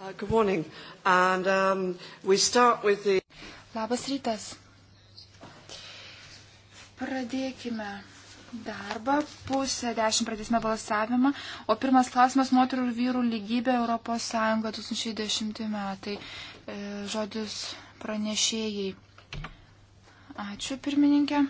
Uh, good morning. And um, we start with the... Labas rytas. Pradėkime darbą. Pusę dešimt pradėsime balsavimą. O pirmas klausimas - moterų ir vyrų lygybė Europos Sąjunga 2010 metai. E, žodis pranešėjai. Ačiū pirmininkė.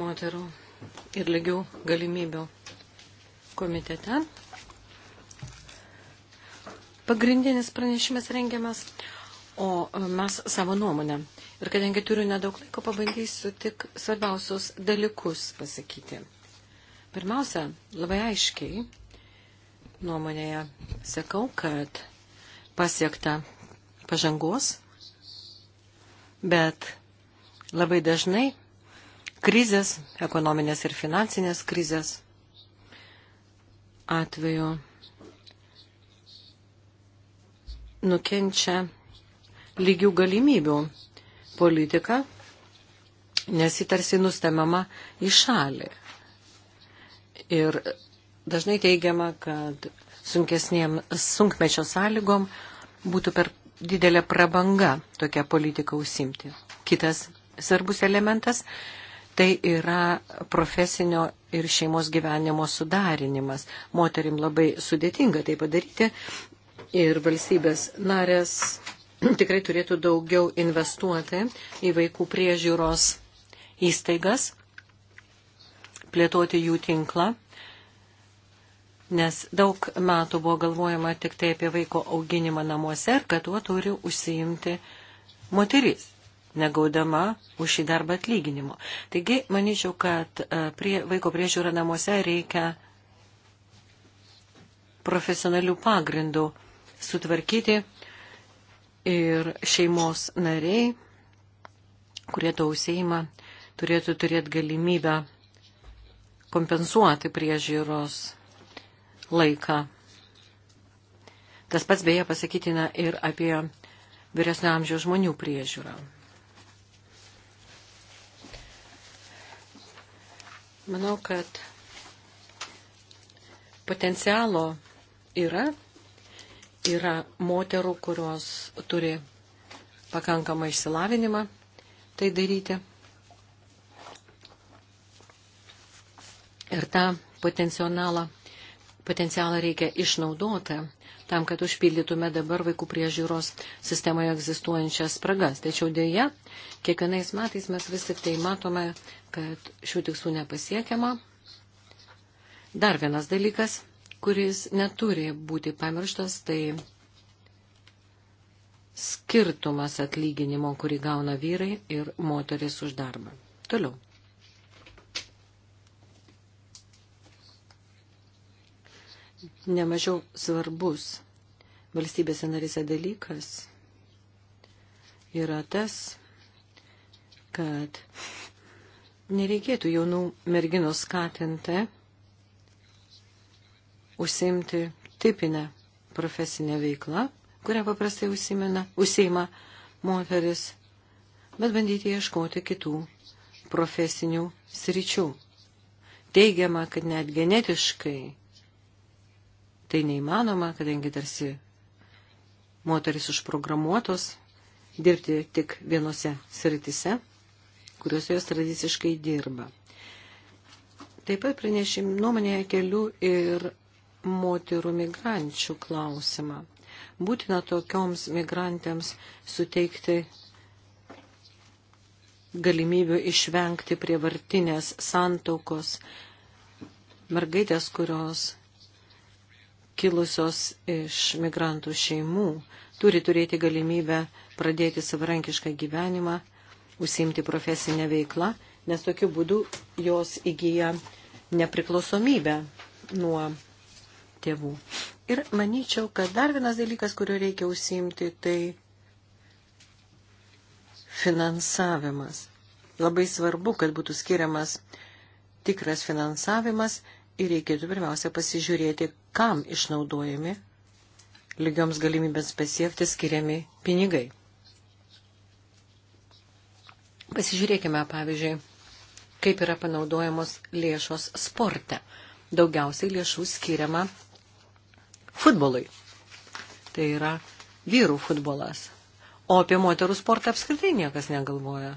moterų ir lygių galimybių komitete. Pagrindinis pranešimas rengiamas, o mes savo nuomonę. Ir kadangi turiu nedaug laiko, pabandysiu tik svarbiausius dalykus pasakyti. Pirmiausia, labai aiškiai nuomonėje sakau, kad pasiekta pažangos, bet labai dažnai krizės, ekonominės ir finansinės krizės atveju nukenčia lygių galimybių politika, nes ji tarsi nustemiama į šalį. Ir dažnai teigiama, kad sunkesniem sunkmečio sąlygom būtų per didelė prabanga tokia politika užsimti. Kitas svarbus elementas tai yra profesinio ir šeimos gyvenimo sudarinimas. Moterim labai sudėtinga tai padaryti ir valstybės narės tikrai turėtų daugiau investuoti į vaikų priežiūros įstaigas, plėtoti jų tinklą, nes daug metų buvo galvojama tik tai apie vaiko auginimą namuose ir kad tuo turi užsiimti moteris negaudama už šį darbą atlyginimo. Taigi, manyčiau, kad e, prie, vaiko priežiūra namuose reikia profesionalių pagrindų sutvarkyti ir šeimos nariai, kurie to užseima, turėtų turėti galimybę kompensuoti priežiūros laiką. Tas pats beje pasakytina ir apie vyresnio amžiaus žmonių priežiūrą. Manau, kad potencialo yra. Yra moterų, kurios turi pakankamą išsilavinimą tai daryti. Ir tą potencialą, potencialą reikia išnaudoti tam, kad užpildytume dabar vaikų priežiūros sistemoje egzistuojančias spragas. Tačiau dėja, kiekvienais metais mes vis tik tai matome, kad šių tikslų nepasiekiama. Dar vienas dalykas, kuris neturi būti pamirštas, tai skirtumas atlyginimo, kurį gauna vyrai ir moteris už darbą. Toliau. nemažiau svarbus valstybėse narise dalykas yra tas, kad nereikėtų jaunų merginų skatinti užsimti tipinę profesinę veiklą, kurią paprastai užsimena, užsima moteris, bet bandyti ieškoti kitų profesinių sričių. Teigiama, kad net genetiškai tai neįmanoma, kadangi tarsi moteris užprogramuotos dirbti tik vienose sritise, kuriuose jos tradiciškai dirba. Taip pat pranešim nuomonėje kelių ir moterų migrančių klausimą. Būtina tokioms migrantėms suteikti galimybių išvengti prievartinės santokos. Mergaitės, kurios kilusios iš migrantų šeimų turi turėti galimybę pradėti savarankišką gyvenimą, užsiimti profesinę veiklą, nes tokiu būdu jos įgyja nepriklausomybę nuo tėvų. Ir manyčiau, kad dar vienas dalykas, kuriuo reikia užsiimti, tai finansavimas. Labai svarbu, kad būtų skiriamas tikras finansavimas ir reikėtų pirmiausia pasižiūrėti, kam išnaudojami lygioms galimybėms pasiekti skiriami pinigai. Pasižiūrėkime, pavyzdžiui, kaip yra panaudojamos lėšos sporte. Daugiausiai lėšų skiriama futbolui. Tai yra vyrų futbolas. O apie moterų sportą apskritai niekas negalvoja.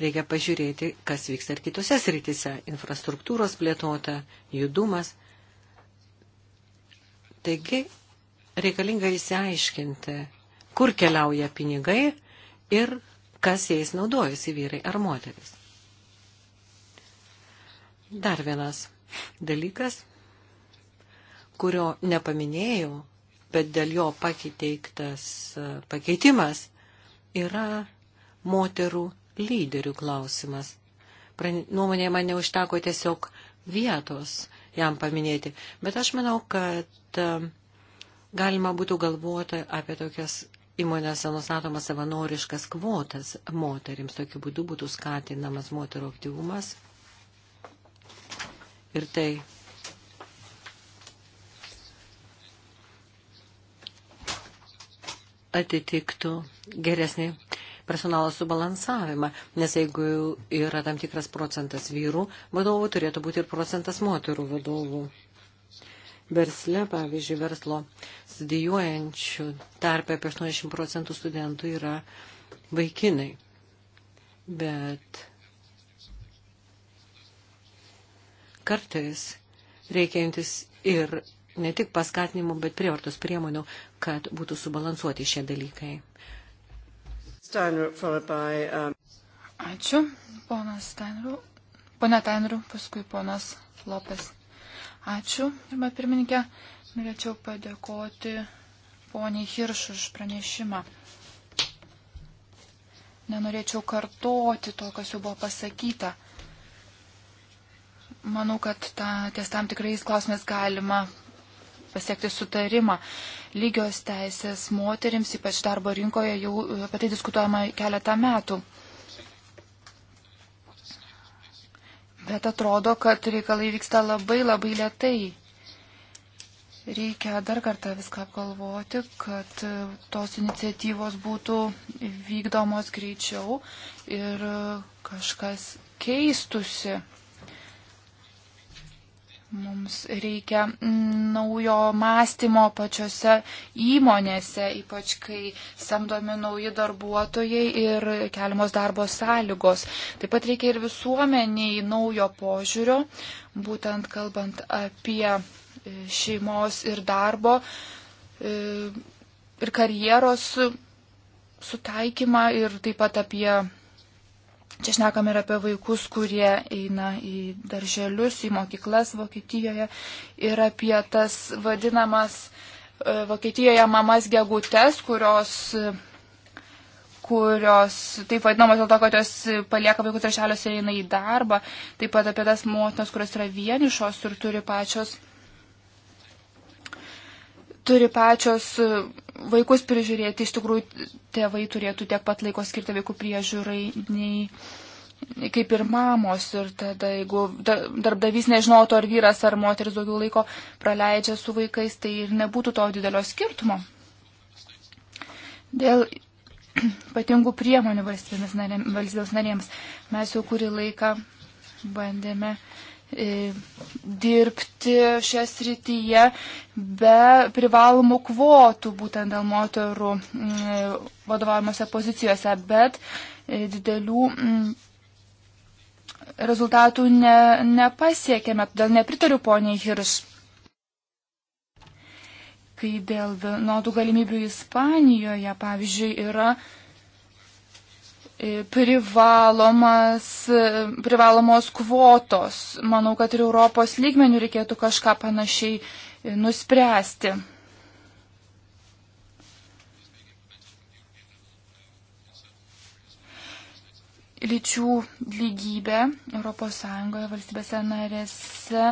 Reikia pažiūrėti, kas vyksta ir kitose srityse. Infrastruktūros plėtota, judumas Taigi, reikalinga įsiaiškinti, kur keliauja pinigai ir kas jais naudojasi vyrai ar moteris. Dar vienas dalykas, kurio nepaminėjau, bet dėl jo pakeiteiktas pakeitimas, yra moterų lyderių klausimas. Nuomonėje man neužteko tiesiog vietos jam paminėti. Bet aš manau, kad um, galima būtų galvoti apie tokias įmonėse nustatomas savanoriškas kvotas moterims. Tokiu būdu būtų skatinamas moterų aktyvumas. Ir tai atitiktų geresnį personalo subalansavimą, nes jeigu yra tam tikras procentas vyrų vadovų, turėtų būti ir procentas moterų vadovų. Versle, pavyzdžiui, verslo studijuojančių tarpe apie 80 procentų studentų yra vaikinai. Bet kartais reikia imtis ir ne tik paskatinimo, bet prievartos priemonių, kad būtų subalansuoti šie dalykai. Steinrup, followed by. Um... Ačiū, ponas Steinrup. Pone Steinrup, paskui ponas Lopes. Ačiū, pirmą pirmininkę. Norėčiau padėkoti poniai Hirš už pranešimą. Nenorėčiau kartoti to, kas jau buvo pasakyta. Manau, kad ta, ties tam tikrais klausimais galima pasiekti sutarimą. Lygios teisės moterims, ypač darbo rinkoje, jau apie tai diskutuojama keletą metų. Bet atrodo, kad reikalai vyksta labai labai lietai. Reikia dar kartą viską apgalvoti, kad tos iniciatyvos būtų vykdomos greičiau ir kažkas keistusi. Mums reikia mm, naujo mąstymo pačiose įmonėse, ypač kai samdomi nauji darbuotojai ir keliamos darbo sąlygos. Taip pat reikia ir visuomeniai naujo požiūrio, būtent kalbant apie e, šeimos ir darbo e, ir karjeros sutaikymą ir taip pat apie Čia šnekam ir apie vaikus, kurie eina į darželius, į mokyklas Vokietijoje ir apie tas vadinamas e, Vokietijoje mamas gegutes, kurios kurios taip vadinamos dėl to, kad jos palieka vaikus rašeliuose ir eina į darbą, taip pat apie tas motinas, kurios yra vienišos ir turi pačios turi pačios e, vaikus prižiūrėti, iš tikrųjų tėvai turėtų tiek pat laiko skirti vaikų priežiūrai nei kaip ir mamos ir tada, jeigu darbdavys nežinotų, ar vyras ar moteris daugiau laiko praleidžia su vaikais, tai ir nebūtų to didelio skirtumo. Dėl ypatingų priemonių valstybės narėms mes jau kurį laiką bandėme uh, E, dirbti šią srityje be privalomų kvotų būtent dėl moterų mm, vadovavimuose pozicijose, bet e, didelių mm, rezultatų ne, nepasiekėme, todėl nepritariu poniai Hirš. Kai dėl vienodų galimybių Ispanijoje, pavyzdžiui, yra E, privalomas, e, privalomos kvotos. Manau, kad ir Europos lygmenių reikėtų kažką panašiai e, nuspręsti. Lyčių lygybė ES valstybėse narėse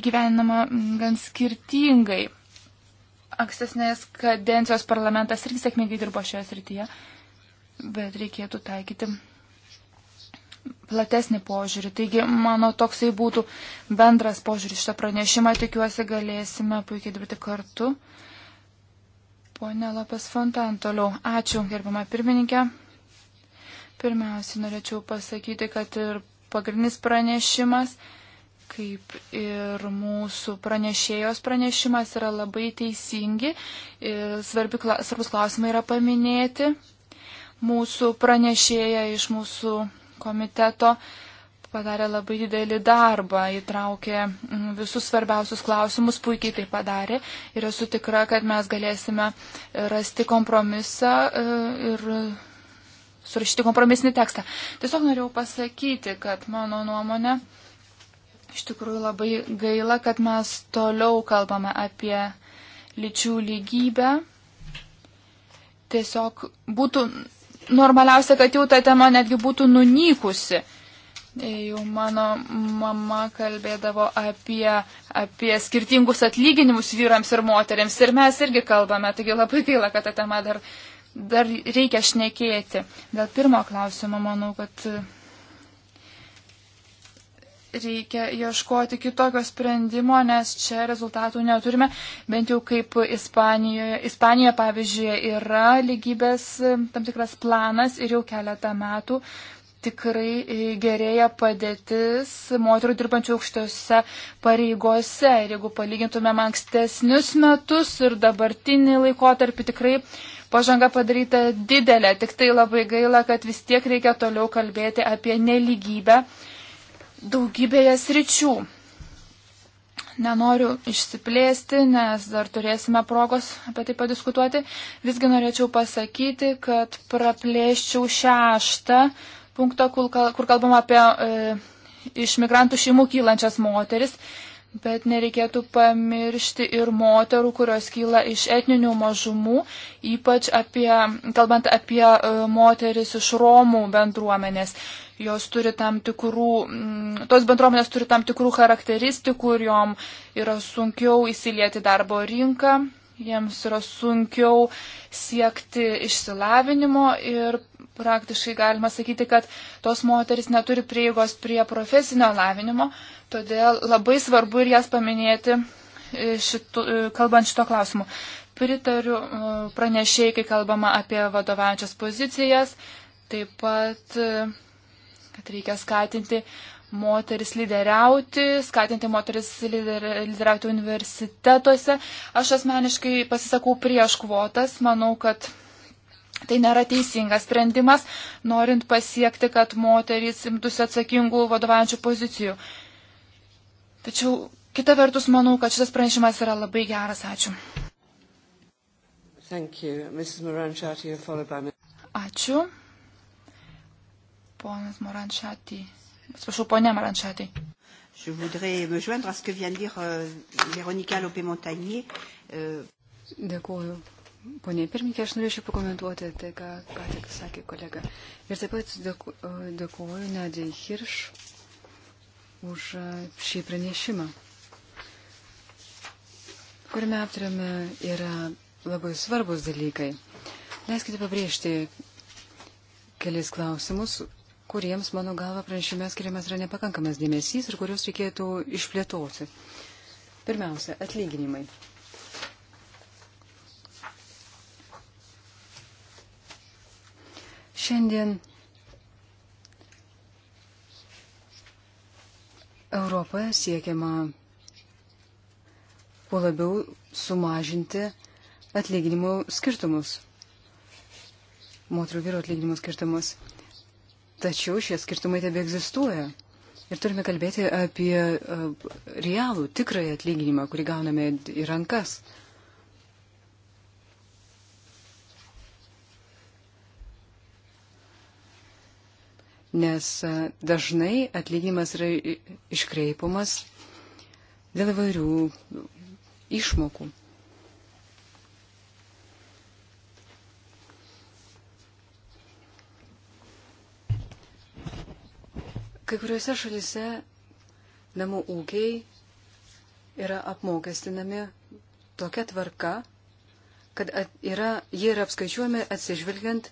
įgyveninama gan skirtingai. Ankstesnės kadencijos parlamentas irgi sėkmingai dirbo šioje srityje. E, bet reikėtų taikyti platesnį požiūrį. Taigi, mano toksai būtų bendras požiūris šitą pranešimą, tikiuosi galėsime puikiai dirbti kartu. Pone Lopes Fontan, toliau. Ačiū, gerbama pirmininkė. Pirmiausiai norėčiau pasakyti, kad ir pagrindinis pranešimas, kaip ir mūsų pranešėjos pranešimas, yra labai teisingi. Svarbi, svarbus klausimai yra paminėti mūsų pranešėja iš mūsų komiteto padarė labai didelį darbą, įtraukė mm, visus svarbiausius klausimus, puikiai tai padarė ir esu tikra, kad mes galėsime rasti kompromisą e, ir surašyti kompromisinį tekstą. Tiesiog norėjau pasakyti, kad mano nuomonė, iš tikrųjų labai gaila, kad mes toliau kalbame apie lyčių lygybę. Tiesiog būtų normaliausia, kad jau ta tema netgi būtų nunykusi. Jau mano mama kalbėdavo apie, apie skirtingus atlyginimus vyrams ir moteriams ir mes irgi kalbame, taigi labai gaila, kad ta tema dar, dar reikia šnekėti. Dėl pirmo klausimo manau, kad reikia ieškoti kitokio sprendimo, nes čia rezultatų neturime. Bent jau kaip Ispanijoje, Ispanija pavyzdžiui, yra lygybės e, tam tikras planas ir jau keletą metų tikrai e, gerėja padėtis moterų dirbančių aukštose pareigose. Ir jeigu palygintumėm ankstesnius metus ir dabartinį laikotarpį, tikrai pažanga padaryta didelė. Tik tai labai gaila, kad vis tiek reikia toliau kalbėti apie neligybę daugybėje sričių. Nenoriu išsiplėsti, nes dar turėsime progos apie tai padiskutuoti. Visgi norėčiau pasakyti, kad praplėščiau šeštą punktą, kur kalbam apie e, iš migrantų šeimų kylančias moteris, bet nereikėtų pamiršti ir moterų, kurios kyla iš etninių mažumų, ypač apie, kalbant apie e, moteris iš Romų bendruomenės. E, jos turi tam tikrų, mm, tos bendruomenės turi tam tikrų charakteristikų ir jom yra sunkiau įsilieti darbo rinką, jiems yra sunkiau siekti išsilavinimo ir praktiškai galima sakyti, kad tos moteris neturi prieigos prie profesinio lavinimo, todėl labai svarbu ir jas paminėti, e, šitu, e, kalbant šito klausimu. Pritariu e, pranešėjai, kai kalbama apie vadovaujančias pozicijas, taip pat kad reikia skatinti moteris lyderiauti, skatinti moteris lider, lyderiauti universitetuose. Aš asmeniškai pasisakau prieš kvotas, manau, kad tai nėra teisingas sprendimas, norint pasiekti, kad moterys imtųsi atsakingų vadovaujančių pozicijų. Tačiau kita vertus, manau, kad šitas pranešimas yra labai geras. Ačiū. Ačiū. Ponas Moranšatį. Atsiprašau, ponė Moranšatį. Je voudrais me joindre à ce que vient de dire euh, Véronica Lopé-Montagnier. Euh... Dėkuoju. Pone pirmininkė, aš norėčiau pakomentuoti tai, ką, ką tik sakė kolega. Ir taip pat dėku, dėkuoju Nadėjai Hirš už e, šį pranešimą, kuriame aptariame yra labai svarbus dalykai. Leiskite pabrėžti kelis klausimus, kuriems, mano galva, pranešime skiriamas yra nepakankamas dėmesys ir kuriuos reikėtų išplėtoti. Pirmiausia, atlyginimai. Šiandien Europoje siekiama kuo labiau sumažinti atlyginimų skirtumus moterų vyru atlyginimų skirtumus. Tačiau šie skirtumai tebe egzistuoja. Ir turime kalbėti apie e, realų, tikrąjį atlyginimą, kurį gauname į rankas. Nes e, dažnai atlyginimas yra iškreipomas dėl įvairių išmokų. Kai kuriuose šalise namų ūkiai yra apmokestinami tokia tvarka, kad yra, jie yra apskaičiuojami atsižvelgiant,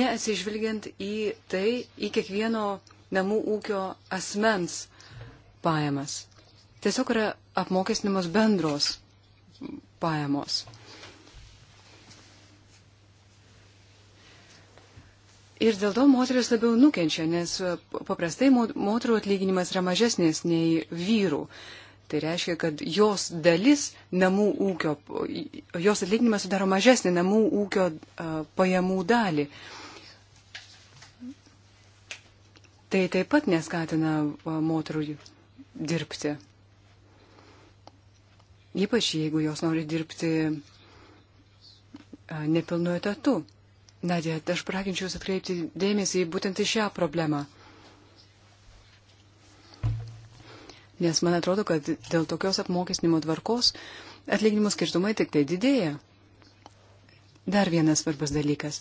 neatsižvelgiant į tai, į kiekvieno namų ūkio asmens pajamas. Tiesiog yra apmokestinimas bendros pajamos. Ir dėl to moteris labiau nukenčia, nes e, paprastai moterų atlyginimas yra mažesnis nei vyrų. Tai reiškia, kad jos dalis namų ūkio, jos atlyginimas sudaro mažesnį namų ūkio e, pajamų dalį. Tai taip pat neskatina e, moterų dirbti. Ypač jeigu jos nori dirbti nepilnu etatu. Nadė, aš praginčiau jūs atkreipti dėmesį būtent į šią problemą. Nes man atrodo, kad dėl tokios apmokestinimo tvarkos atlyginimų skirtumai tik tai didėja. Dar vienas svarbus dalykas.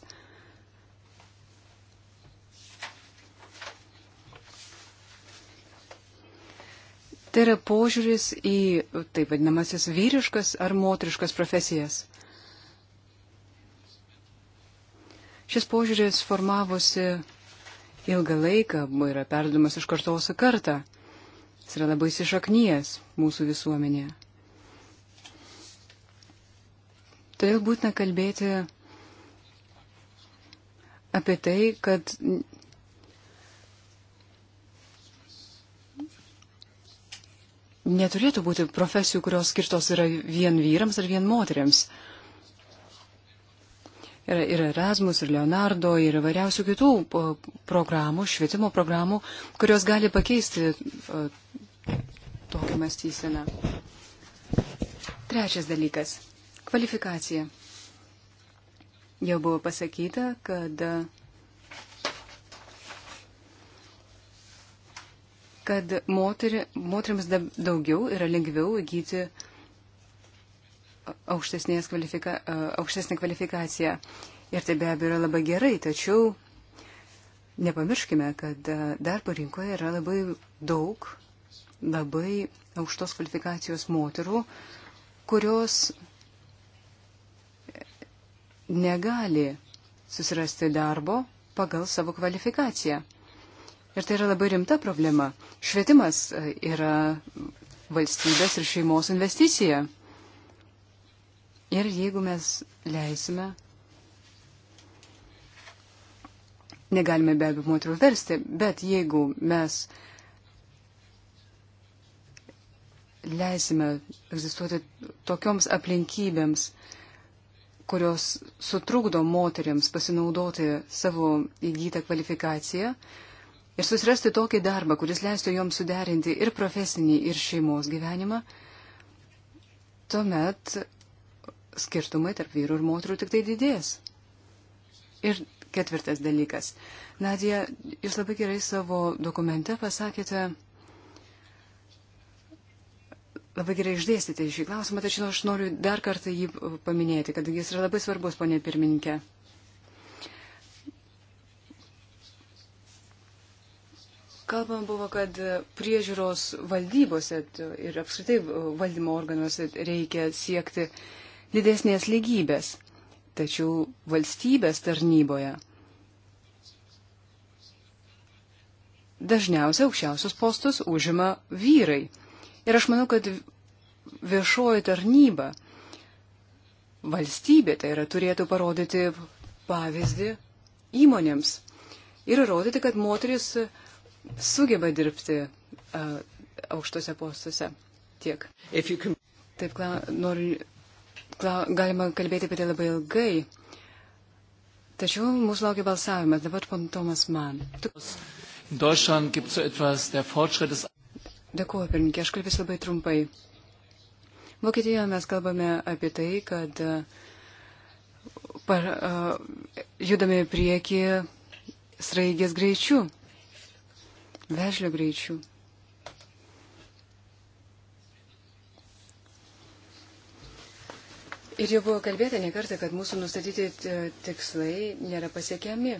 Tai yra požiūris į taip vadinamasis vyriškas ar moteriškas profesijas. Šis požiūris formavosi ilgą laiką, yra perdumas iš kartos į kartą. Jis yra labai sišaknyjas mūsų visuomenėje. Todėl būtina kalbėti apie tai, kad neturėtų būti profesijų, kurios skirtos yra vien vyrams ar vien moteriams. Uh, Yra ir Erasmus, ir Leonardo, ir įvairiausių kitų programų, švietimo programų, kurios gali pakeisti tokią mąstyseną. Trečias dalykas - kvalifikacija. Jau buvo pasakyta, kad kad moter, moteriams daugiau yra lengviau įgyti uh, kvalifika, aukštesnė kvalifikacija. Ir tai be abejo yra labai gerai, tačiau nepamirškime, kad darbo rinkoje yra labai daug labai aukštos kvalifikacijos moterų, kurios negali susirasti darbo pagal savo kvalifikaciją. Ir tai yra labai rimta problema. Švietimas yra valstybės ir šeimos investicija. Ir jeigu mes leisime, negalime be abejo moterų versti, bet jeigu mes leisime egzistuoti tokioms aplinkybėms, kurios sutrukdo moteriams pasinaudoti savo įgytą kvalifikaciją ir susirasti tokį darbą, kuris leistų joms suderinti ir profesinį, ir šeimos gyvenimą, tuomet skirtumai tarp vyrų ir moterų tik tai didės. Ir ketvirtas dalykas. Nadija, jūs labai gerai savo dokumente pasakėte, labai gerai išdėstyti šį klausimą, tačiau aš noriu dar kartą jį paminėti, kad jis yra labai svarbus, ponė pirmininkė. Kalbam buvo, kad priežiūros valdybose ir apskritai valdymo organuose reikia siekti didesnės lygybės. Tačiau valstybės tarnyboje dažniausiai aukščiausius postus užima vyrai. Ir aš manau, kad viešoji tarnyba valstybė tai yra turėtų parodyti pavyzdį įmonėms ir rodyti, kad moteris sugeba dirbti uh, aukštose postuose. Tiek. Can... Taip, kla, noriu galima kalbėti apie tai labai ilgai. Tačiau mūsų laukia balsavimas. Dabar pan Tomas man. Tu... Dėkuoju, pirmininkė, aš kalbėsiu labai trumpai. Vokietijoje mes kalbame apie tai, kad uh, par, uh, judame į priekį sraigės greičių, vežlio greičių. Ir jau buvo kalbėta ne kartą, kad mūsų nustatyti e, tikslai nėra pasiekiami.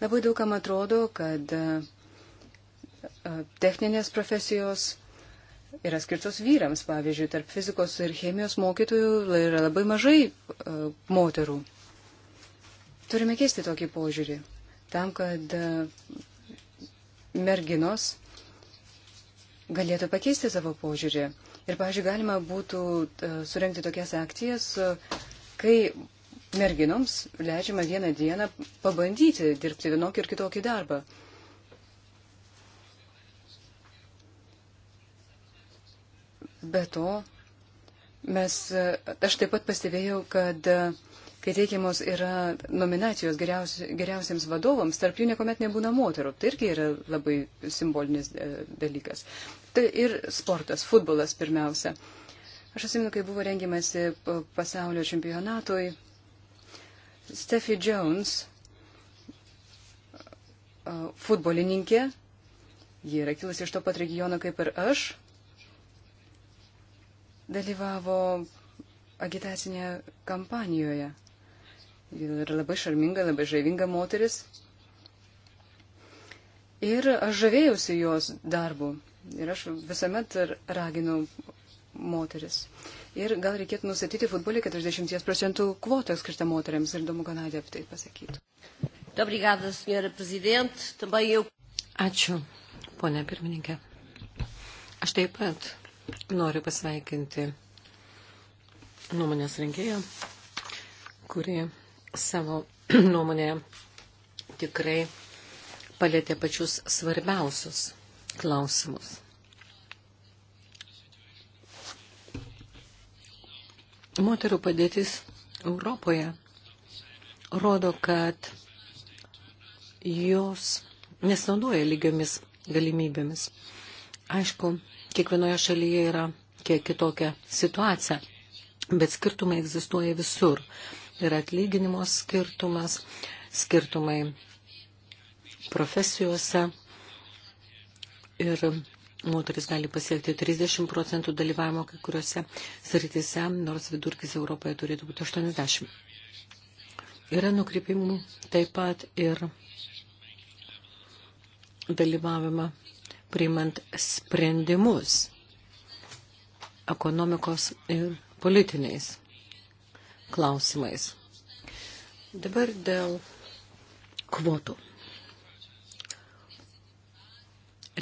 Labai daugam atrodo, kad e, e, techninės profesijos yra skirtos vyrams. Pavyzdžiui, tarp fizikos ir chemijos mokytojų yra labai mažai moterų. Turime keisti tokį požiūrį tam, kad merginos galėtų pakeisti savo požiūrį. Ir, pažiūrėjau, galima būtų e, surenkti tokias akcijas, e, kai merginoms leidžiama vieną dieną pabandyti dirbti vienokį ir kitokį darbą. Be to, mes, e, aš taip pat pastebėjau, kad kai teikiamos yra nominacijos geriausi, geriausiems vadovams, tarp jų niekuomet nebūna moterų. Tai irgi yra labai simbolinis e, dalykas. Tai ir sportas, futbolas pirmiausia. Aš atsimenu, kai buvo rengimasi pasaulio čempionatui, Steffi Jones, e, futbolininkė, ji yra kilusi iš to pat regiono kaip ir aš, dalyvavo agitacinėje kampanijoje. Ji yra labai šarminga, labai žavinga moteris. Ir aš žavėjausi jos darbu. Ir aš visuomet raginau moteris. Ir gal reikėtų nusatyti futbolį 40 procentų kvotą skirtą moteriams. Ir įdomu, Ganadė apie tai pasakytų. Obrigada, senhora Presidente. Também eu. Ačiū, ponia pirmininkė. Aš taip pat noriu pasveikinti nuomonės rinkėją, kuri savo nuomonėje tikrai palėtė pačius svarbiausius klausimus. Moterų padėtis Europoje rodo, kad jos nesinaudoja lygiomis galimybėmis. Aišku, kiekvienoje šalyje yra kiek kitokia situacija, bet skirtumai egzistuoja visur yra atlyginimo skirtumas, skirtumai profesijose ir moteris gali pasiekti 30 procentų dalyvavimo kai kuriuose sritise, nors vidurkis Europoje turėtų būti 80. Yra nukreipimų taip pat ir dalyvavimą priimant sprendimus ekonomikos ir politiniais klausimais. Dabar dėl kvotų.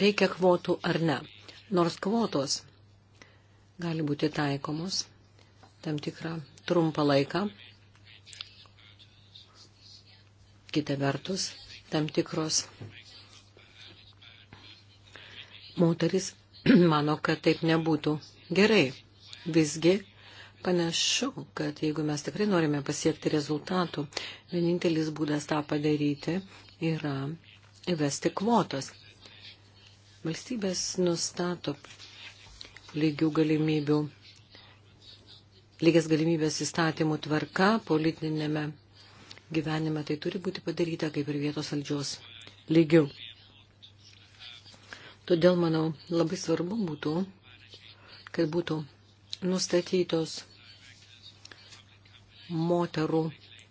Reikia kvotų ar ne? Nors kvotos gali būti taikomos tam tikrą trumpą laiką, kita vertus, tam tikros moteris mano, kad taip nebūtų gerai. Visgi Panašu, kad jeigu mes tikrai norime pasiekti rezultatų, vienintelis būdas tą padaryti yra įvesti kvotos. Valstybės nustato lygių galimybių, lygias galimybės įstatymų tvarka politinėme gyvenime. Tai turi būti padaryta kaip ir vietos valdžios lygių. Todėl, manau, labai svarbu būtų, kad būtų nustatytos moterų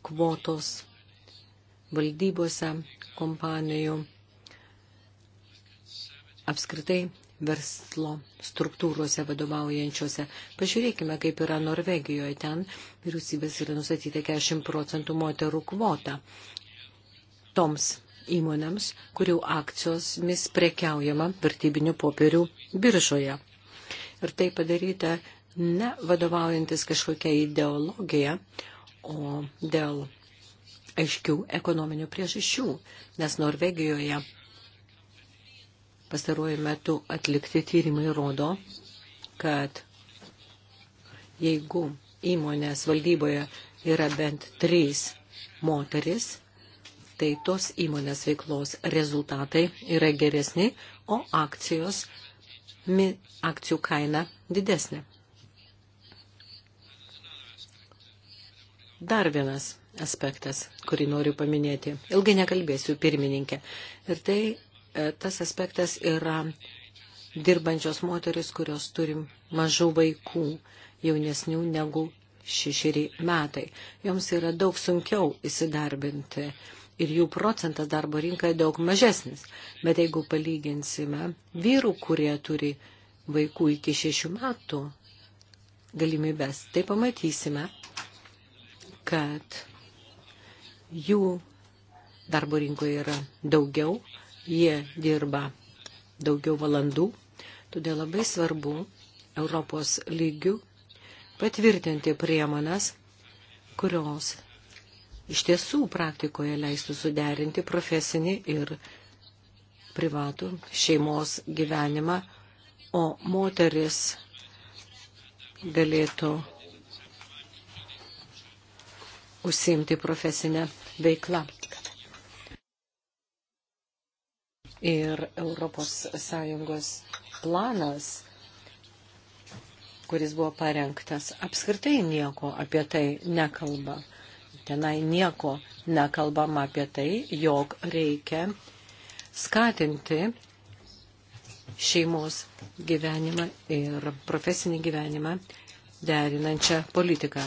kvotos valdybose kompanijų, apskritai verslo struktūrose vadovaujančiose. Pažiūrėkime, kaip yra Norvegijoje. Ten vyriausybės yra nustatyta 40 procentų moterų kvota toms įmonėms, kurių akcijosmis prekiaujama vertybinių popierių biržoje. Ir tai padaryta ne vadovaujantis kažkokia ideologija, o dėl aiškių ekonominių priežasčių, nes Norvegijoje pastaruoju metu atlikti tyrimai rodo, kad jeigu įmonės valdyboje yra bent trys moteris, tai tos įmonės veiklos rezultatai yra geresni, o akcijos, akcijų kaina didesnė. Dar vienas aspektas, kurį noriu paminėti. Ilgai nekalbėsiu, pirmininkė. Ir tai e, tas aspektas yra dirbančios moteris, kurios turim mažų vaikų, jaunesnių negu šešeri metai. Joms yra daug sunkiau įsidarbinti ir jų procentas darbo rinkoje daug mažesnis. Bet jeigu palyginsime vyrų, kurie turi vaikų iki šešių metų galimybės, tai pamatysime, kad jų darbo rinkoje yra daugiau, jie dirba daugiau valandų, todėl labai svarbu Europos lygių patvirtinti priemonas, kurios iš tiesų praktikoje leistų suderinti profesinį ir privatų šeimos gyvenimą, o moteris galėtų užsiimti profesinę veiklą. Ir ES planas, kuris buvo parengtas, apskritai nieko apie tai nekalba. Tenai nieko nekalbama apie tai, jog reikia skatinti šeimos gyvenimą ir profesinį gyvenimą derinančią politiką.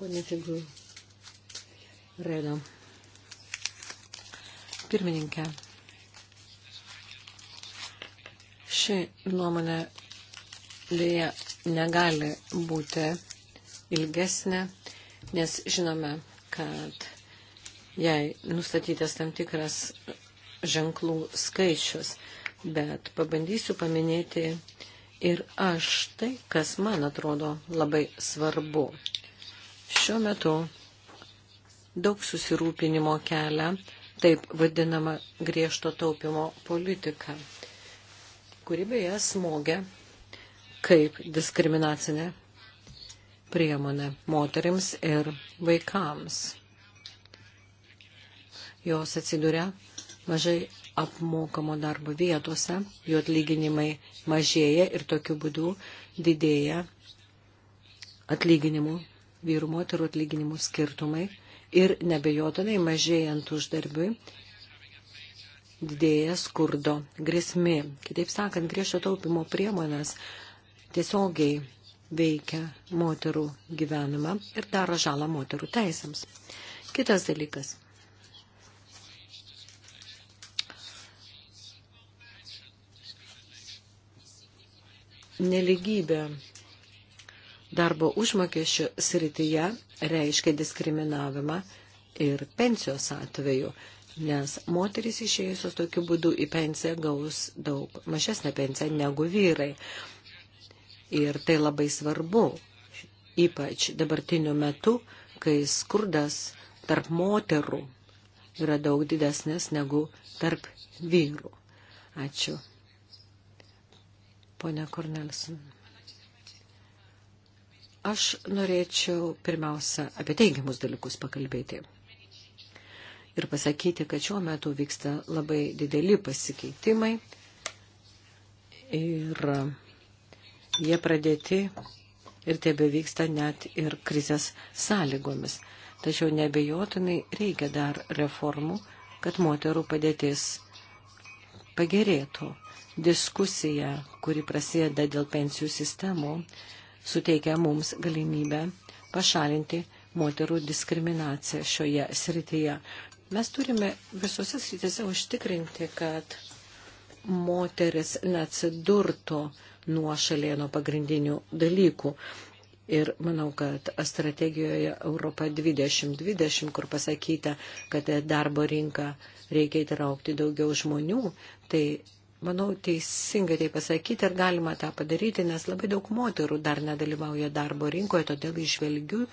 Pone Figul. Reina. Pirmininkė. Ši nuomonė dėja negali būti ilgesnė, nes žinome, kad jai nustatytas tam tikras ženklų skaičius, bet pabandysiu paminėti ir aš tai, kas man atrodo labai svarbu. Šiuo metu daug susirūpinimo kelia taip vadinama griežto taupimo politika, kuri beje smogia kaip diskriminacinė priemonė moterims ir vaikams. Jos atsiduria mažai apmokamo darbo vietose, jų atlyginimai mažėja ir tokiu būdu didėja atlyginimų vyrų moterų atlyginimų skirtumai ir nebejotinai mažėjant uždarbiui didėja skurdo grėsmi. Kitaip sakant, griežto taupimo priemonės tiesiogiai veikia moterų gyvenimą ir daro žalą moterų teisėms. Kitas dalykas. Neligybė darbo užmokesčio srityje reiškia diskriminavimą ir pensijos atveju, nes moteris išėjusios tokiu būdu į pensiją gaus daug mažesnę pensiją negu vyrai. Ir tai labai svarbu, ypač dabartiniu metu, kai skurdas tarp moterų yra daug didesnis negu tarp vyrų. Ačiū. Pone Kornelson. Aš norėčiau pirmiausia apie teigiamus dalykus pakalbėti. Ir pasakyti, kad šiuo metu vyksta labai dideli pasikeitimai ir jie pradėti ir tebe vyksta net ir krizės sąlygomis. Tačiau nebejotinai reikia dar reformų, kad moterų padėtis pagerėtų. Diskusija, kuri prasideda dėl pensijų sistemų, suteikia mums galimybę pašalinti moterų diskriminaciją šioje srityje. Mes turime visose srityse užtikrinti, kad moteris neatsidurtų nuošalėje nuo pagrindinių dalykų. Ir manau, kad strategijoje Europa 2020, kur pasakyta, kad darbo rinką reikia įtraukti daugiau žmonių, tai manau, teisingai tai pasakyti ir galima tą padaryti, nes labai daug moterų dar nedalyvauja darbo rinkoje, todėl išvelgiu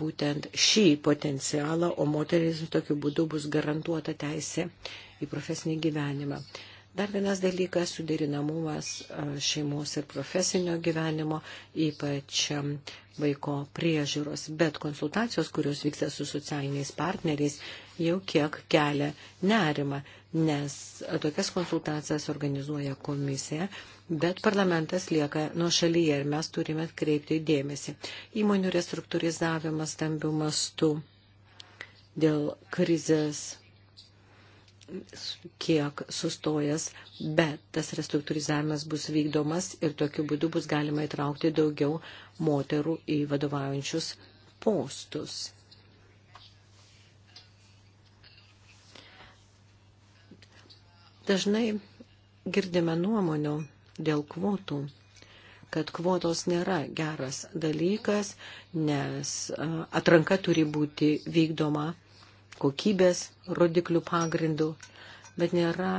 būtent šį potencialą, o moteris tokiu būdu bus garantuota teisė į profesinį gyvenimą. Dar vienas dalykas - suderinamumas šeimos ir profesinio gyvenimo, ypač vaiko priežiūros. Bet konsultacijos, kurios vyksta su socialiniais partneriais, jau kiek kelia nerima, nes tokias konsultacijas organizuoja komisija, bet parlamentas lieka nuo šalyje ir mes turime kreipti dėmesį. Įmonių restruktūrizavimas stambių mastų dėl krizės kiek sustojęs, bet tas restruktūrizavimas bus vykdomas ir tokiu būdu bus galima įtraukti daugiau moterų į vadovaujančius postus. Dažnai girdime nuomonių dėl kvotų, kad kvotos nėra geras dalykas, nes atranka turi būti vykdoma kokybės rodiklių pagrindų, bet nėra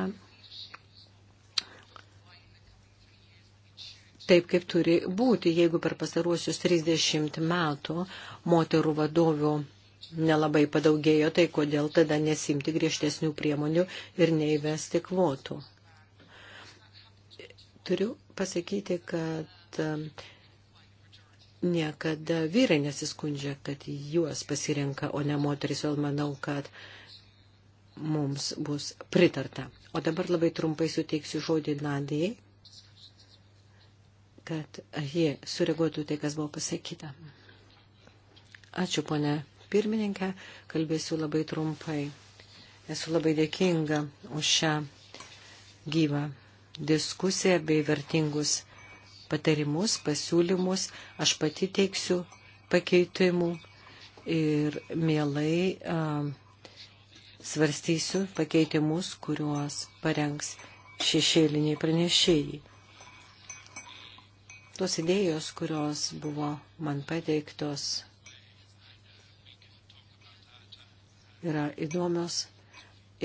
taip, kaip turi būti, jeigu per pastaruosius 30 metų moterų vadovių nelabai padaugėjo, tai kodėl tada nesimti griežtesnių priemonių ir neįvesti kvotų. Turiu pasakyti, kad um, niekada vyrai nesiskundžia, kad juos pasirenka, o ne moteris, vėl manau, kad mums bus pritarta. O dabar labai trumpai suteiksiu žodį Nadijai, kad ji sureaguotų tai, kas buvo pasakyta. Ačiū, ponė pirmininkė, kalbėsiu labai trumpai. Esu labai dėkinga už šią gyvą diskusiją bei vertingus patarimus, pasiūlymus. Aš pati teiksiu pakeitimų ir mielai a, svarstysiu pakeitimus, kuriuos parengs šešėliniai pranešėjai. Tos idėjos, kurios buvo man pateiktos yra įdomios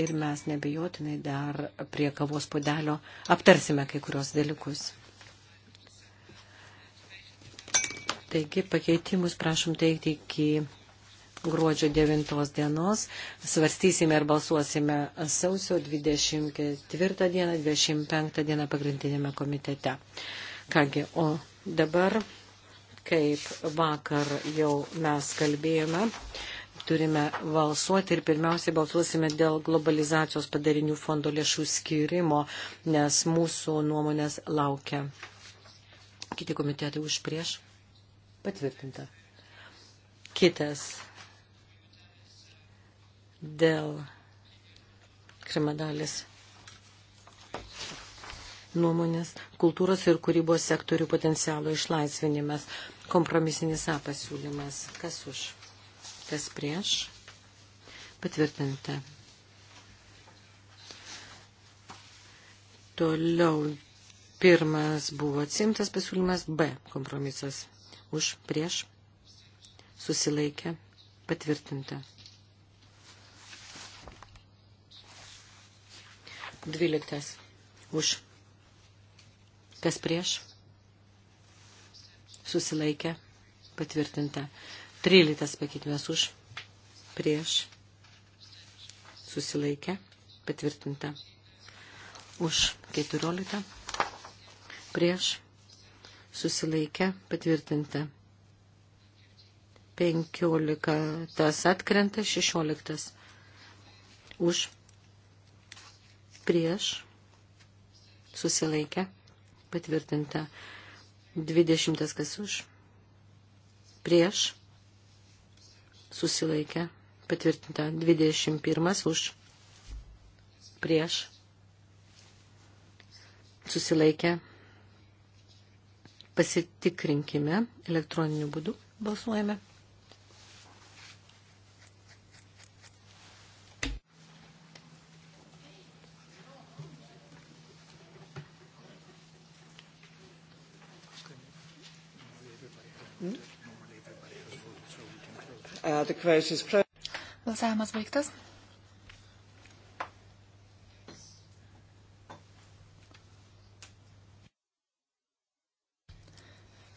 ir mes nebejotinai dar prie kavos pudelio aptarsime kai kurios dalykus. Taigi pakeitimus prašom teikti iki gruodžio 9 dienos. Svarstysime ir balsuosime sausio 24 dieną, 25 dieną pagrindinėme komitete. Kągi, o dabar, kaip vakar jau mes kalbėjome, turime valsuoti ir pirmiausiai balsuosime dėl globalizacijos padarinių fondo lėšų skirimo, nes mūsų nuomonės laukia. Kiti komitetai už prieš. Patvirtinta. Kitas dėl kriminalės nuomonės, kultūros ir kūrybos sektorių potencialo išlaisvinimas, kompromisinis apasiūlymas. Kas už? kas prieš, patvirtinta. Toliau pirmas buvo atsimtas pasiūlymas B kompromisas. Už prieš susilaikė patvirtinta. 12. Už. Kas prieš? Susilaikė patvirtinta. Tryliktas pakeitimas už, prieš, susilaikę, patvirtinta. Už keturioliktą, prieš, susilaikę, patvirtinta. Penkiolika, tas atkrenta, šešioliktas. Už, prieš, susilaikę, patvirtinta. Dvidešimtas kas už, prieš, susilaikė, patvirtinta 21 už, prieš, susilaikė, pasitikrinkime elektroniniu būdu, balsuojame. Balsavimas baigtas.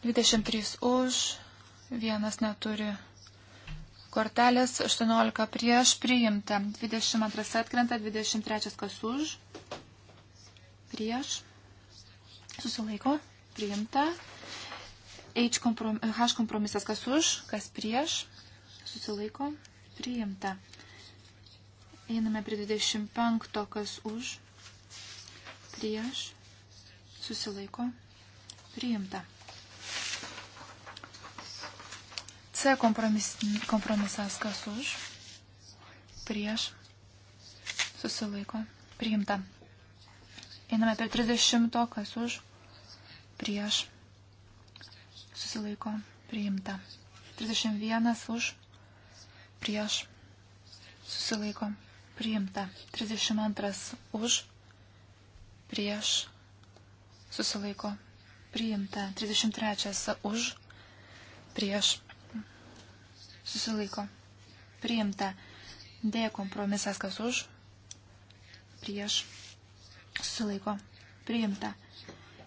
Dvidešimt trys už, vienas neturi kortelės, 18 prieš, priimta. 22 atkrenta, 23 kas už, prieš, susilaiko, priimta. H kompromisas kas už, kas prieš, susilaiko, priimta. Einame prie 25, kas už, prieš, susilaiko, priimta. C kompromis, kompromisas, kas už, prieš, susilaiko, priimta. Einame prie 30, kas už, prieš, susilaiko, priimta. 31 už, prieš susilaiko priimta. 32 už prieš susilaiko priimta. 33 už prieš susilaiko priimta. D kompromisas kas už prieš susilaiko priimta.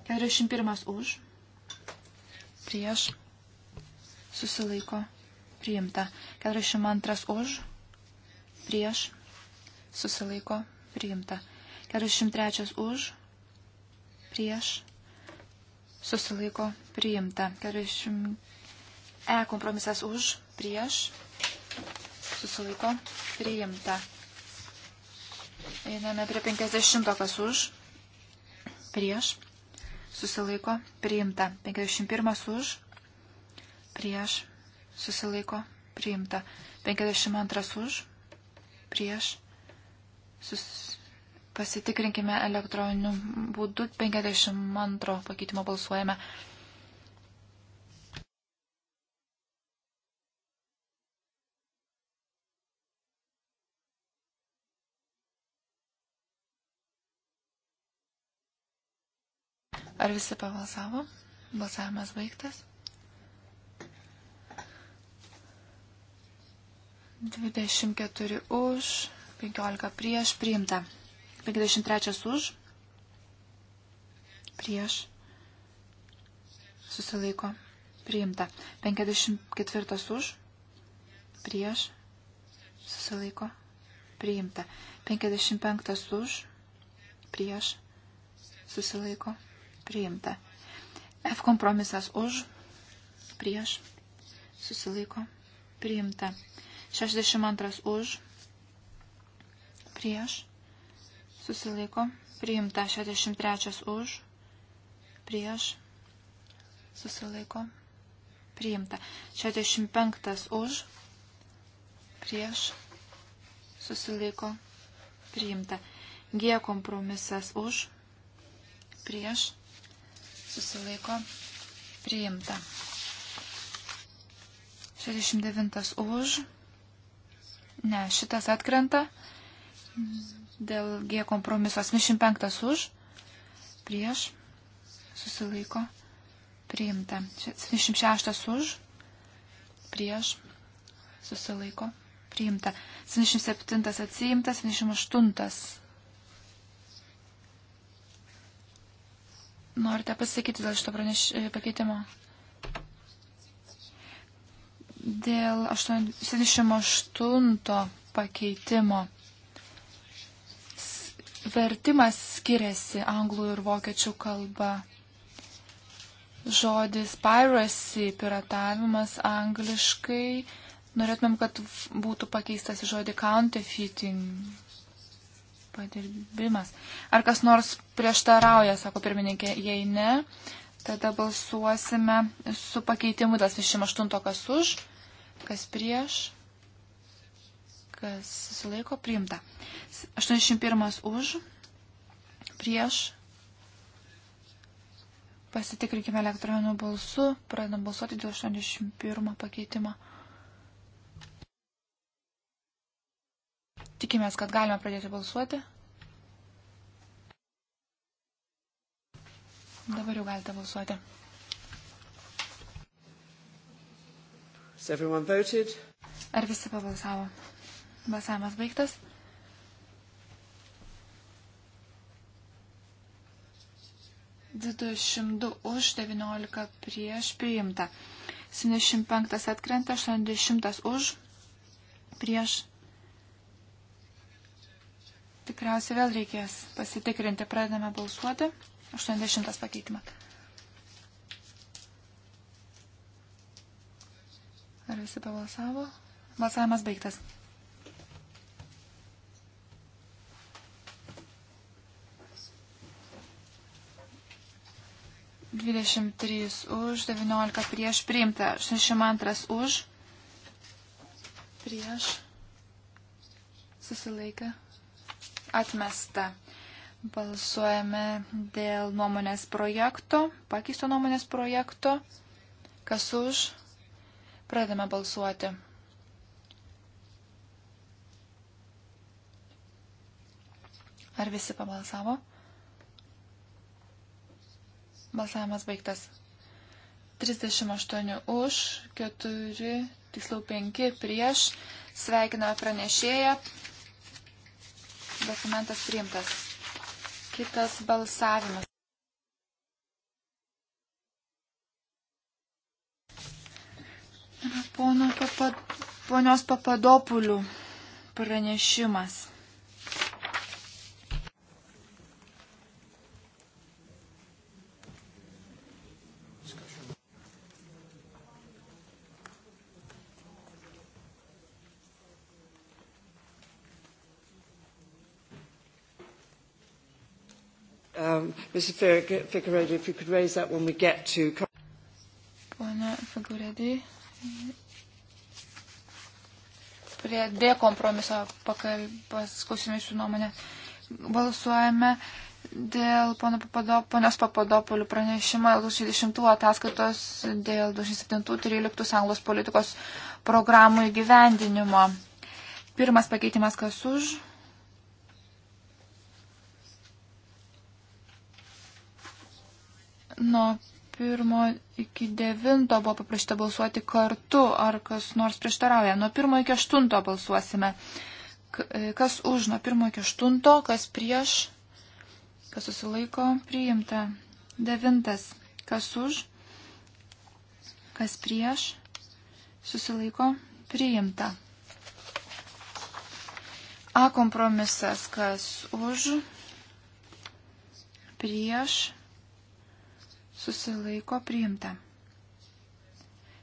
41 už prieš susilaiko priimta priimta. 42 už, prieš, susilaiko, priimta. 43 už, prieš, susilaiko, priimta. 40 E kompromisas už, prieš, susilaiko, priimta. Einame prie 50, kas už, prieš, susilaiko, priimta. 51 už, prieš, susilaiko priimta. 52 už, prieš, sus... pasitikrinkime elektroniniu būdu, 52 pakeitimo balsuojame. Ar visi pavalsavo? Balsavimas baigtas. 24 už, 15 prieš, priimta. 53 už, prieš, susilaiko, priimta. 54 už, prieš, susilaiko, priimta. 55 už, prieš, susilaiko, priimta. F kompromisas už, prieš, susilaiko, priimta. 62 už, prieš, susilaiko, priimta 63 už, prieš, susilaiko, priimta 65 už, prieš, susilaiko, priimta G kompromisas už, prieš, susilaiko, priimta 69 už, prieš, Ne, šitas atkrenta. Dėl G kompromiso 25 už, prieš, susilaiko, priimta. 26 už, prieš, susilaiko, priimta. 27 atsiimtas, 28 Norite pasakyti dėl šito praneš... E, pakeitimo? Dėl 78 pakeitimo vertimas skiriasi anglų ir vokiečių kalba. Žodis piracy, piratavimas angliškai, norėtumėm, kad būtų pakeistas į žodį counterfeiting, padirbimas. Ar kas nors prieštarauja, sako pirmininkė, jei ne, Tada balsuosime su pakeitimu dėl 28, kas už, kas prieš, kas susilaiko priimta. 81 už, prieš, pasitikrinkime elektroniniu balsu, pradedam balsuoti dėl 81 pakeitimo. Tikimės, kad galime pradėti balsuoti. Galite balsuoti. Ar visi pabalsavo? Balsavimas baigtas. Dvidešimt du už, devyniolika prieš priimta. 75 atkrenta, 80 už, prieš. Tikriausiai vėl reikės pasitikrinti, pradedame balsuoti. 80 pakeitimą. Ar visi pavalsavo? Balsavimas baigtas. Dvidešimt trys už, devyniolika prieš, priimta, šešim antras už, prieš, susilaikę, atmesta. Balsuojame dėl nuomonės projekto, pakeisto nuomonės projekto, kas už, Pradame balsuoti. Ar visi pabalsavo? Balsavimas baigtas. 38 už, 4, tiksliau 5 prieš. Sveikiname pranešėją. Dokumentas priimtas. Kitas balsavimas. Pono papad, ponios Papadopulių pranešimas. Um, Mr. Figueredo, if you could raise that when we get to. Pone Figueredo, Prie D kompromiso paskausimės jų nuomonę. Balsuojame dėl ponios Papadopolių pranešimo L60 ataskaitos dėl 2007-2013 anglos politikos programų įgyvendinimo. Pirmas pakeitimas kas už. Nuo pirmo iki devinto buvo paprašyta balsuoti kartu, ar kas nors prieštarauja. Nuo pirmo iki aštunto balsuosime. E, kas už nuo pirmo iki aštunto, kas prieš, kas susilaiko, priimta. Devintas, kas už, kas prieš, susilaiko, priimta. A kompromisas, kas už, prieš, susilaiko priimta.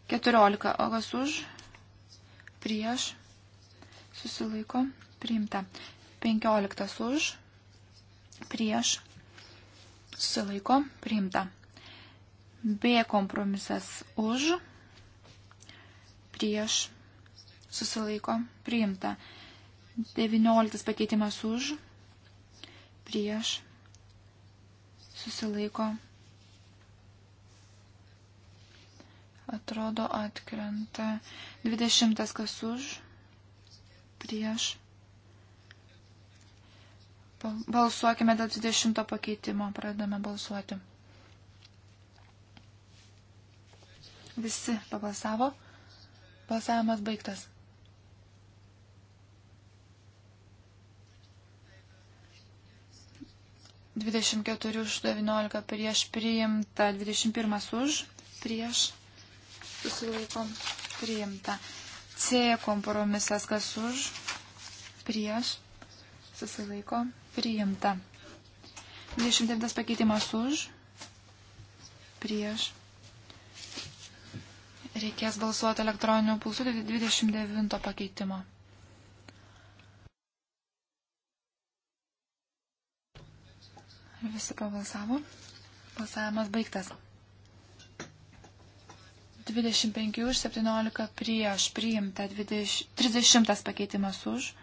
14. O kas už, prieš, susilaiko priimta. 15. Už, prieš, susilaiko priimta. B kompromisas už, prieš, susilaiko priimta. 19 pakeitimas už, prieš, susilaiko atrodo atkrenta. 20 kas už, prieš. Balsuokime dėl 20 pakeitimo, pradame balsuoti. Visi pabalsavo. Balsavimas baigtas. Dvidešimt keturi už devyniolika prieš priimta, dvidešimt pirmas už prieš susilaiko priimta. C kompromisas kas už, prieš, susilaiko priimta. 29 pakeitimas už, prieš. Reikės balsuoti elektroniniu pulsu 29 tai pakeitimo. Visi pabalsavo. Balsavimas baigtas. 25 už 17 prieš priimta 20, 30 pakeitimas už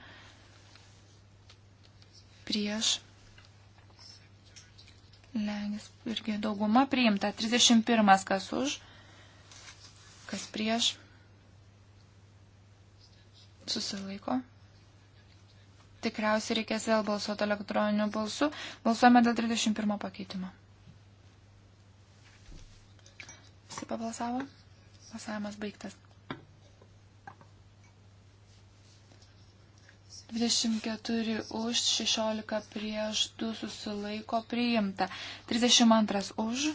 prieš Lenis irgi dauguma priimta 31 kas už kas prieš susilaiko tikriausiai reikės vėl balsuoti elektroniniu balsu balsuojame dėl 31 pakeitimo visi pabalsavo Pasavimas baigtas. 24 už, 16 prieš, 2 susilaiko priimta. 32 už,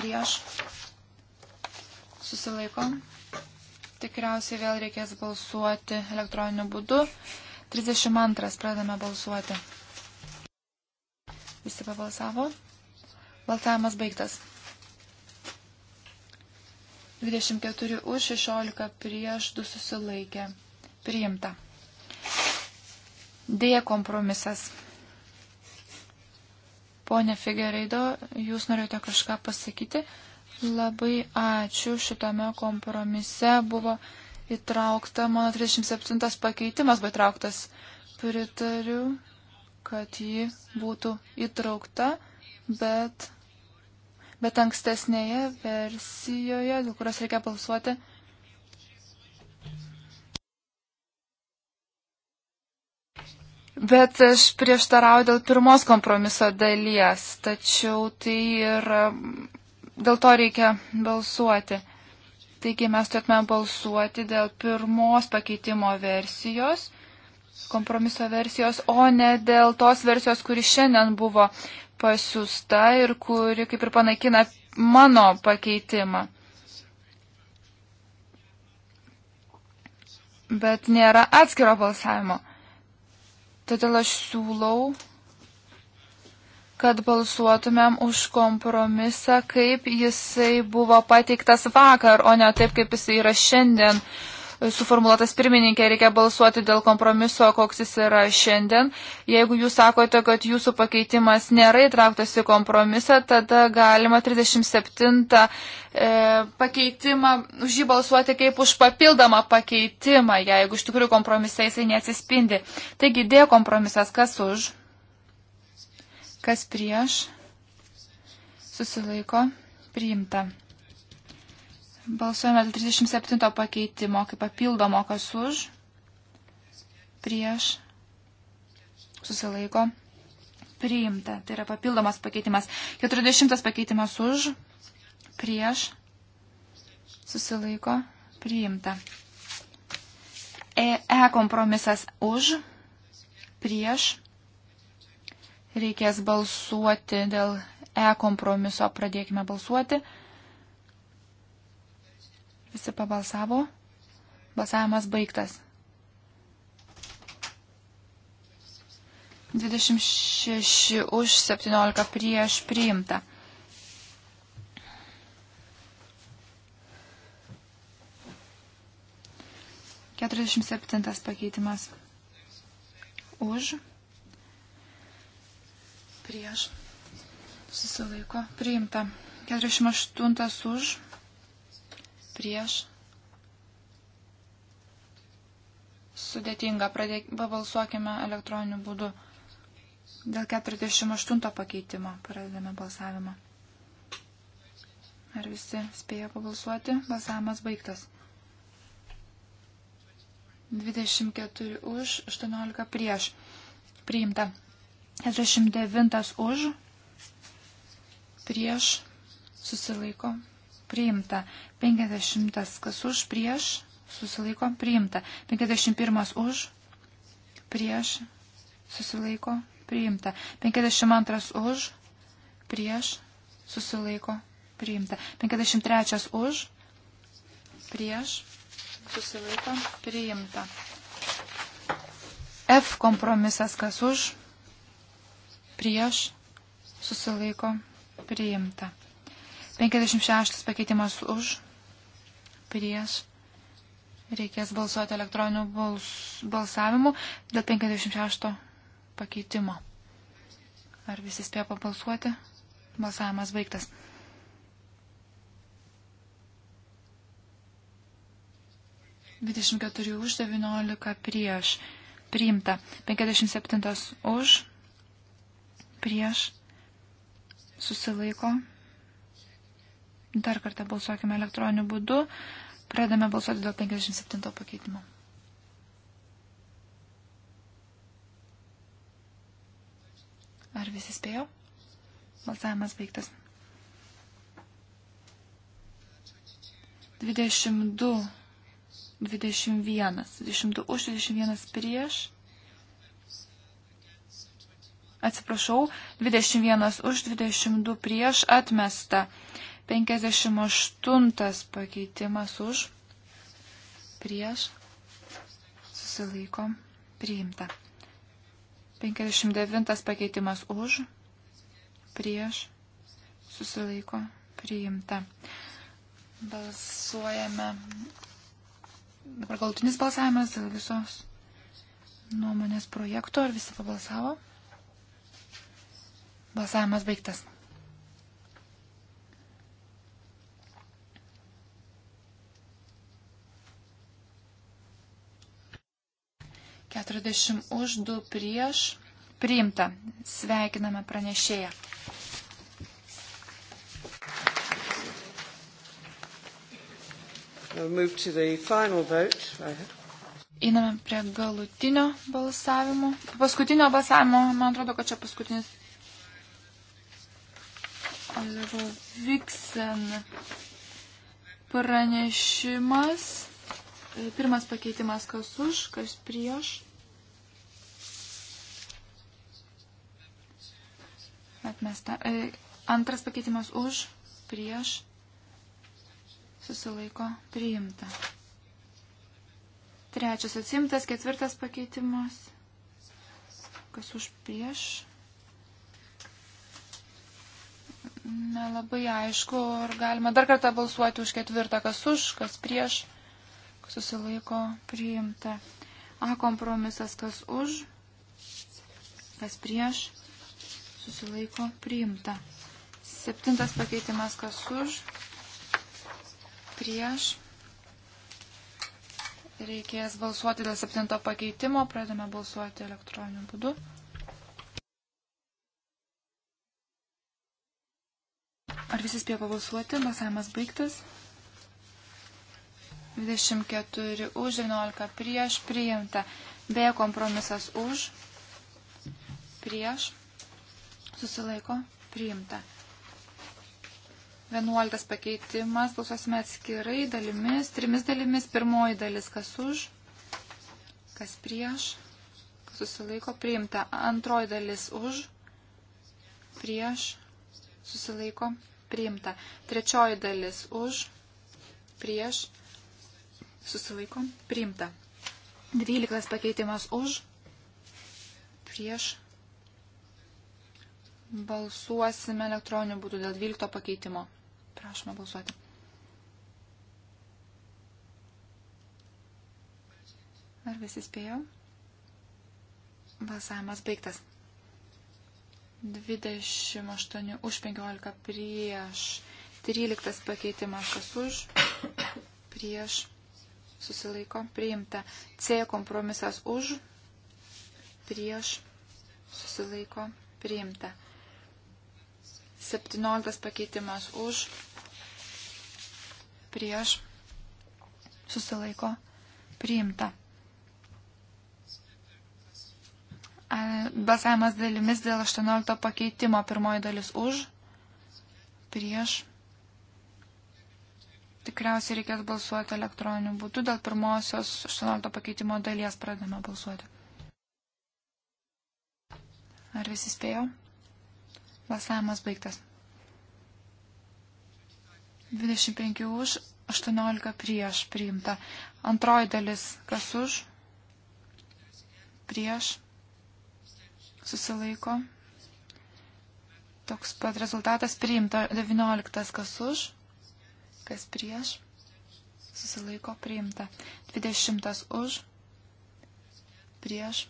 prieš, susilaiko. Tikriausiai vėl reikės balsuoti elektroniniu būdu. 32 pradame balsuoti. Visi pabalsavo. Balsavimas baigtas. 24 už, 16 prieš, 2 susilaikė. Priimta. D kompromisas. Pone Figereido, jūs norėjote kažką pasakyti? Labai ačiū. Šitame kompromise buvo įtraukta mano 37 pakeitimas, bet įtrauktas pritariu, kad ji būtų įtraukta, bet bet ankstesnėje versijoje, dėl kurios reikia balsuoti, Bet aš prieštarauju dėl pirmos kompromiso dalies, tačiau tai ir mm, dėl to reikia balsuoti. Taigi mes turėtume balsuoti dėl pirmos pakeitimo versijos, kompromiso versijos, o ne dėl tos versijos, kuri šiandien buvo pasiūsta ir kuri kaip ir panaikina mano pakeitimą. Bet nėra atskiro balsavimo. Todėl aš siūlau, kad balsuotumėm už kompromisą, kaip jisai buvo pateiktas vakar, o ne taip, kaip jisai yra šiandien. Uh, suformuoluotas pirmininkė, reikia balsuoti dėl kompromiso, koks jis yra šiandien. Jeigu jūs sakote, kad jūsų pakeitimas nėra įtrauktas į kompromisą, tada galima 37 e, pakeitimą, už jį balsuoti kaip už papildomą pakeitimą, jeigu iš tikrųjų kompromisai jisai neatsispindi. Taigi dėjo kompromisas, kas už, kas prieš, susilaiko, priimta. Balsuojame dėl 37 pakeitimo, kaip papildomo, kas už, prieš, susilaiko, priimta. Tai yra papildomas pakeitimas. 40 pakeitimas už, prieš, susilaiko, priimta. E, e kompromisas už, prieš. Reikės balsuoti dėl E kompromiso. Pradėkime balsuoti. Visi pabalsavo. Balsavimas baigtas. 26 už 17 prieš priimta. Keturiasdešimt septintas pakeitimas. Už. Prieš. Susilaiko. Priimta. Keturiasdešimt aštuntas už prieš. Sudėtinga, pradėk, pabalsuokime elektroniniu būdu. Dėl 48 pakeitimo pradedame balsavimą. Ar visi spėjo pabalsuoti? Balsavimas baigtas. 24 už, 18 prieš. Priimta. 49 už, prieš, susilaiko, priimta. 50 kas už, prieš, susilaiko, priimta. 51 už, prieš, susilaiko, priimta. 52 už, prieš, susilaiko, priimta. 53 už, prieš, susilaiko, priimta. F kompromisas kas už, prieš, susilaiko, priimta. 56 pakeitimas už, prieš, reikės balsuoti elektroniniu bals, balsavimu dėl 56 pakeitimo. Ar visi spėjo pabalsuoti? Balsavimas baigtas. Dvidešimt keturi už, devyniolika prieš. Priimta. Penkiasdešimt septintas už, prieš, susilaiko Dar kartą balsuokime elektroniniu būdu. Pradame balsuoti dėl 57 pakeitimo. Ar visi spėjo? Balsavimas baigtas. 22, 21, 22 už, 21 prieš. Atsiprašau, 21 už, 22 prieš atmesta. 58 pakeitimas už, prieš, susilaiko, priimta. 59 pakeitimas už, prieš, susilaiko, priimta. Balsuojame. Dabar galutinis balsavimas dėl visos nuomonės projekto. Ar visi pabalsavo? Balsavimas baigtas. 40 už, 2 prieš. Priimta. Sveikiname pranešėją. Einame prie galutinio balsavimo. Paskutinio balsavimo, man atrodo, kad čia paskutinis. Oliver Vixen pranešimas. Pirmas pakeitimas, kas už, kas prieš Atmesta. E, antras pakeitimas už, prieš, susilaiko, priimta. Trečias atsimtas, ketvirtas pakeitimas. Kas už, prieš. Nelabai aišku, ar galima dar kartą balsuoti už ketvirtą, kas už, kas prieš, kas susilaiko, priimta. A kompromisas, kas už, kas prieš susilaiko priimta. Septintas pakeitimas kas už, prieš. Reikės balsuoti dėl septinto pakeitimo, pradame balsuoti elektroniniu būdu. Ar visi spėjo pabalsuoti? Balsavimas baigtas. 24 už, 19 prieš, priimta. B kompromisas už, prieš susilaiko priimta. Vienuoliktas pakeitimas, balsuosime atskirai dalimis, trimis dalimis, pirmoji dalis kas už, kas prieš, kas susilaiko priimta, antroji dalis už, prieš, susilaiko priimta, trečioji dalis už, prieš, susilaiko priimta. Dvyliktas pakeitimas už, prieš, Balsuosime elektroniniu būdu dėl 12 pakeitimo. Prašome balsuoti. Ar visi spėjo? Balsavimas baigtas. 28 už 15 prieš 13 pakeitimas kas už prieš susilaiko priimta. C kompromisas už prieš susilaiko priimta. 17 pakeitimas už, prieš, susilaiko, priimta. Balsavimas dalimis dėl 18 pakeitimo. Pirmoji dalis už, prieš. Tikriausiai reikės balsuoti elektroniniu būdu. Dėl pirmosios 18 pakeitimo dalies pradame balsuoti. Ar visi spėjo? Balsavimas baigtas. 25 už, 18 prieš priimta. Antroji dalis, kas už, prieš, susilaiko. Toks pat rezultatas priimta. 19 kas už, kas prieš, susilaiko priimta. 20 už, prieš,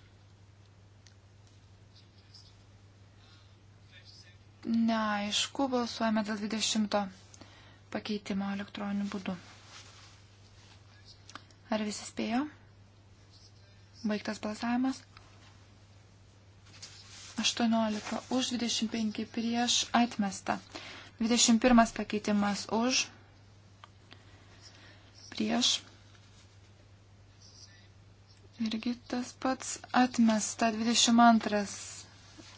Neaišku, balsuojame dėl 20 pakeitimo elektroniniu būdu. Ar visi spėjo? Baigtas balsavimas. 18 už, 25 prieš, atmesta. 21 pakeitimas už, prieš. Irgi tas pats atmesta. 22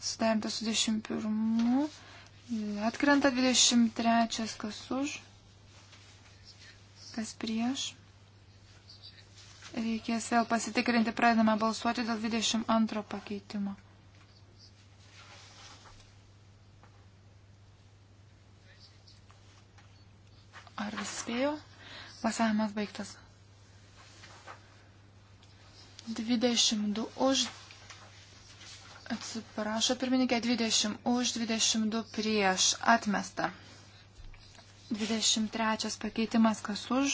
suderinta su 21. Atkrenta 23. Kas už? Kas prieš? Reikės vėl pasitikrinti, pradedame balsuoti dėl 22 pakeitimo. Ar visi spėjo? Balsavimas baigtas. 22 už, Atsiprašo pirmininkė 20 už, 22 prieš atmesta. 23 pakeitimas kas už.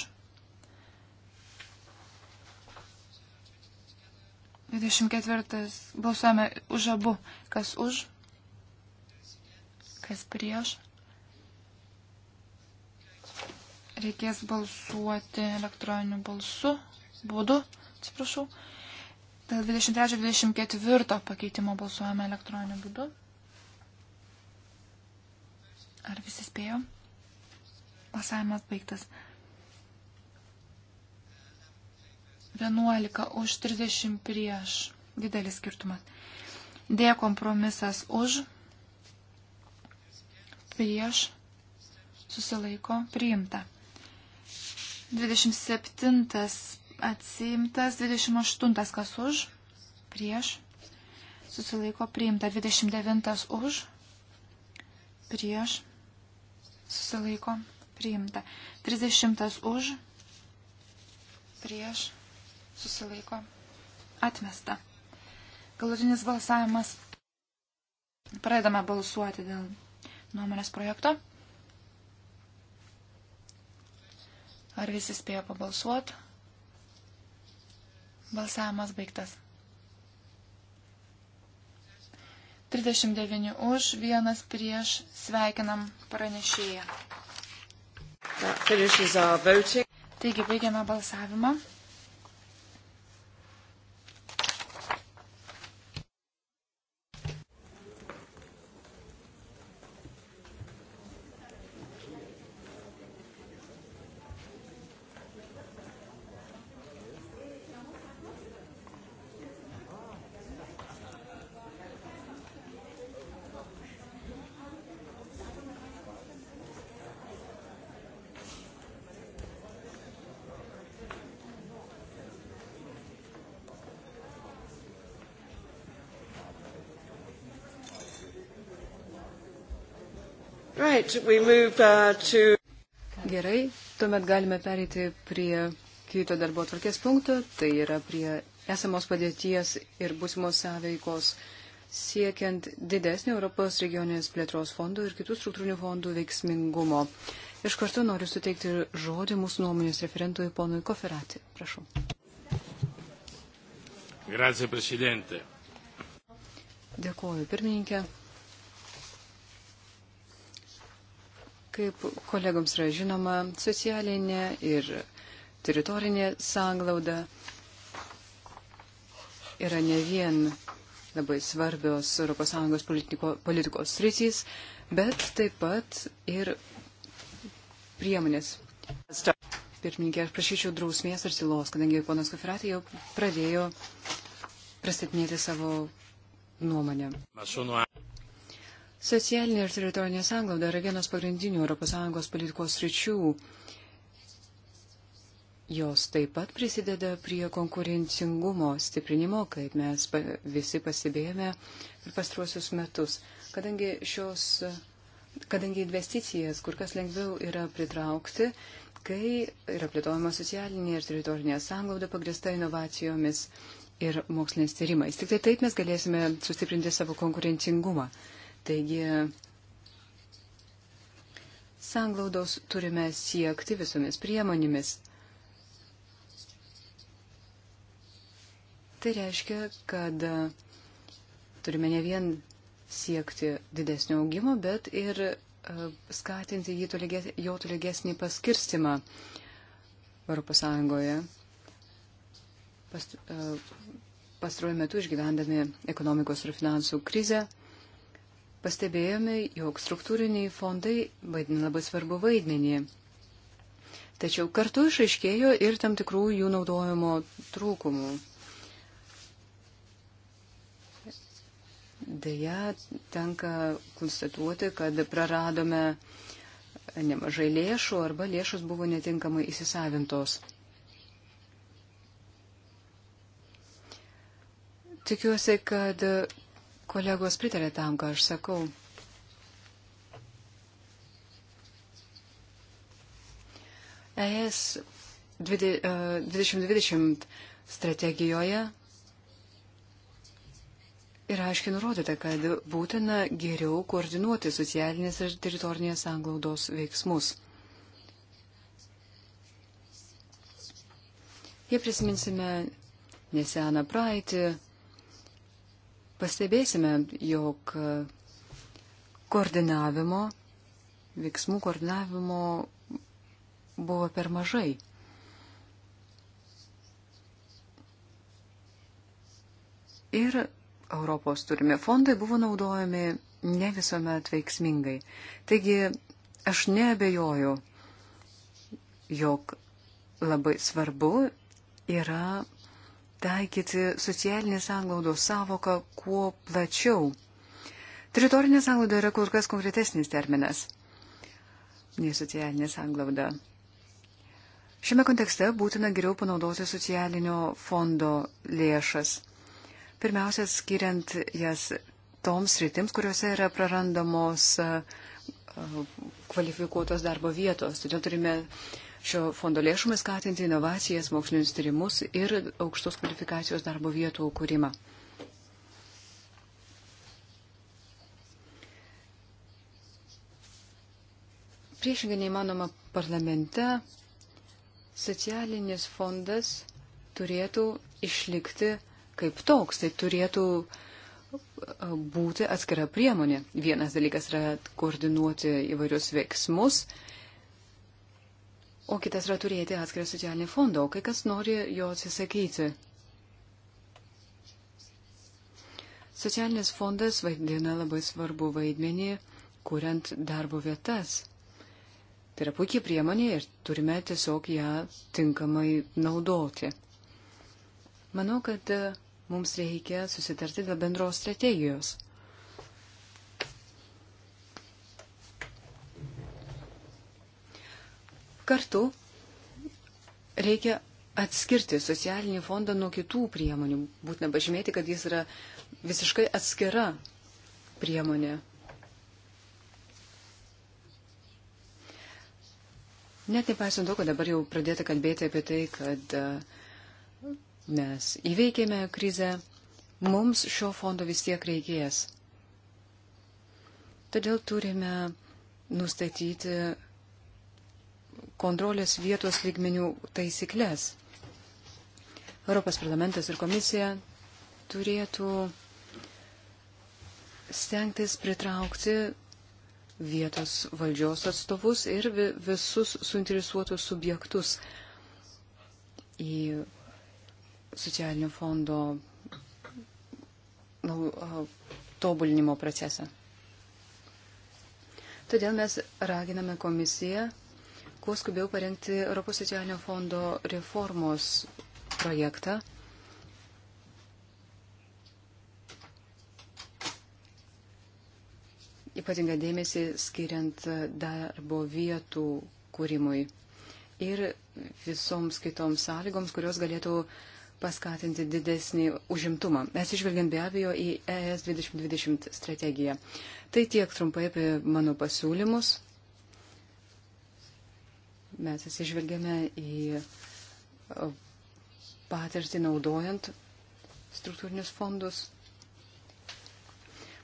24 balsuojame už abu, kas už, kas prieš. Reikės balsuoti elektroniniu balsu, būdu, atsiprašau. Dėl 23-24 pakeitimo balsuojame elektroniniu būdu. Ar visi spėjo? Pasavimas baigtas. 11 už 30 prieš. Didelis skirtumas. D kompromisas už, prieš, susilaiko, priimta. 27 Atsimtas 28 kas už, prieš, susilaiko priimta 29 už, prieš, susilaiko priimta 30 už, prieš, susilaiko atmesta. Galutinis balsavimas. Pradedame balsuoti dėl nuomonės projekto. Ar visi spėjo pabalsuoti? Balsavimas baigtas. 39 už, vienas prieš, sveikinam pranešėją. Taigi baigiame balsavimą. Right, we move uh, to. Gerai, tuomet galime pereiti prie kito darbo atvarkės punkto, tai yra prie esamos padėties ir būsimos sąveikos siekiant didesnio Europos regioninės plėtros fondų ir kitų struktūrinių fondų veiksmingumo. Iš karto noriu suteikti žodį mūsų nuomonės referentui ponui Koferati. Prašau. Grazie, Dėkuoju, pirmininkė. Kaip kolegoms yra žinoma, socialinė ir teritorinė sanglauda yra ne vien labai svarbios ES politiko, politikos sritys, bet taip pat ir priemonės. Pirmininkė, aš prašyčiau drausmės ir silos, kadangi ponas Kofiratė jau pradėjo pristatinėti savo nuomonę. Socialinė ir teritorinė sanglauda yra vienas pagrindinių ES politikos ryčių. Jos taip pat prisideda prie konkurencingumo stiprinimo, kaip mes visi pastebėjome per pastruosius metus, kadangi, šios, kadangi investicijas kur kas lengviau yra pritraukti, kai yra plėtojama socialinė ir teritorinė sanglauda pagrįsta inovacijomis ir moksliniais tyrimais. Tik tai taip mes galėsime sustiprinti savo konkurencingumą. Taigi, sanglaudos turime siekti visomis priemonėmis. Tai reiškia, kad turime ne vien siekti didesnio augimo, bet ir e, skatinti jį tolyges, jo tolygesnį paskirstimą Europos Sąjungoje. E, pastaruoju metu išgyvendami ekonomikos ir finansų krizę pastebėjome, jog struktūriniai fondai vaidina labai svarbu vaidmenį. Tačiau kartu išaiškėjo ir tam tikrų jų naudojimo trūkumų. Deja, tenka konstatuoti, kad praradome nemažai lėšų arba lėšos buvo netinkamai įsisavintos. Tikiuosi, kad Kolegos pritarė tam, ką aš sakau. ES 2020 e, strategijoje yra aiškiai nurodyta, kad būtina geriau koordinuoti socialinės ir teritorinės anglaudos veiksmus. Jei prisiminsime neseną praeitį, pastebėsime, jog koordinavimo, veiksmų koordinavimo buvo per mažai. Ir Europos turime fondai buvo naudojami ne visuomet veiksmingai. Taigi aš neabejoju, jog labai svarbu yra taikyti socialinės anglaudos savoką kuo plačiau. Teritorinė sanglauda yra kur kas konkretesnis terminas nei socialinė sanglauda. Šiame kontekste būtina geriau panaudoti socialinio fondo lėšas. Pirmiausia, skiriant jas toms rytims, kuriuose yra prarandamos kvalifikuotos darbo vietos. Todėl turime uh, šio fondo lėšomis skatinti inovacijas, mokslinius tyrimus ir aukštos kvalifikacijos darbo vietų kūrimą. Priešingai neįmanoma parlamente socialinis fondas turėtų išlikti kaip toks, tai turėtų būti atskira priemonė. Vienas dalykas yra koordinuoti įvairius veiksmus, o kitas yra turėti atskirą socialinį fondą, o kai kas nori jo atsisakyti. Socialinis fondas vaidina labai svarbu vaidmenį, kuriant darbo vietas. Tai yra puikiai priemonė ir turime tiesiog ją tinkamai naudoti. Manau, kad mums reikia susitarti dėl bendros strategijos. Kartu reikia atskirti socialinį fondą nuo kitų priemonių. Būtina pažymėti, kad jis yra visiškai atskira priemonė. Net nepaisant to, kad dabar jau pradėta kalbėti apie tai, kad e, mes įveikėme krizę, mums šio fondo vis tiek reikės. Todėl turime nustatyti kontrolės vietos lygmenių taisyklės. Europos parlamentas ir komisija turėtų stengtis pritraukti vietos valdžios atstovus ir visus suinteresuotus subjektus į socialinio fondo tobulinimo procesą. Todėl mes raginame komisiją kuo skubiau parengti Europos socialinio fondo reformos projektą. Ypatingą dėmesį skiriant darbo vietų kūrimui ir visoms kitoms sąlygoms, kurios galėtų paskatinti didesnį užimtumą. Mes išvelgiam be abejo į ES 2020 strategiją. Tai tiek trumpai apie mano pasiūlymus. Mes atsižvelgiame į e, patirtį naudojant struktūrinius fondus.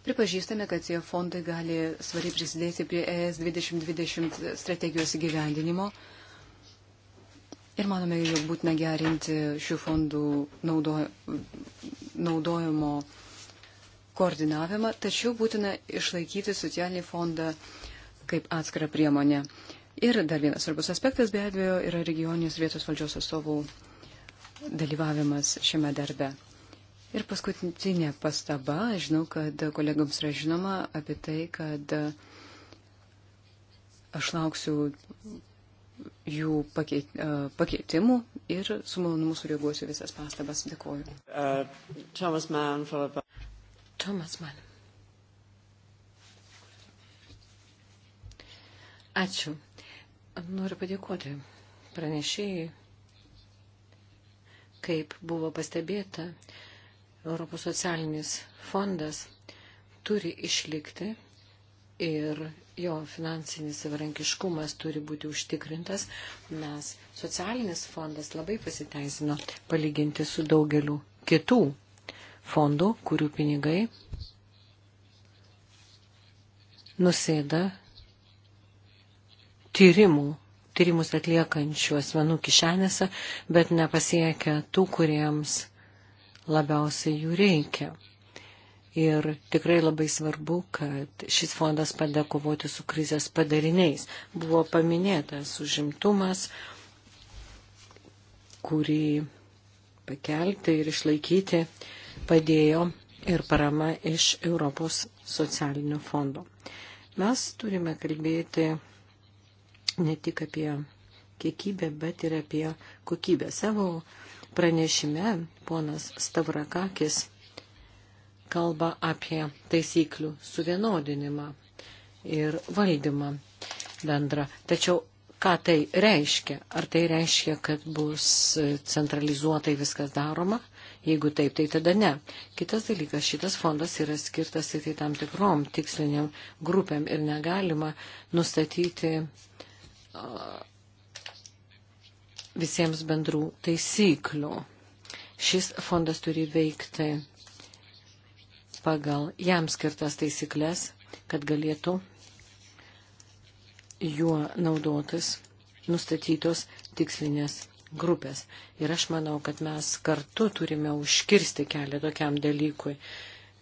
Pripažįstame, kad tie fondai gali svariai prisidėti prie ES 2020 strategijos įgyvendinimo ir manome, jog būtina gerinti šių fondų naudo, naudojimo koordinavimą, tačiau būtina išlaikyti socialinį fondą kaip atskirą priemonę. Uh, Ir dar vienas svarbus aspektas be abejo yra regioninės vietos valdžios atstovų dalyvavimas šiame darbe. Ir paskutinė pastaba, žinau, kad kolegams yra žinoma apie tai, kad aš lauksiu jų pakeit, pakeitimų ir su malonumu sureaguosiu visas pastabas. Dėkuoju. Uh, Thomas Mann. For... Thomas Mann. Ačiū. Noriu padėkoti pranešėjai. Kaip buvo pastebėta, Europos socialinis fondas turi išlikti ir jo finansinis savarankiškumas turi būti užtikrintas, nes socialinis fondas labai pasiteisino palyginti su daugeliu kitų fondų, kurių pinigai nusėda tyrimų, tyrimus atliekančių asmenų kišenėse, bet nepasiekia tų, kuriems labiausiai jų reikia. Ir tikrai labai svarbu, kad šis fondas padeda kovoti su krizės padariniais. Buvo paminėtas užimtumas, kurį pakelti ir išlaikyti padėjo ir parama iš Europos socialinio fondo. Mes turime kalbėti ne tik apie kiekybę, bet ir apie kokybę. Savo pranešime ponas Stavrakakis kalba apie taisyklių suvienodinimą ir valdymą bendrą. Tačiau ką tai reiškia? Ar tai reiškia, kad bus centralizuotai viskas daroma? Jeigu taip, tai tada ne. Kitas dalykas, šitas fondas yra skirtas tik tam tikrom tiksliniam grupėm ir negalima nustatyti uh, visiems bendrų taisyklių. Šis fondas turi veikti pagal jam skirtas taisyklės, kad galėtų juo naudotis nustatytos tikslinės grupės. Ir aš manau, kad mes kartu turime užkirsti kelią tokiam dalykui.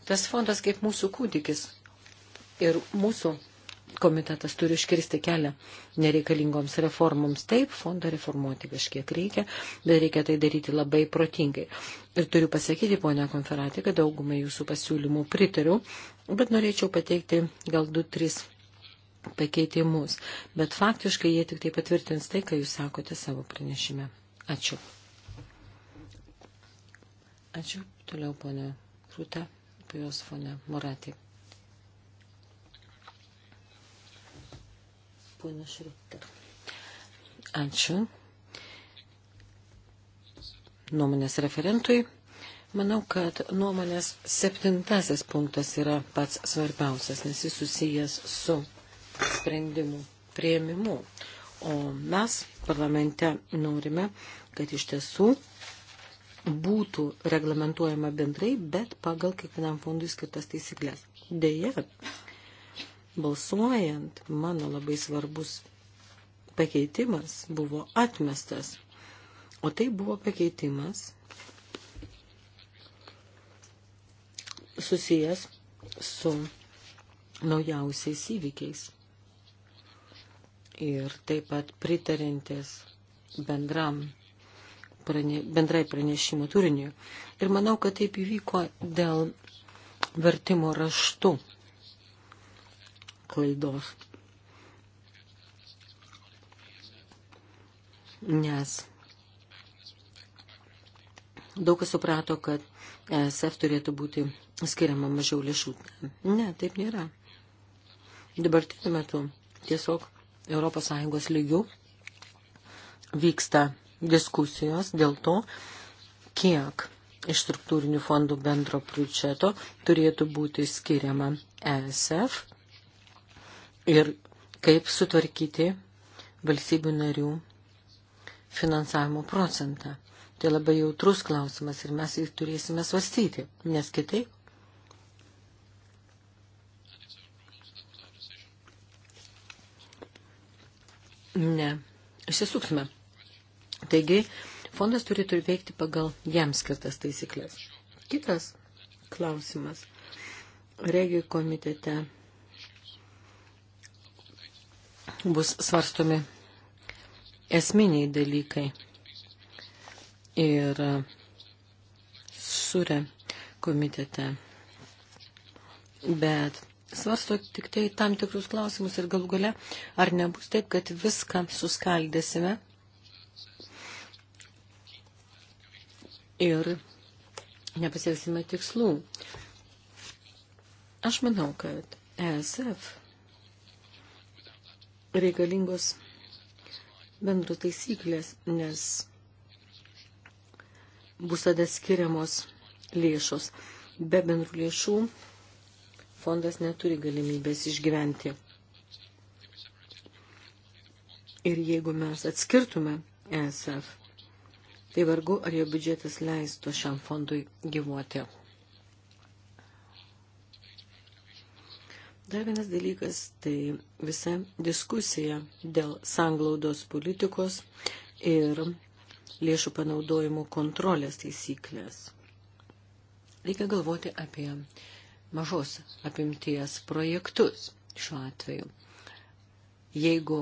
Tas fondas kaip mūsų kūdikis ir mūsų komitetas turi iškirsti kelią nereikalingoms reformoms. Taip, fondą reformuoti kažkiek reikia, bet reikia tai daryti labai protingai. Ir turiu pasakyti, ponia konferatė, kad daugumai jūsų pasiūlymų pritariu, bet norėčiau pateikti gal du, tris pakeitimus. Bet faktiškai jie tik tai patvirtins tai, ką jūs sakote savo pranešime. Ačiū. Ačiū. Toliau, ponia Rūta, pijos fonė Moratė. ponas Šrita. Ačiū. Nuomonės referentui. Manau, kad nuomonės septintasis punktas yra pats svarbiausias, nes jis susijęs su sprendimu prieimimu. O mes parlamente norime, kad iš tiesų būtų reglamentuojama bendrai, bet pagal kiekvienam fondui skirtas taisyklės. Deja, balsuojant mano labai svarbus pakeitimas buvo atmestas. O tai buvo pakeitimas susijęs su naujausiais įvykiais. Ir taip pat pritarintis bendram, prane, bendrai pranešimo turiniui. Ir manau, kad taip įvyko dėl vertimo raštų klaidos. Nes daug kas suprato, kad ESF turėtų būti skiriama mažiau lėšų. Ne, taip nėra. Dabartiniu metu tiesiog ES lygių vyksta diskusijos dėl to, kiek iš struktūrinių fondų bendro biudžeto turėtų būti skiriama ESF ir kaip sutvarkyti valstybių narių finansavimo procentą. Tai labai jautrus klausimas ir mes jį turėsime svastyti, nes kitaip. Ne, išsisuksime. Taigi, fondas turi turi veikti pagal jam skirtas taisyklės. Kitas klausimas. Regijų komitete bus svarstomi esminiai dalykai. Ir surė komitete. Bet svarsto tik tai tam tikrus klausimus ir galų gale, ar nebus taip, kad viską suskaldėsime ir nepasieksime tikslų. Aš manau, kad ESF reikalingos bendros taisyklės, nes bus tada skiriamos lėšos. Be bendrų lėšų fondas neturi galimybės išgyventi. Ir jeigu mes atskirtume ESF, tai vargu ar jo biudžetas leistų šiam fondui gyvuoti. Dar vienas dalykas - tai visa diskusija dėl sanglaudos politikos ir lėšų panaudojimo kontrolės taisyklės. Reikia galvoti apie mažos apimties projektus šiuo atveju. Jeigu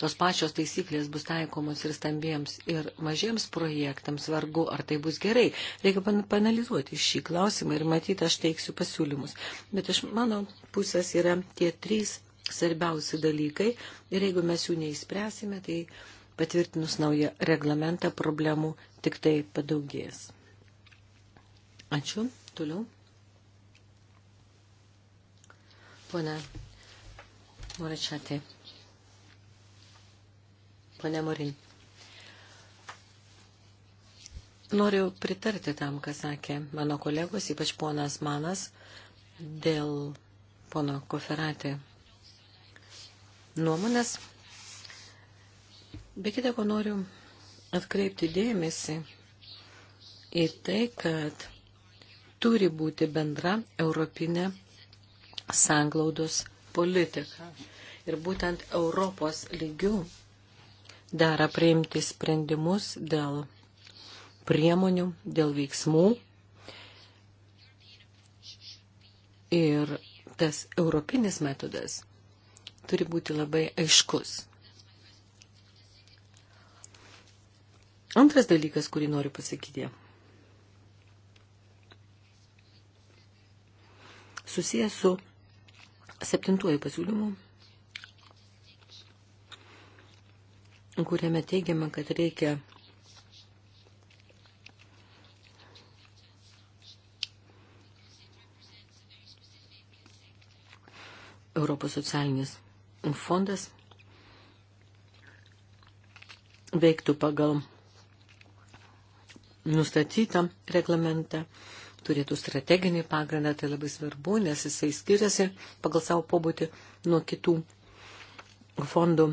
tos pačios taisyklės bus taikomos ir stambiems, ir mažiems projektams, vargu ar tai bus gerai. Reikia panalizuoti šį klausimą ir matyti, aš teiksiu pasiūlymus. Bet iš mano pusės yra tie trys svarbiausi dalykai ir jeigu mes jų neįspręsime, tai patvirtinus naują reglamentą problemų tik tai padaugės. Ačiū. Toliau. Pone Moračiatė. Pane Morin. Noriu pritarti tam, ką sakė mano kolegos, ypač ponas Manas, dėl pono Koferatė nuomonės. Be kitako noriu atkreipti dėmesį į tai, kad turi būti bendra europinė sanglaudos politika. Ir būtent Europos lygių dera priimti sprendimus dėl priemonių, dėl veiksmų. Ir tas europinis metodas turi būti labai aiškus. Antras dalykas, kurį noriu pasakyti, susijęs su septintuoju pasiūlymu kuriame teigiama, kad reikia Europos socialinis fondas veiktų pagal nustatytą reglamentą, turėtų strateginį pagrindą, tai labai svarbu, nes jisai skiriasi pagal savo pobūtį nuo kitų fondų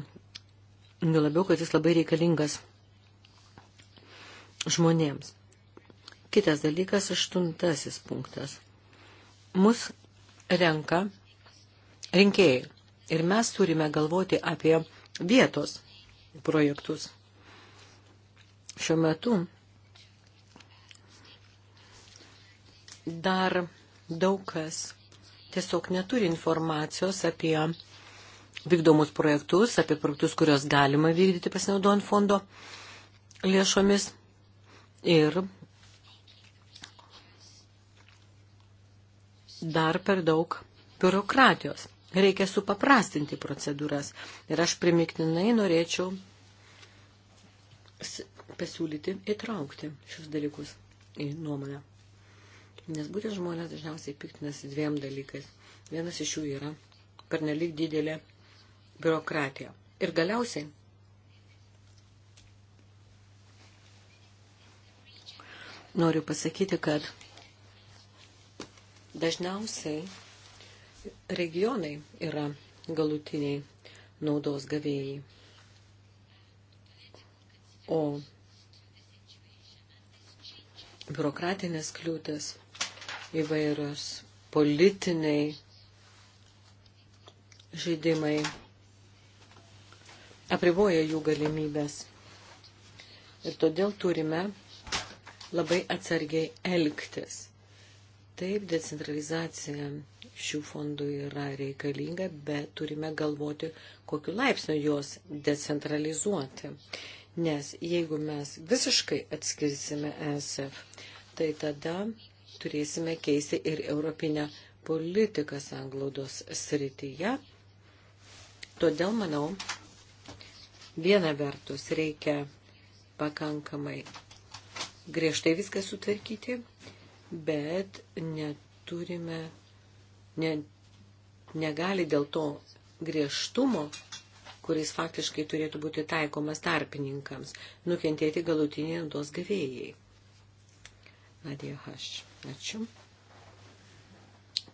Jau labiau, kad jis labai reikalingas žmonėms. Kitas dalykas, aštuntasis punktas. Mus renka rinkėjai. Ir mes turime galvoti apie vietos projektus. Šiuo metu dar daug kas tiesiog neturi informacijos apie vykdomus projektus, apie projektus, kuriuos galima vykdyti pasinaudojant fondo lėšomis. Ir dar per daug biurokratijos. Reikia supaprastinti procedūras. Ir aš primiktinai norėčiau pasiūlyti įtraukti šius dalykus į nuomonę. Nes būtent žmonės dažniausiai piktinasi dviem dalykais. Vienas iš jų yra pernelyg didelė biurokratiją. Ir galiausiai noriu pasakyti, kad dažniausiai regionai yra galutiniai naudos gavėjai. O biurokratinės kliūtis įvairios politiniai žaidimai apriboja jų galimybės. Ir todėl turime labai atsargiai elgtis. Taip, decentralizacija šių fondų yra reikalinga, bet turime galvoti, kokiu laipsniu juos decentralizuoti. Nes jeigu mes visiškai atskirsime ESF, tai tada turėsime keisti ir europinę politiką sanglaudos srityje. Todėl, manau, Viena vertus reikia pakankamai griežtai viską sutvarkyti, bet neturime, ne, negali dėl to griežtumo, kuris faktiškai turėtų būti taikomas tarpininkams, nukentėti galutiniai naudos gavėjai. Nadia Haš. Ačiū.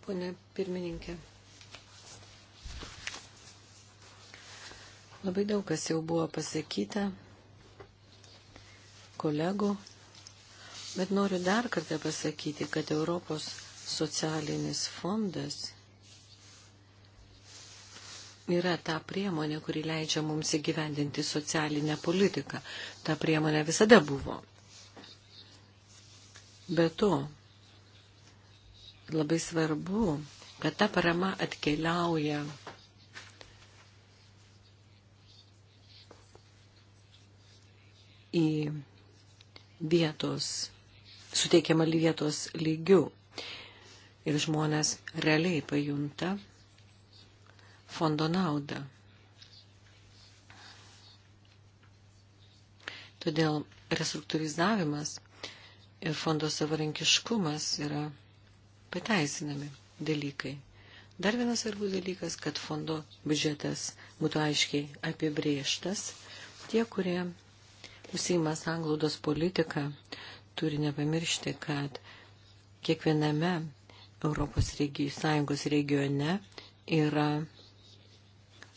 Pone pirmininkė. Labai daug kas jau buvo pasakyta kolegų, bet noriu dar kartą pasakyti, kad Europos socialinis fondas yra ta priemonė, kuri leidžia mums įgyvendinti socialinę politiką. Ta priemonė visada buvo. Be to, labai svarbu, kad ta parama atkeliauja į vietos, suteikiamą vietos lygių. Ir žmonės realiai pajunta fondo naudą. Todėl restruktūrizavimas ir fondo savarankiškumas yra pateisinami dalykai. Dar vienas svarbus dalykas, kad fondo biudžetas būtų aiškiai apibrieštas. Tie, kurie užsijimas anglaudos politiką, turi nepamiršti, kad kiekviename Europos regijų, sąjungos regione yra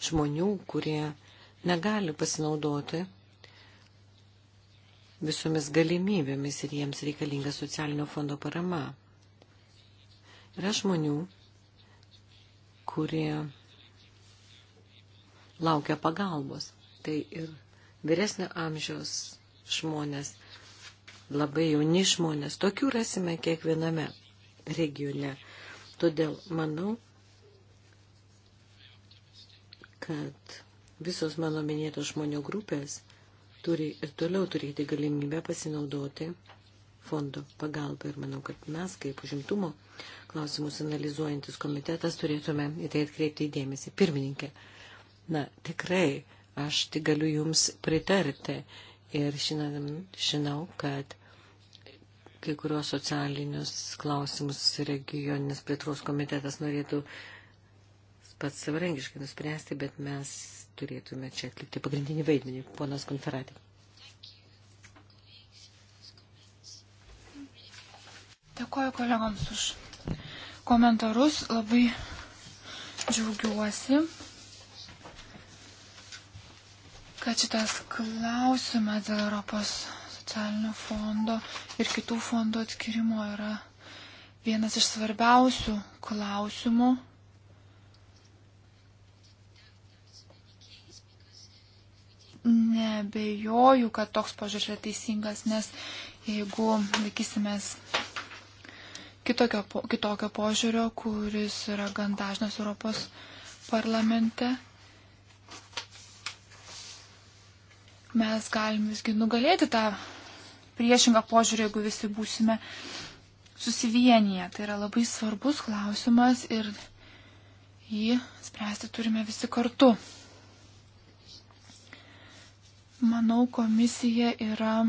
žmonių, kurie negali pasinaudoti visomis galimybėmis ir jiems reikalinga socialinio fondo parama. Yra žmonių, kurie laukia pagalbos. Tai ir vyresnio amžiaus žmonės, labai jauni žmonės. Tokių rasime kiekviename regione. Todėl manau, kad visos mano minėtos žmonių grupės turi ir toliau turėti galimybę pasinaudoti fondo pagalba. Ir manau, kad mes, kaip užimtumo klausimus analizuojantis komitetas, turėtume į tai atkreipti įdėmėsi. Pirmininkė, na, tikrai Aš tik galiu Jums pritarti ir žinodam, žinau, kad kai kuriuos socialinius klausimus regioninis plėtros komitetas norėtų pats savarankiškai nuspręsti, bet mes turėtume čia atlikti pagrindinį vaidmenį, ponas Konferatė. Dėkuoju kolegoms už komentarus. Labai džiaugiuosi kad šitas klausimas dėl Europos socialinio fondo ir kitų fondų atskirimo yra vienas iš svarbiausių klausimų. Nebejoju, kad toks požiūris yra teisingas, nes jeigu laikysimės kitokio, kitokio požiūrio, kuris yra gan dažnas Europos parlamente, mes galim visgi nugalėti tą priešingą požiūrį, jeigu visi būsime susivienyje. Tai yra labai svarbus klausimas ir jį spręsti turime visi kartu. Manau, komisija yra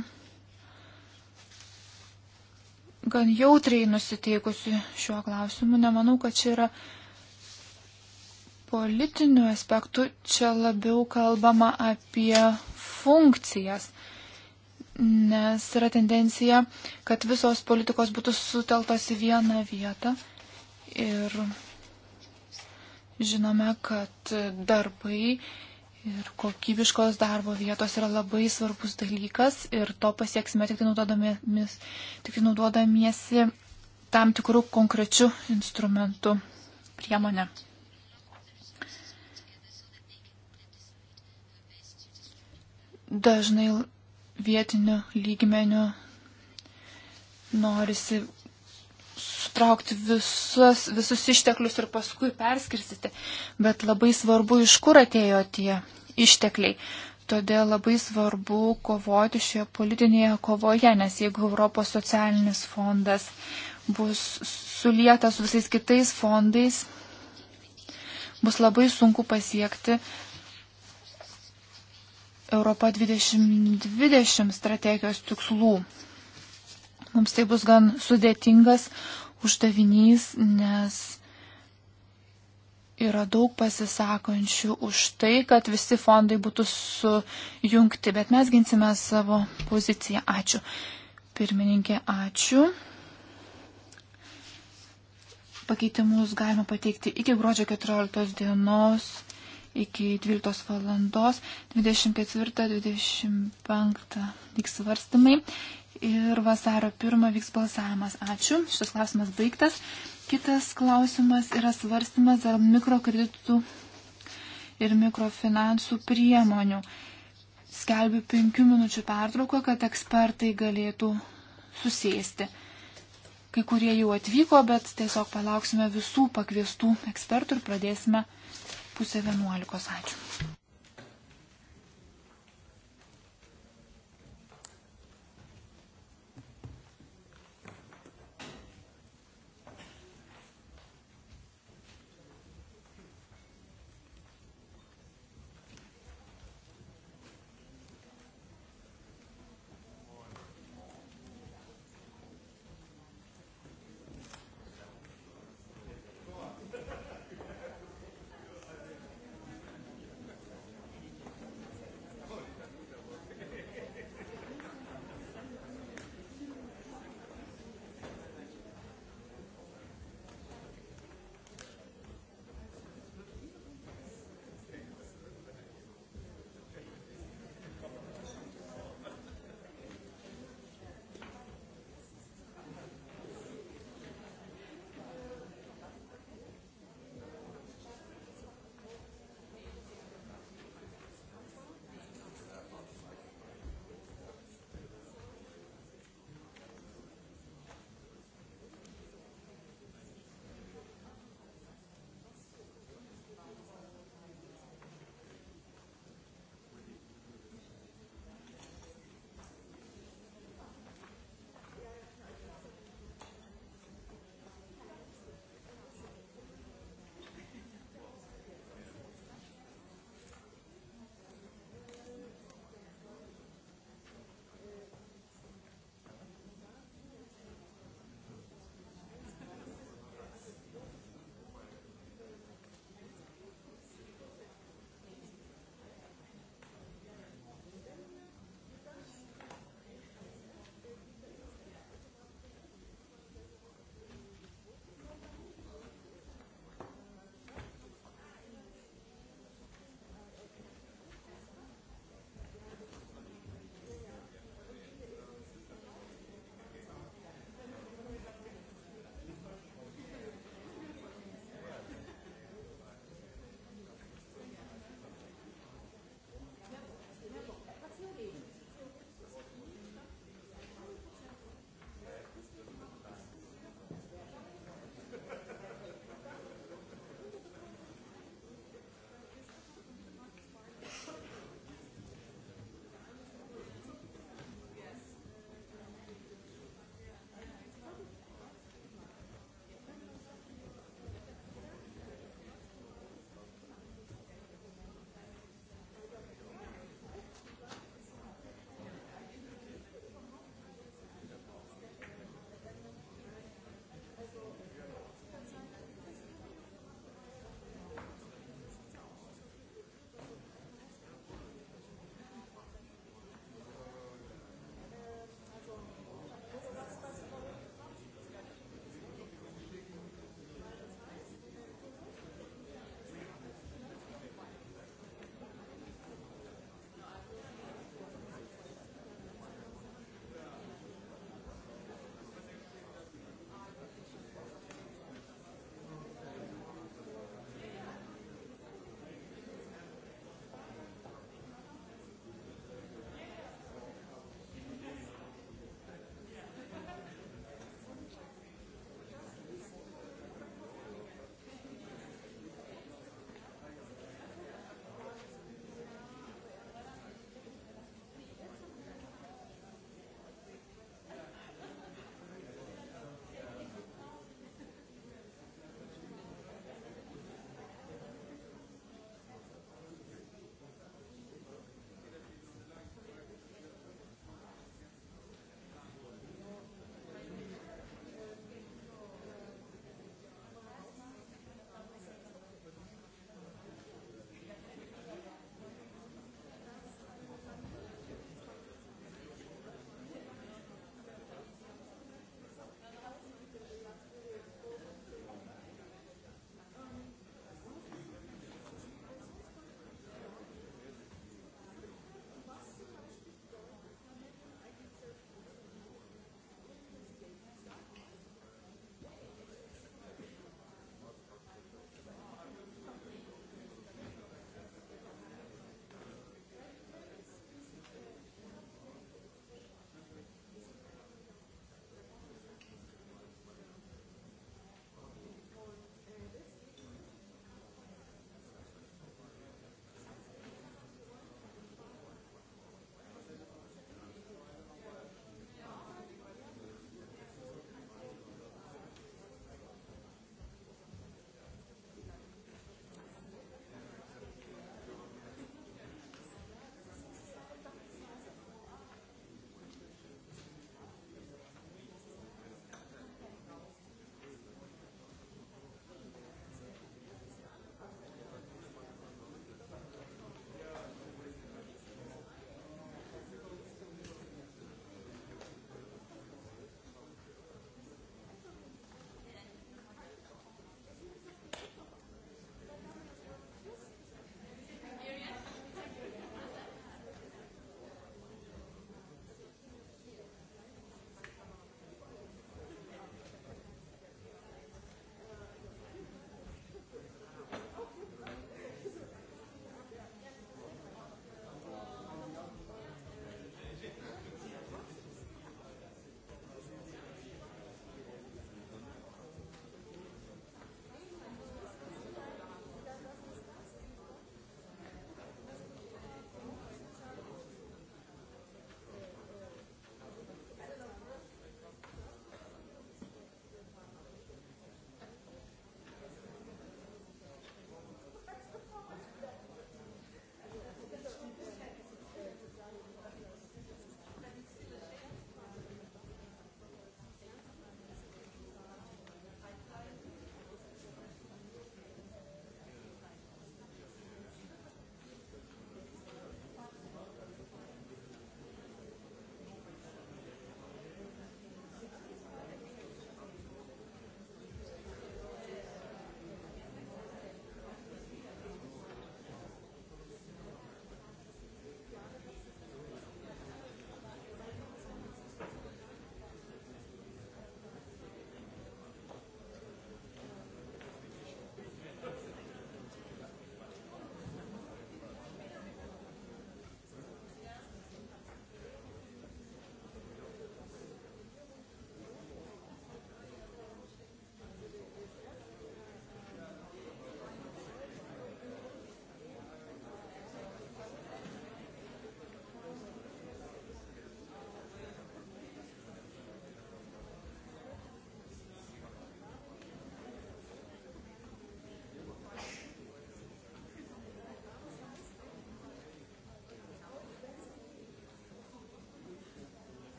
gan jautriai nusiteikusi šiuo klausimu. Nemanau, kad čia yra politinių aspektų čia labiau kalbama apie funkcijas, nes yra tendencija, kad visos politikos būtų suteltos į vieną vietą ir žinome, kad darbai ir kokybiškos darbo vietos yra labai svarbus dalykas ir to pasieksime tik tai naudodamiesi, tik tai naudodamiesi tam tikrų konkrečių instrumentų priemonę. dažnai vietiniu lygmeniu norisi sutraukti visus, visus išteklius ir paskui perskirstyti, bet labai svarbu, iš kur atėjo tie ištekliai. Todėl labai svarbu kovoti šioje politinėje kovoje, nes jeigu Europos socialinis fondas bus sulietas su visais kitais fondais, bus labai sunku pasiekti Europa 2020 strategijos tikslų. Mums tai bus gan sudėtingas uždavinys, nes yra daug pasisakančių už tai, kad visi fondai būtų sujungti, bet mes ginsime savo poziciją. Ačiū. Pirmininkė, ačiū. Pakeitimus galima pateikti iki gruodžio 14 dienos iki 12 valandos, 24-25 vyks svarstymai ir vasaro 1 vyks balsavimas. Ačiū, šitas klausimas baigtas. Kitas klausimas yra svarstymas dėl mikrokreditų ir mikrofinansų priemonių. Skelbiu penkių minučių pertrauką, kad ekspertai galėtų susėsti. Kai kurie jau atvyko, bet tiesiog palauksime visų pakviestų ekspertų ir pradėsime pusė vienuolikos. Ačiū.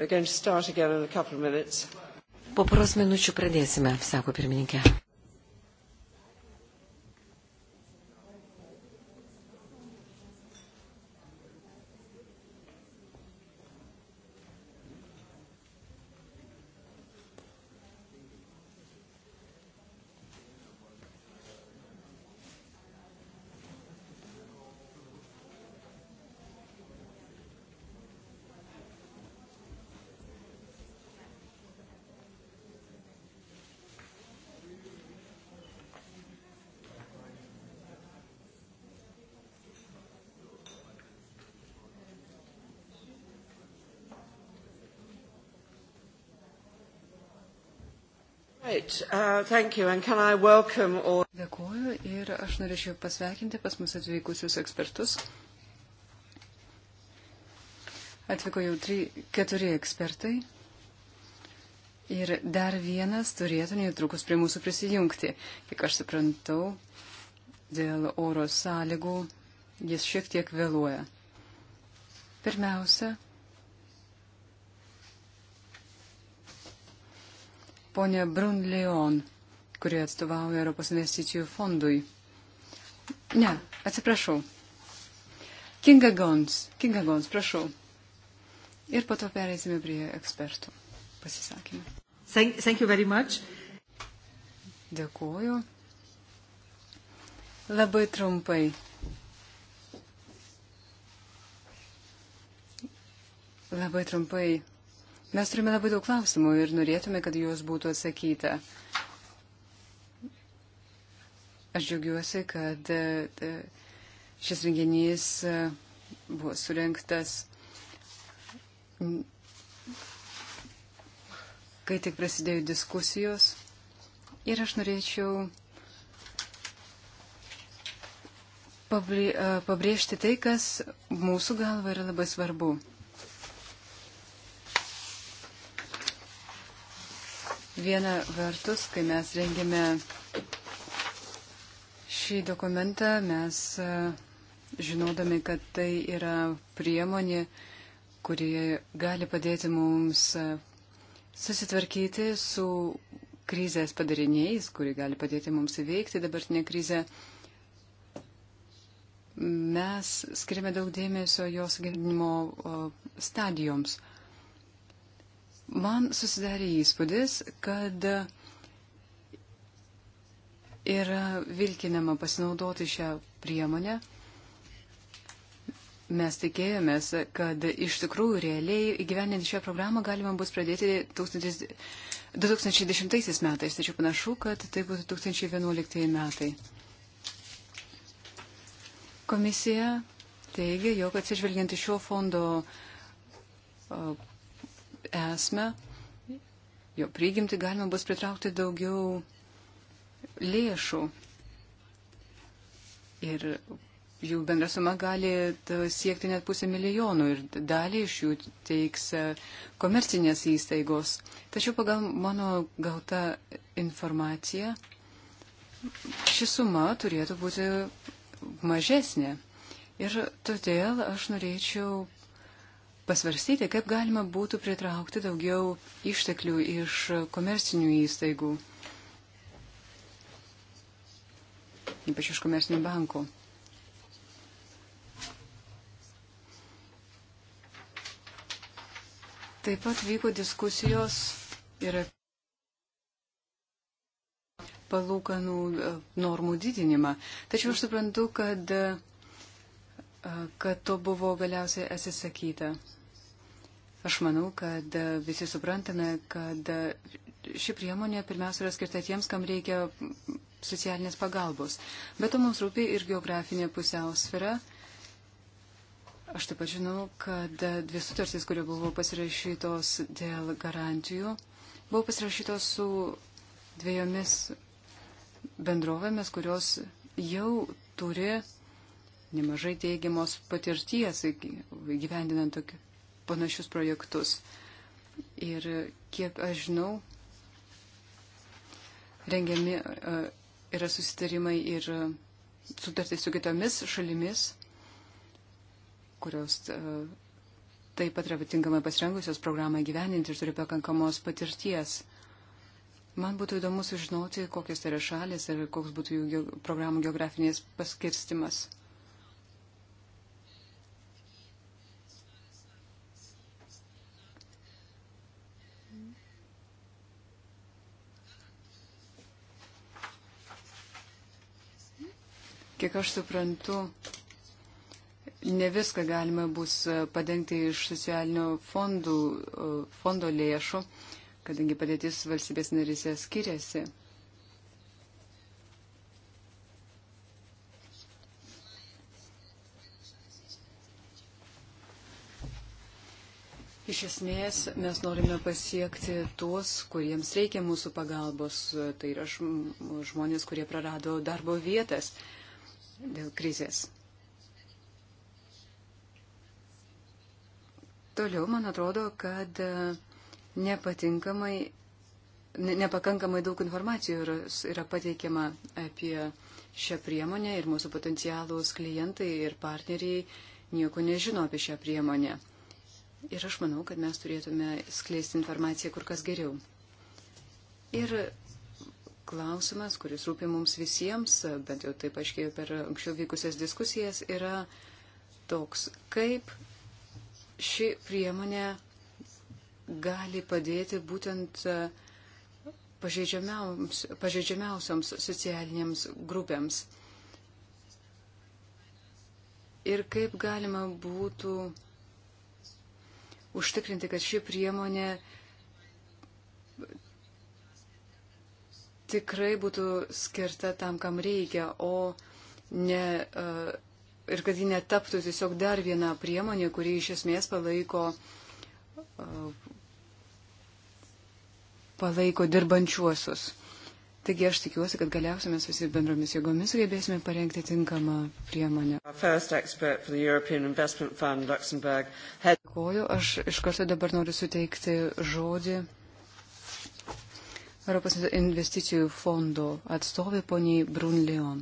Po poros minučių pradėsime, sako pirmininkė. Great. Uh, thank you. And can I welcome all... Dėkuoju ir aš norėčiau pasveikinti pas mus atvykusius ekspertus. Atvyko jau tri, keturi ekspertai. Ir dar vienas turėtų netrukus prie mūsų prisijungti. Kiek aš suprantu, dėl oro sąlygų jis šiek tiek vėluoja. Pirmiausia, ponė Brun Leon, kurie atstovauja Europos investicijų fondui. Ne, atsiprašau. Kinga Gons, Kinga Gons, prašau. Ir po to pereisime prie ekspertų pasisakymų. Thank, thank you very much. Dėkuoju. Labai trumpai. Labai trumpai Mes turime labai daug klausimų ir norėtume, kad juos būtų atsakyta. Aš džiaugiuosi, kad e, šis renginys e, buvo surinktas, kai tik prasidėjo diskusijos. Ir aš norėčiau e, pabrėžti tai, kas mūsų galva yra labai svarbu. Viena vertus, kai mes rengėme šį dokumentą, mes e, žinodami, kad tai yra priemonė, kuri gali padėti mums e, susitvarkyti su krizės padariniais, kuri gali padėti mums įveikti dabartinę krizę. Mes skiriame daug dėmesio jos gyvenimo e, stadijoms man susidarė įspūdis, kad yra vilkinama pasinaudoti šią priemonę. Mes tikėjomės, kad iš tikrųjų realiai įgyveninti šią programą galima bus pradėti 2010 metais, tačiau panašu, kad tai bus 2011 metai. Komisija teigia, jog atsižvelgiant į šio fondo esmę, jo prigimti galima bus pritraukti daugiau lėšų. Ir jų bendra suma gali siekti net pusę milijonų ir dalį iš jų teiks e, komercinės įstaigos. Tačiau pagal mano gautą informaciją ši suma turėtų būti mažesnė. Ir todėl aš norėčiau pasvarstyti, kaip galima būtų pritraukti daugiau išteklių iš komercinių įstaigų, ypač iš komercinių bankų. Taip pat vyko diskusijos ir palūkanų e, normų didinimą. Tačiau aš suprantu, kad, e, kad to buvo galiausiai atsisakyta. Aš manau, kad visi suprantame, kad ši priemonė pirmiausia yra skirta tiems, kam reikia socialinės pagalbos. Bet to mums rūpi ir geografinė pusiausvėra. Aš taip pat žinau, kad dvi sutartys, kurie buvo pasirašytos dėl garantijų, buvo pasirašytos su dviejomis bendrovėmis, kurios jau turi nemažai teigiamos patirties gyvendinant tokių panašius projektus. Ir kiek aš žinau, rengiami e, yra susitarimai ir e, sutartys su kitomis šalimis, kurios e, taip pat yra tinkamai pasirengusios programą gyveninti ir turi pakankamos patirties. Man būtų įdomu sužinoti, kokios tai yra šalis ir koks būtų jų programų geografinės paskirstimas. Kiek aš suprantu, ne viską galima bus e, padengti iš socialinių fondų, e, fondo lėšų, kadangi padėtis valstybės narysė skiriasi. Iš esmės mes norime pasiekti tuos, kuriems reikia mūsų pagalbos. E, tai yra žmonės, kurie prarado darbo vietas. Uh, dėl krizės. Toliau, man atrodo, kad e, nepatinkamai, nepakankamai daug informacijos yra pateikiama apie šią priemonę ir mūsų potencialūs klientai ir partneriai nieko nežino apie šią priemonę. Ir aš manau, kad mes turėtume skleisti informaciją kur kas geriau. Ir klausimas, kuris rūpi mums visiems, bent jau taip aiškiai per anksčiau vykusias diskusijas, yra toks, kaip ši priemonė gali padėti būtent e, pažeidžiamiausiams, pažeidžiamiausiams socialiniams grupėms. Ir kaip galima būtų užtikrinti, kad ši priemonė uh, tikrai būtų skirta tam, kam reikia, o ne. E, ir kad ji netaptų tiesiog dar viena priemonė, kuri iš esmės palaiko, e, palaiko dirbančiuosius. Taigi aš tikiuosi, kad galiausiai mes visi bendromis jėgomis sugebėsime parengti tinkamą priemonę. Dėkoju, aš iš karto dabar noriu suteikti žodį Europos investicijų fondo atstovė poniai Brun Leon.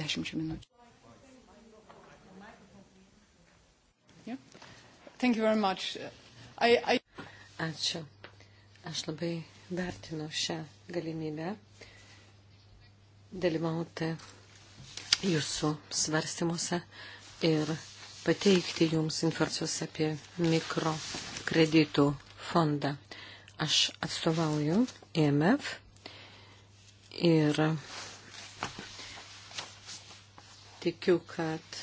Dešimčia minučių. I, I... Ačiū. Aš labai vertinu šią galimybę dalyvauti jūsų svarstymuose ir pateikti jums informacijos apie mikrokreditų fondą. Aš atstovauju IMF e ir tikiu, kad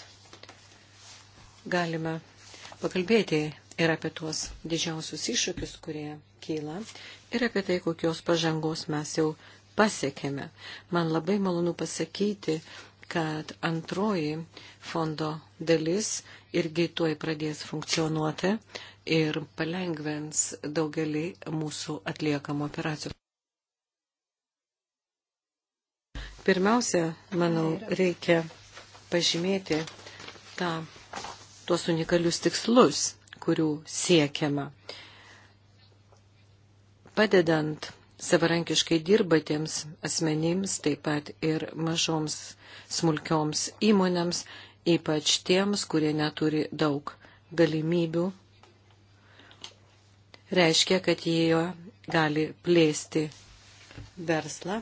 galime pakalbėti ir apie tuos didžiausius iššūkius, kurie kyla, ir apie tai, kokios pažangos mes jau pasiekėme. Man labai malonu pasakyti, kad antroji fondo dalis irgi tuoj pradės funkcionuoti ir palengvens daugelį mūsų atliekamų operacijų. Pirmiausia, manau, reikia pažymėti tą, tuos unikalius tikslus, kurių siekiama. Padedant savarankiškai dirbatiems asmenims, taip pat ir mažoms smulkioms įmonėms, ypač tiems, kurie neturi daug galimybių, reiškia, kad jie gali plėsti verslą,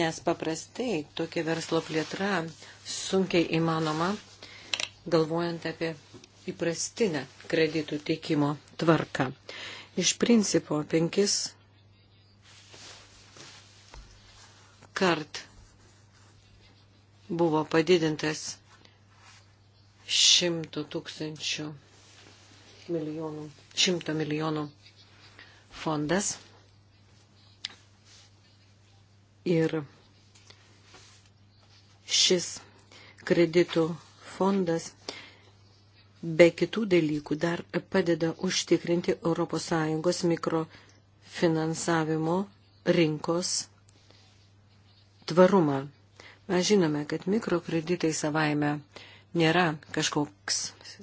nes paprastai tokia verslo plėtra sunkiai įmanoma, galvojant apie įprastinę kreditų teikimo tvarką. Iš principo penkis kart buvo padidintas šimto tūkstančių milijonų, šimto milijonų fondas. Ir šis kreditų fondas be kitų dalykų dar padeda užtikrinti ES mikrofinansavimo rinkos tvarumą. Mes žinome, kad mikrokreditai savaime nėra kažkoks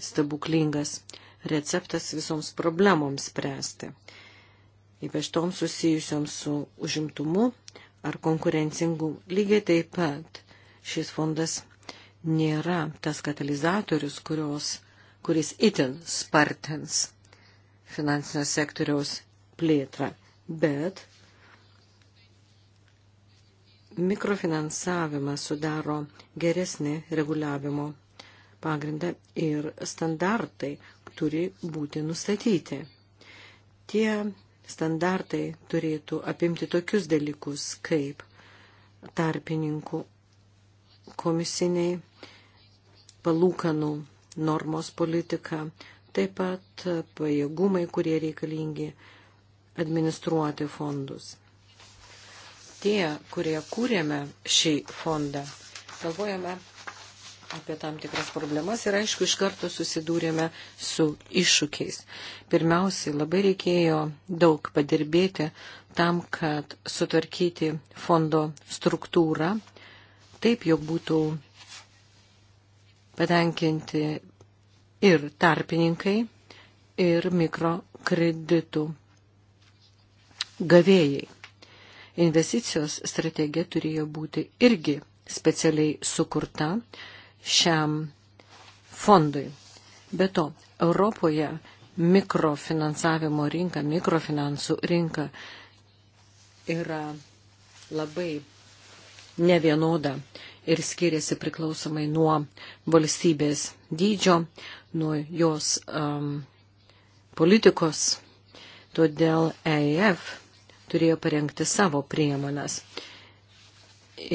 stebuklingas receptas visoms problemoms spręsti, ypač toms susijusioms su užimtumu ar konkurencingumu. Lygiai taip pat šis fondas nėra tas katalizatorius, kurios, kuris itin spartins finansinio sektoriaus plėtrą, bet mikrofinansavimas sudaro geresnį reguliavimo pagrindą ir standartai turi būti nustatyti. Tie standartai turėtų apimti tokius dalykus kaip tarpininkų komisiniai palūkanų normos politika, taip pat pajėgumai, kurie reikalingi administruoti fondus tie, kurie kūrėme šį fondą, galvojame apie tam tikras problemas ir aišku, iš karto susidūrėme su iššūkiais. Pirmiausiai, labai reikėjo daug padirbėti tam, kad sutvarkyti fondo struktūrą taip, jog būtų patenkinti ir tarpininkai, ir mikrokreditų gavėjai. Investicijos strategija turėjo būti irgi specialiai sukurta šiam fondui. Be to, Europoje mikrofinansavimo rinka, mikrofinansų rinka yra labai nevienoda ir skiriasi priklausomai nuo valstybės dydžio, nuo jos um, politikos. Todėl EIF turėjo parengti savo priemonas.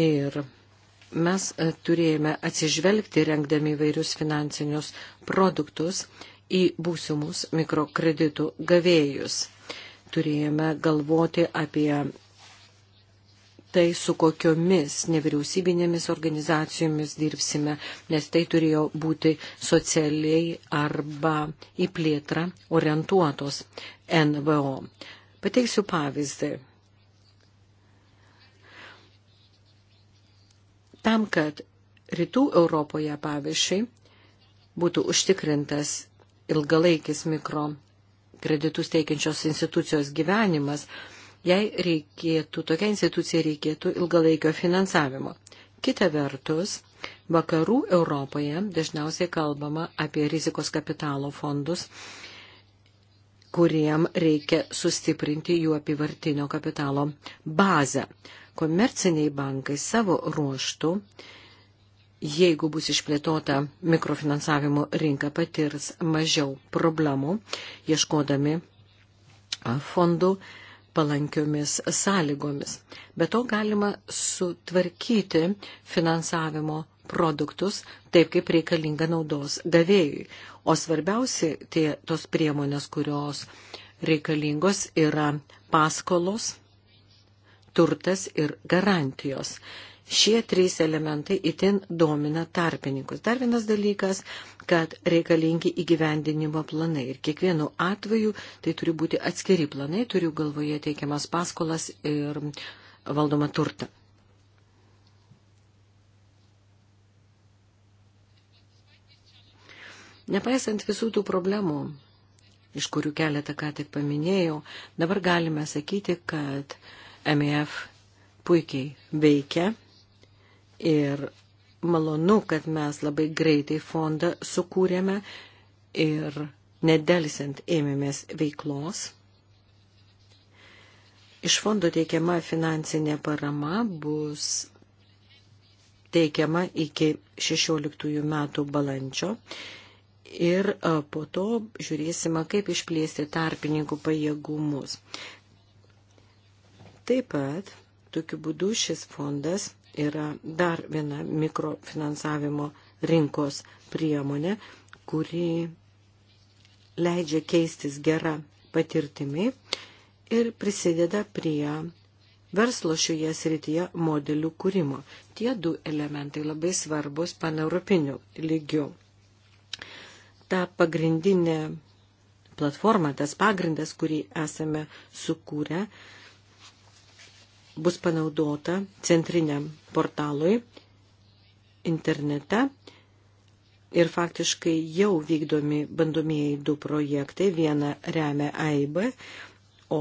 Ir mes e, turėjome atsižvelgti, rengdami vairius finansinius produktus, į būsimus mikrokreditų gavėjus. Turėjome galvoti apie tai, su kokiomis nevyriausybinėmis organizacijomis dirbsime, nes tai turėjo būti socialiai arba į plėtrą orientuotos NVO. Pateiksiu pavyzdį. Tam, kad rytų Europoje, pavyzdžiui, būtų užtikrintas ilgalaikis mikro kreditus teikiančios institucijos gyvenimas, jai reikėtų, tokia institucija reikėtų ilgalaikio finansavimo. Kita vertus, vakarų Europoje dažniausiai kalbama apie rizikos kapitalo fondus kuriem reikia sustiprinti jų apivartinio kapitalo bazę. Komerciniai bankai savo ruoštų, jeigu bus išplėtota mikrofinansavimo rinka, patirs mažiau problemų, ieškodami fondų palankiomis sąlygomis. Be to galima sutvarkyti finansavimo produktus taip, kaip reikalinga naudos gavėjui. O svarbiausia, tie, tos priemonės, kurios reikalingos, yra paskolos, turtas ir garantijos. Šie trys elementai itin domina tarpininkus. Dar vienas dalykas, kad reikalingi įgyvendinimo planai. Ir kiekvienu atveju tai turi būti atskiri planai, turiu galvoje teikiamas paskolas ir valdomą turtą. Nepaisant visų tų problemų, iš kurių keletą ką tik paminėjau, dabar galime sakyti, kad MEF puikiai veikia ir malonu, kad mes labai greitai fondą sukūrėme ir nedelsiant ėmėmės veiklos. Iš fondo teikiama finansinė parama bus teikiama iki 16 metų balandžio ir e, po to žiūrėsime, kaip išplėsti tarpininkų pajėgumus. Taip pat tokiu būdu šis fondas yra dar viena mikrofinansavimo rinkos priemonė, kuri leidžia keistis gerą patirtimį ir prisideda prie verslo šioje srityje modelių kūrimo. Tie du elementai labai svarbus paneuropiniu lygiu tą pagrindinę platformą, tas pagrindas, kurį esame sukūrę, bus panaudota centriniam portalui internete ir faktiškai jau vykdomi bandomieji du projektai. Vieną remia AIB, o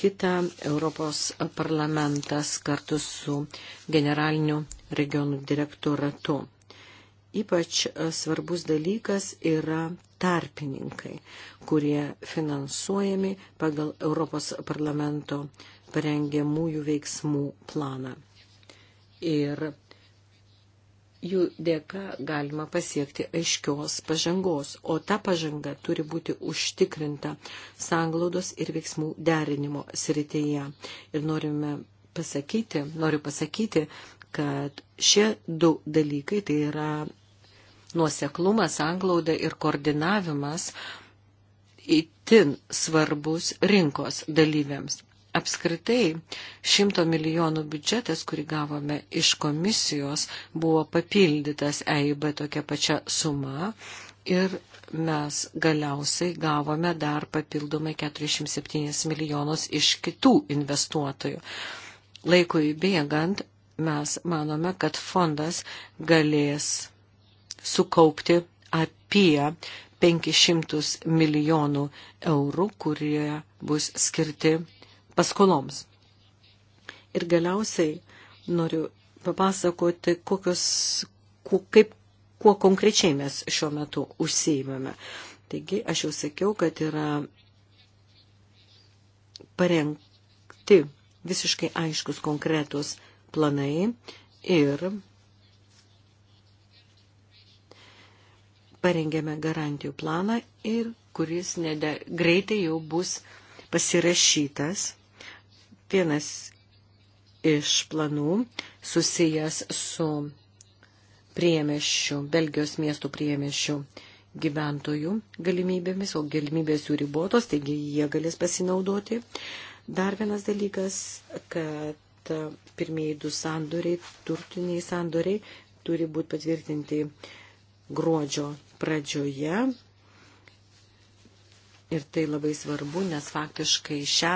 kitą Europos parlamentas kartu su generaliniu regionų direktoratu. Ypač e, svarbus dalykas yra tarpininkai, kurie finansuojami pagal Europos parlamento parengiamųjų veiksmų planą. Ir jų dėka galima pasiekti aiškios pažangos, o ta pažanga turi būti užtikrinta sanglaudos ir veiksmų derinimo srityje. Ir norime pasakyti, noriu pasakyti, kad šie du dalykai, tai yra nuoseklumas, anglauda ir koordinavimas įtin svarbus rinkos dalyviams. Apskritai, šimto milijonų biudžetas, kurį gavome iš komisijos, buvo papildytas EIB tokia pačia suma ir mes galiausiai gavome dar papildomai 47 milijonus iš kitų investuotojų. Laikui bėgant, mes manome, kad fondas galės sukaupti apie 500 milijonų eurų, kurie bus skirti paskoloms. Ir galiausiai noriu papasakoti, kokios, kuo, kaip, kuo konkrečiai mes šiuo metu užsiimame. Taigi, aš jau sakiau, kad yra parengti visiškai aiškus konkretus planai ir parengėme garantijų planą ir kuris nede, greitai jau bus pasirašytas. Vienas iš planų susijęs su priemeščių, Belgijos miestų priemeščių gyventojų galimybėmis, o galimybės jų ribotos, taigi jie galės pasinaudoti. Dar vienas dalykas, kad pirmieji du sandoriai, turtiniai sandoriai, turi būti patvirtinti gruodžio pradžioje. Ir tai labai svarbu, nes faktiškai šia,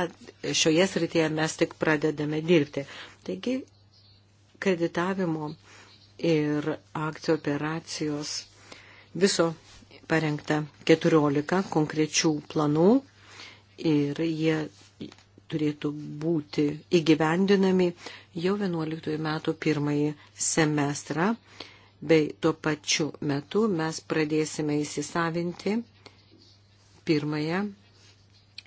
šioje srityje mes tik pradedame dirbti. Taigi, kreditavimo ir akcijų operacijos viso parengta 14 konkrečių planų ir jie turėtų būti įgyvendinami jau 11 metų pirmąjį semestrą bei tuo pačiu metu mes pradėsime įsisavinti pirmąją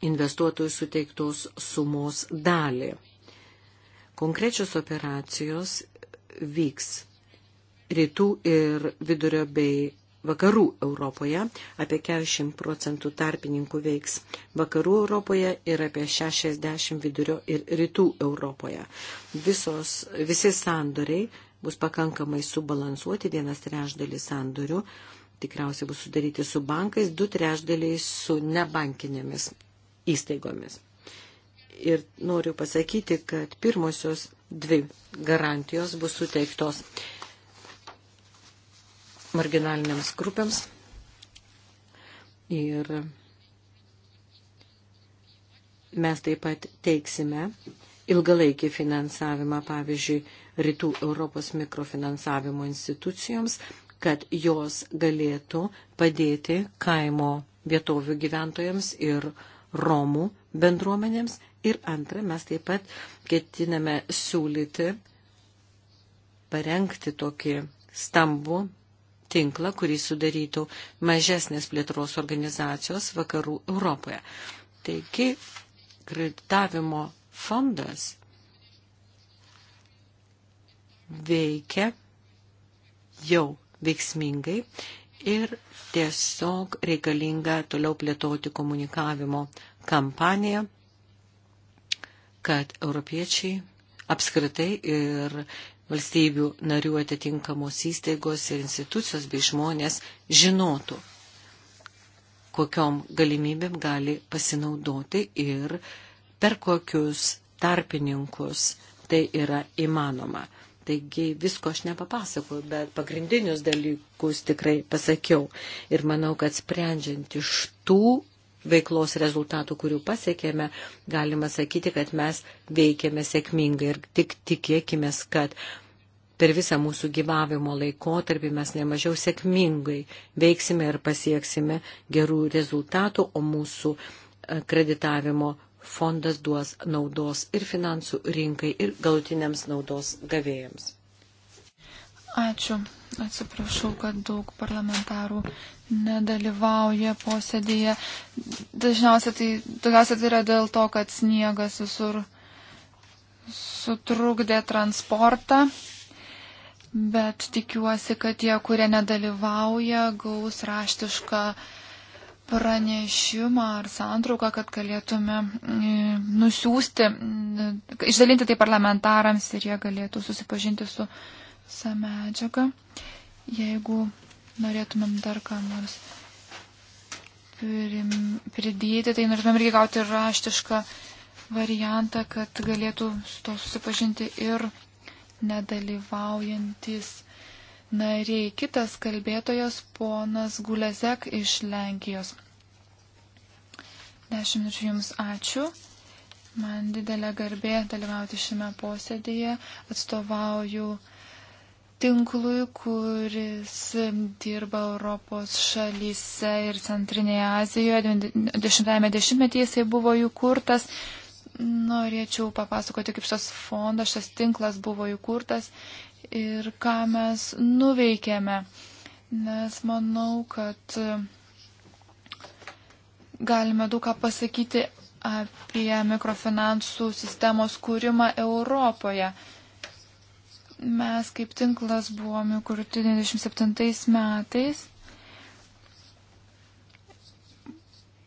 investuotojų suteiktos sumos dalį. Konkrečios operacijos vyks rytų ir vidurio bei vakarų Europoje, apie 40 procentų tarpininkų veiks vakarų Europoje ir apie 60 vidurio ir rytų Europoje. Visos, visi sandoriai bus pakankamai subalansuoti, vienas trešdalis sandorių tikriausiai bus sudaryti su bankais, du trešdaliai su nebankinėmis įstaigomis. Ir noriu pasakyti, kad pirmosios dvi garantijos bus suteiktos marginaliniams grupėms ir mes taip pat teiksime ilgalaikį finansavimą, pavyzdžiui, rytų Europos mikrofinansavimo institucijoms, kad jos galėtų padėti kaimo vietovių gyventojams ir Romų bendruomenėms. Ir antra, mes taip pat ketiname siūlyti parengti tokį stambų tinklą, kurį sudarytų mažesnės plėtros organizacijos vakarų Europoje. Taigi, kreditavimo fondas veikia jau veiksmingai ir tiesiog reikalinga toliau plėtoti komunikavimo kampaniją, kad europiečiai apskritai ir valstybių narių atitinkamos įstaigos ir institucijos bei žmonės žinotų, kokiom galimybėm gali pasinaudoti ir uh, per kokius tarpininkus tai yra įmanoma. Taigi visko aš nepapasakoju, bet pagrindinius dalykus tikrai pasakiau. Ir manau, kad sprendžiant iš tų veiklos rezultatų, kurių pasiekėme, galima sakyti, kad mes veikėme sėkmingai ir tik tikėkime, kad per visą mūsų gyvavimo laikotarpį mes nemažiau sėkmingai veiksime ir pasieksime gerų rezultatų, o mūsų e, kreditavimo fondas duos naudos ir finansų rinkai, ir galutiniams naudos gavėjams. Ačiū. Atsiprašau, kad daug parlamentarų nedalyvauja posėdėje. Dažniausiai tai, daugiausiai tai yra dėl to, kad sniegas visur sutrukdė transportą. Bet tikiuosi, kad tie, kurie nedalyvauja, gaus raštišką uh, pranešimą ar santrauką, kad galėtume e, nusiųsti, e, išdalinti tai parlamentarams ir jie galėtų susipažinti su visą medžiagą. Jeigu norėtumėm dar ką nors prim, pridėti, tai norėtumėm irgi gauti raštišką variantą, kad galėtų su to susipažinti ir nedalyvaujantis nariai. Kitas kalbėtojas ponas Gulezek iš Lenkijos. Dešimt minučių Jums ačiū. Man didelė garbė dalyvauti šiame posėdėje. Atstovauju tinklui, kuris dirba Europos šalyse ir Centrinėje Azijoje. 20-ame dešimtmetyje jisai buvo jų kurtas. Norėčiau papasakoti, kaip šitas fondas, šitas tinklas buvo įkurtas ir ką mes nuveikėme. Nes manau, kad galime daug ką pasakyti apie mikrofinansų sistemos kūrimą Europoje. Mes kaip tinklas buvome kurti 97 metais.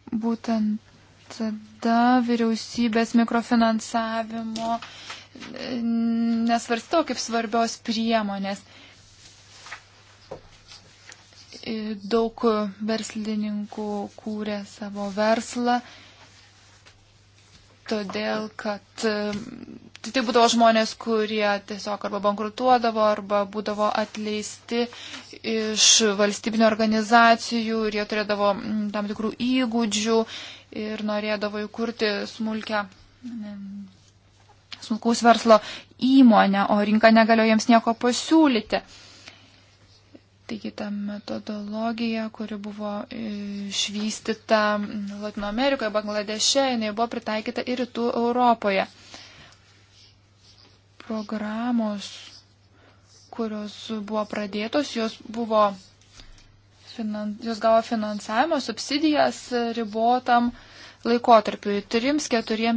Būtent tada vyriausybės mikrofinansavimo uh, nesvarstau kaip svarbios priemonės. Daug verslininkų kūrė savo verslą, todėl kad tai, tai būdavo žmonės, kurie tiesiog arba bankrutuodavo, arba būdavo atleisti iš valstybinio organizacijų ir jie turėdavo mm, tam tikrų įgūdžių ir norėdavo įkurti smulkę mm, smulkaus verslo įmonę, o rinka negalėjo jiems nieko pasiūlyti. Taigi ta metodologija, kuri buvo išvystyta Latino Amerikoje, Bangladeše, jinai buvo pritaikyta ir rytų Europoje. Programos, kurios buvo pradėtos, jos, buvo, finan, jos gavo finansavimo, subsidijas ribotam laikotarpiu, 3-4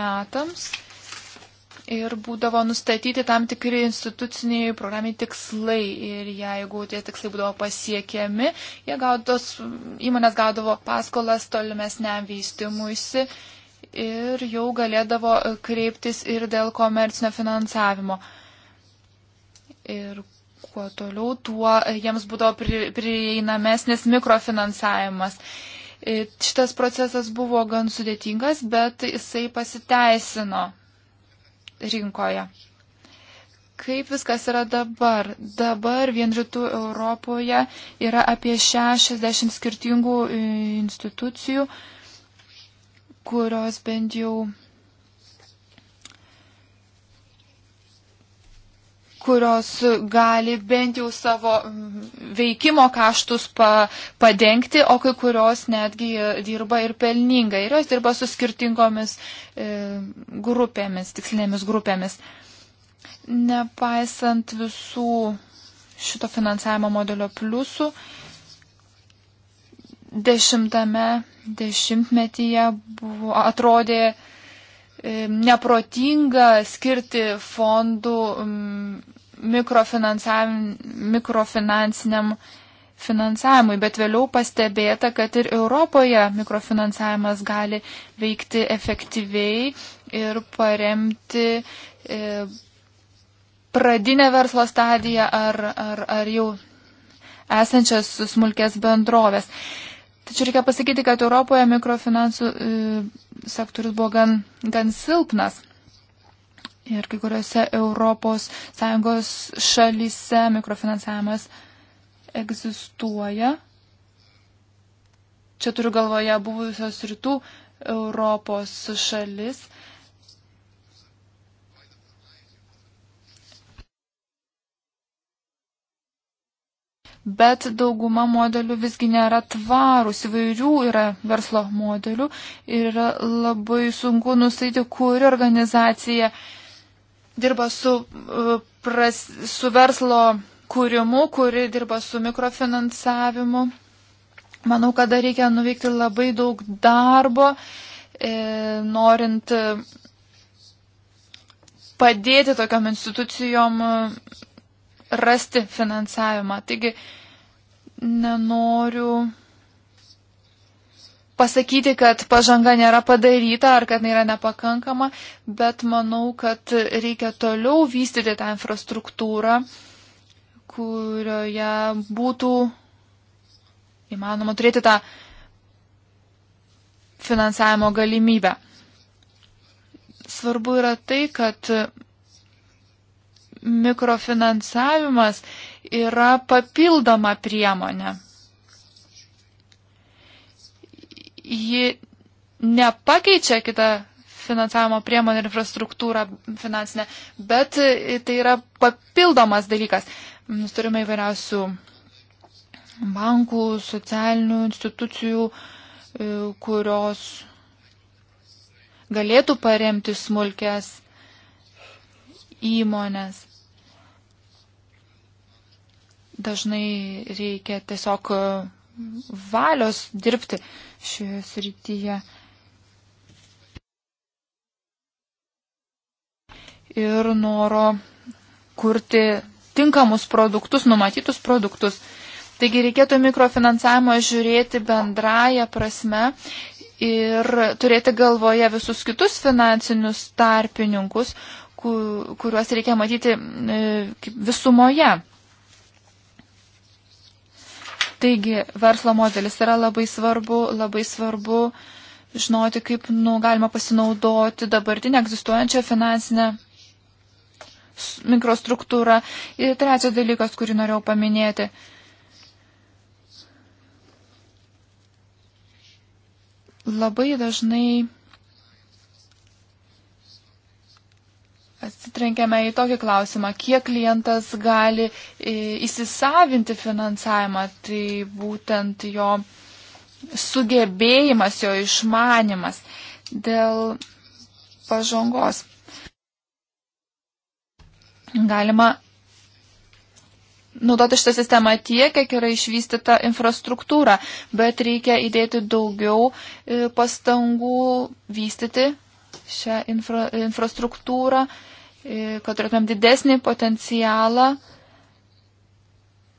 metams ir būdavo nustatyti tam tikri instituciniai programai tikslai. Ir jeigu tie tikslai būdavo pasiekiami, gaudos, įmonės gaudavo paskolas tolimesniam vystimuisi ir jau galėdavo kreiptis ir dėl komercinio finansavimo. Ir kuo toliau, tuo jiems būdavo prieinamesnis mikrofinansavimas. Šitas procesas buvo gan sudėtingas, bet jisai pasiteisino rinkoje. Kaip viskas yra dabar? Dabar vien rytų Europoje yra apie 60 skirtingų e, institucijų, kurios bent jau kurios gali bent jau savo veikimo kaštus pa, padengti, o kai kurios netgi dirba ir pelningai. Ir jos dirba su skirtingomis e, grupėmis, tikslinėmis grupėmis. Nepaisant visų šito finansavimo modelio pliusų, dešimtame dešimtmetyje buvo, atrodė, e, neprotinga skirti fondų mikrofinansiniam finansavimui, bet vėliau pastebėta, kad ir Europoje mikrofinansavimas gali veikti efektyviai ir paremti e, pradinę verslo stadiją ar, ar, ar jau esančias smulkės bendrovės. Tačiau reikia pasakyti, kad Europoje mikrofinansų e, sektorius buvo gan, gan silpnas. Ir kai kuriuose ES šalyse mikrofinansavimas egzistuoja. Čia turiu galvoje buvusios rytų Europos šalis. Bet dauguma modelių visgi nėra tvarūs, įvairių yra verslo modelių ir yra labai sunku nustatyti, kuri organizacija uh, dirba su, uh, pras, su verslo kūrimu, kuri dirba su mikrofinansavimu. Manau, kad dar reikia nuveikti labai daug darbo, e, norint padėti tokiam institucijom uh, rasti finansavimą. Taigi nenoriu pasakyti, kad pažanga nėra padaryta ar kad nėra nepakankama, bet manau, kad reikia toliau vystyti tą infrastruktūrą, kurioje būtų įmanoma turėti tą finansavimo galimybę. Svarbu yra tai, kad mikrofinansavimas yra papildoma priemonė ji nepakeičia kitą finansavimo priemonę ir infrastruktūrą finansinę, bet tai yra papildomas dalykas. Mes turime įvairiausių bankų, socialinių institucijų, e, kurios galėtų paremti smulkės įmonės. Dažnai reikia tiesiog valios dirbti. Uh, šioje srityje. Ir noro kurti tinkamus produktus, numatytus produktus. Taigi reikėtų mikrofinansavimo žiūrėti bendrają prasme ir turėti galvoje visus kitus finansinius tarpininkus, kuriuos reikia matyti e, visumoje. Taigi verslo modelis yra labai svarbu, labai svarbu žinoti, kaip nu, galima pasinaudoti dabartinę egzistuojančią finansinę mikrostruktūrą. Ir trečias dalykas, kurį norėjau paminėti. Labai dažnai atsitrenkiame į tokį klausimą, kiek klientas gali e, įsisavinti finansavimą, tai būtent jo sugebėjimas, jo išmanimas dėl pažangos. Galima naudoti šitą sistemą tiek, kiek yra išvystyta infrastruktūra, bet reikia įdėti daugiau e, pastangų vystyti šią infra, infrastruktūrą, e, kad turėtumėm didesnį potencialą,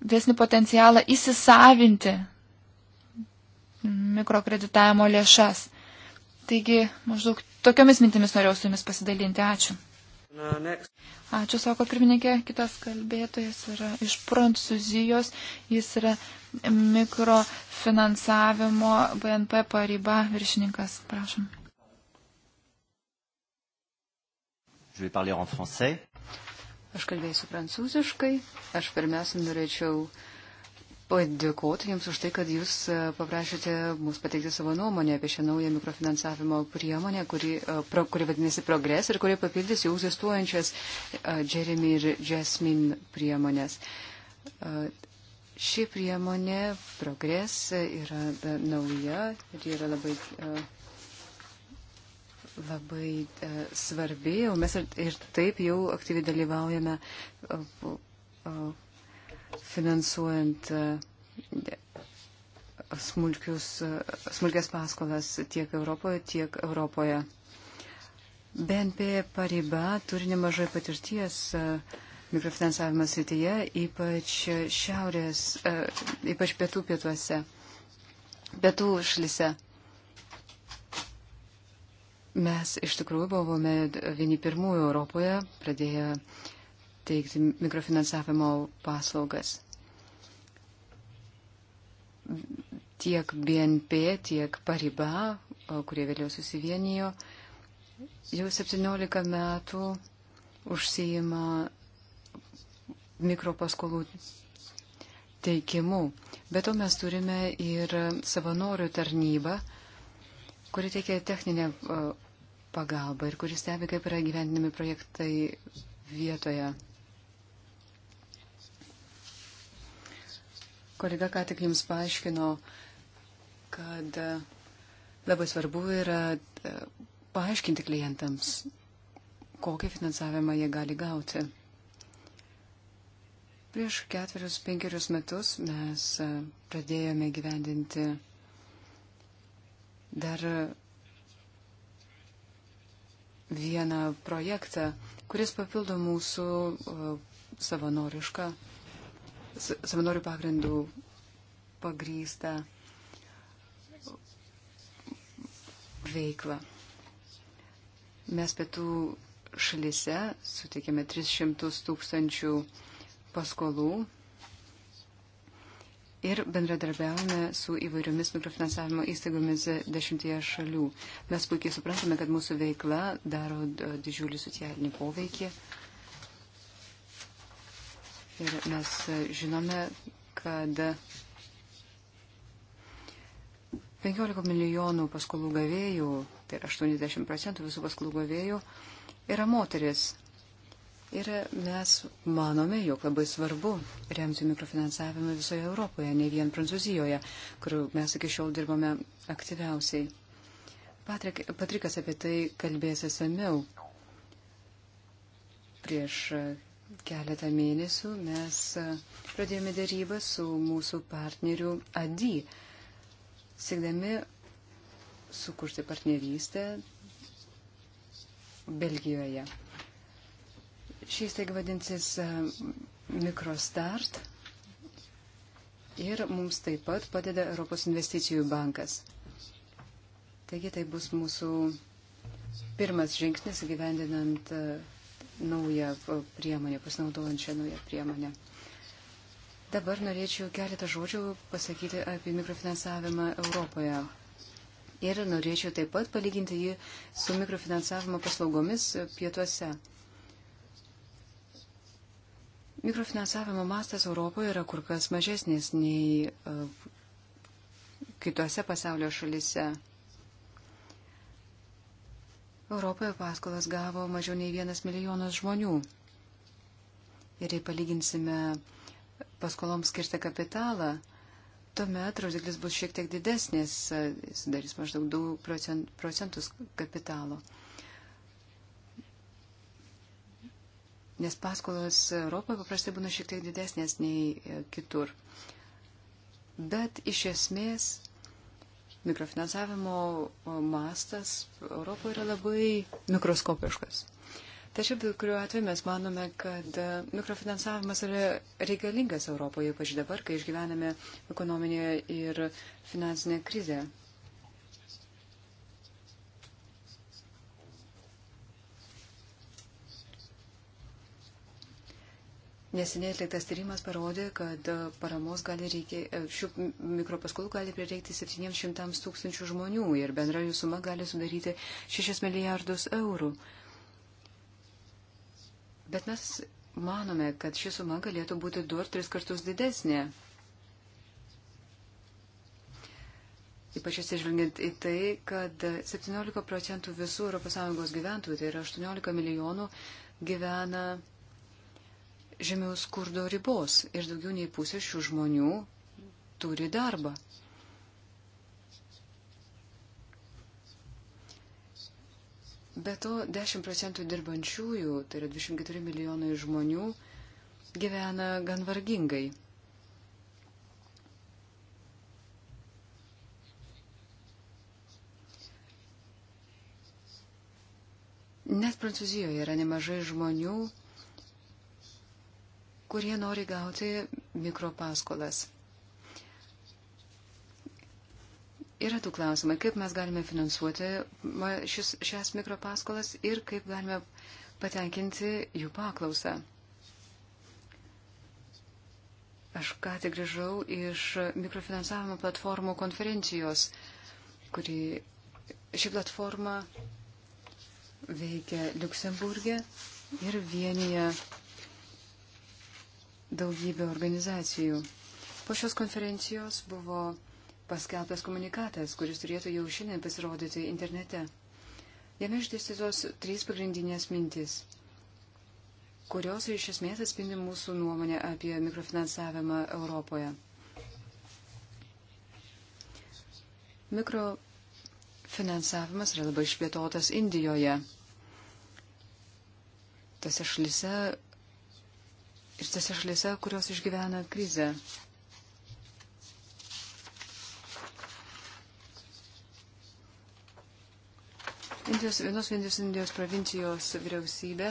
didesnį potencialą įsisavinti mikrokreditavimo lėšas. Taigi maždaug tokiomis mintimis norėjau su jumis pasidalinti. Ačiū. Ačiū, sako pirmininkė, kitas kalbėtojas yra iš Prancūzijos, jis yra mikrofinansavimo BNP paryba viršininkas. Prašom. Je vais parler en français. Aš kalbėsiu prancūziškai. Aš pirmiausia norėčiau padėkoti Jums už tai, kad Jūs e, paprašėte mus pateikti savo nuomonę apie šią naują mikrofinansavimo priemonę, kuri, e, pro, kuri vadinasi Progres ir kuri papildys jau egzistuojančias e, Jeremy ir Jasmine priemonės. Ši priemonė Progres yra nauja ir yra labai labai e, svarbi, o mes ir taip jau aktyviai dalyvaujame e, e, finansuojant smulkius, smulkės paskolas tiek Europoje, tiek Europoje. BNP Pariba turi nemažai patirties mikrofinansavimo srityje, ypač šiaurės, ypač pietų pietuose, pietų šalise. Mes iš tikrųjų buvome vieni pirmųjų Europoje pradėję teikti mikrofinansavimo paslaugas. Tiek BNP, tiek Pariba, kurie vėliau susivienijo, jau 17 metų užsijima mikropaskolų teikimu. Bet to mes turime ir savanorių tarnybą, kuri teikia techninę pagalba ir kuris stebi, kaip yra gyvendinami projektai vietoje. Kolega ką tik jums paaiškino, kad e, labai svarbu yra e, paaiškinti klientams, kokį finansavimą jie gali gauti. Prieš ketverius, penkerius metus mes e, pradėjome gyvendinti dar vieną projektą, kuris papildo mūsų uh, savanorišką, savanorių pagrindų pagrystą veiklą. Mes pietų šalise suteikėme 300 tūkstančių paskolų ir bendradarbiavome su įvairiomis mikrofinansavimo įstaigomis dešimtyje šalių. Mes puikiai suprantame, kad mūsų veikla daro e, didžiulį socialinį poveikį. Ir mes e, žinome, kad 15 milijonų paskolų gavėjų, tai yra 80 procentų visų paskolų gavėjų, yra moteris. Ir mes manome, jog labai svarbu remti mikrofinansavimą visoje Europoje, ne vien Prancūzijoje, kur mes iki šiol dirbome aktyviausiai. Patrik, Patrikas apie tai kalbės esamiau. Prieš keletą mėnesių mes pradėjome dėrybą su mūsų partneriu ADI, siekdami sukurti partnerystę Belgijoje. Šį įstaigą vadinsis e, Mikrostart ir mums taip pat padeda Europos investicijų bankas. Taigi tai bus mūsų pirmas žingsnis gyvendinant e, naują e, priemonę, pasinaudojant šią naują priemonę. Dabar norėčiau keletą žodžių pasakyti apie mikrofinansavimą Europoje. Ir norėčiau taip pat palyginti jį su mikrofinansavimo paslaugomis pietuose. Mikrofinansavimo mastas Europoje yra kur kas mažesnis nei e, kitose pasaulio šalise. Europoje paskolas gavo mažiau nei vienas milijonas žmonių. Ir jei palyginsime paskoloms skirtą kapitalą, tuomet rodiklis bus šiek tiek didesnis, e, sudarys maždaug 2 procentus kapitalo. nes paskolos Europoje paprastai būna šiek tiek didesnės nei e, kitur. Bet iš esmės mikrofinansavimo mastas Europoje yra labai mikroskopiškas. Tačiau bet kuriuo atveju mes manome, kad e, mikrofinansavimas yra reikalingas Europoje, ypač dabar, kai išgyvename ekonominę ir finansinę krizę. Neseniai atliktas tyrimas parodė, kad e, paramos gali reikia, e, šių mikropaskolų gali prireikti 700 tūkstančių žmonių ir bendra jų suma gali sudaryti 6 milijardus eurų. Bet mes manome, kad ši suma galėtų būti 2 ar 3 kartus didesnė. Ypač atsižvelgiant į tai, kad 17 procentų visų ES gyventojų, tai yra 18 milijonų, gyvena žemiau skurdo ribos ir daugiau nei pusė šių žmonių turi darbą. Be to, 10 procentų dirbančiųjų, tai yra 24 milijonai žmonių, gyvena gan vargingai. Net Prancūzijoje yra nemažai žmonių, kurie nori gauti mikropaskolas. Yra tų klausimai, kaip mes galime finansuoti šis, šias mikropaskolas ir kaip galime patenkinti jų paklausą. Aš ką tik grįžau iš mikrofinansavimo platformų konferencijos, kuri ši platforma veikia Luksemburgė ir vienyje daugybė organizacijų. Po šios konferencijos buvo paskelbtas komunikatas, kuris turėtų jau šiandien pasirodyti internete. Jame išdėstytos trys pagrindinės mintis, kurios iš esmės atspindi mūsų nuomonę apie mikrofinansavimą Europoje. Mikrofinansavimas yra labai išplėtotas Indijoje. Tose šalise ir tose šalyse, kurios išgyvena krizę. Indijos, vienos Indijos, Indijos provincijos vyriausybė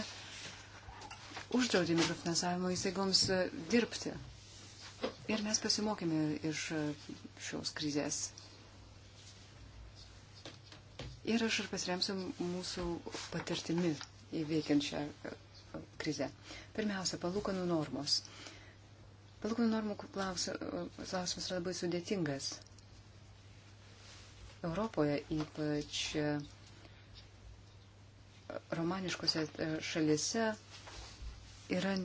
uždraudė mikrofinansavimo įstaigoms e, dirbti. Ir mes pasimokėme iš e, šios krizės. Ir aš ir pasiremsiu mūsų patirtimi įveikiant šią e, krizę. Pirmiausia, palūkanų normos. Palūkanų normų klausimas yra labai sudėtingas. Europoje ypač e, romaniškose e, šalise yra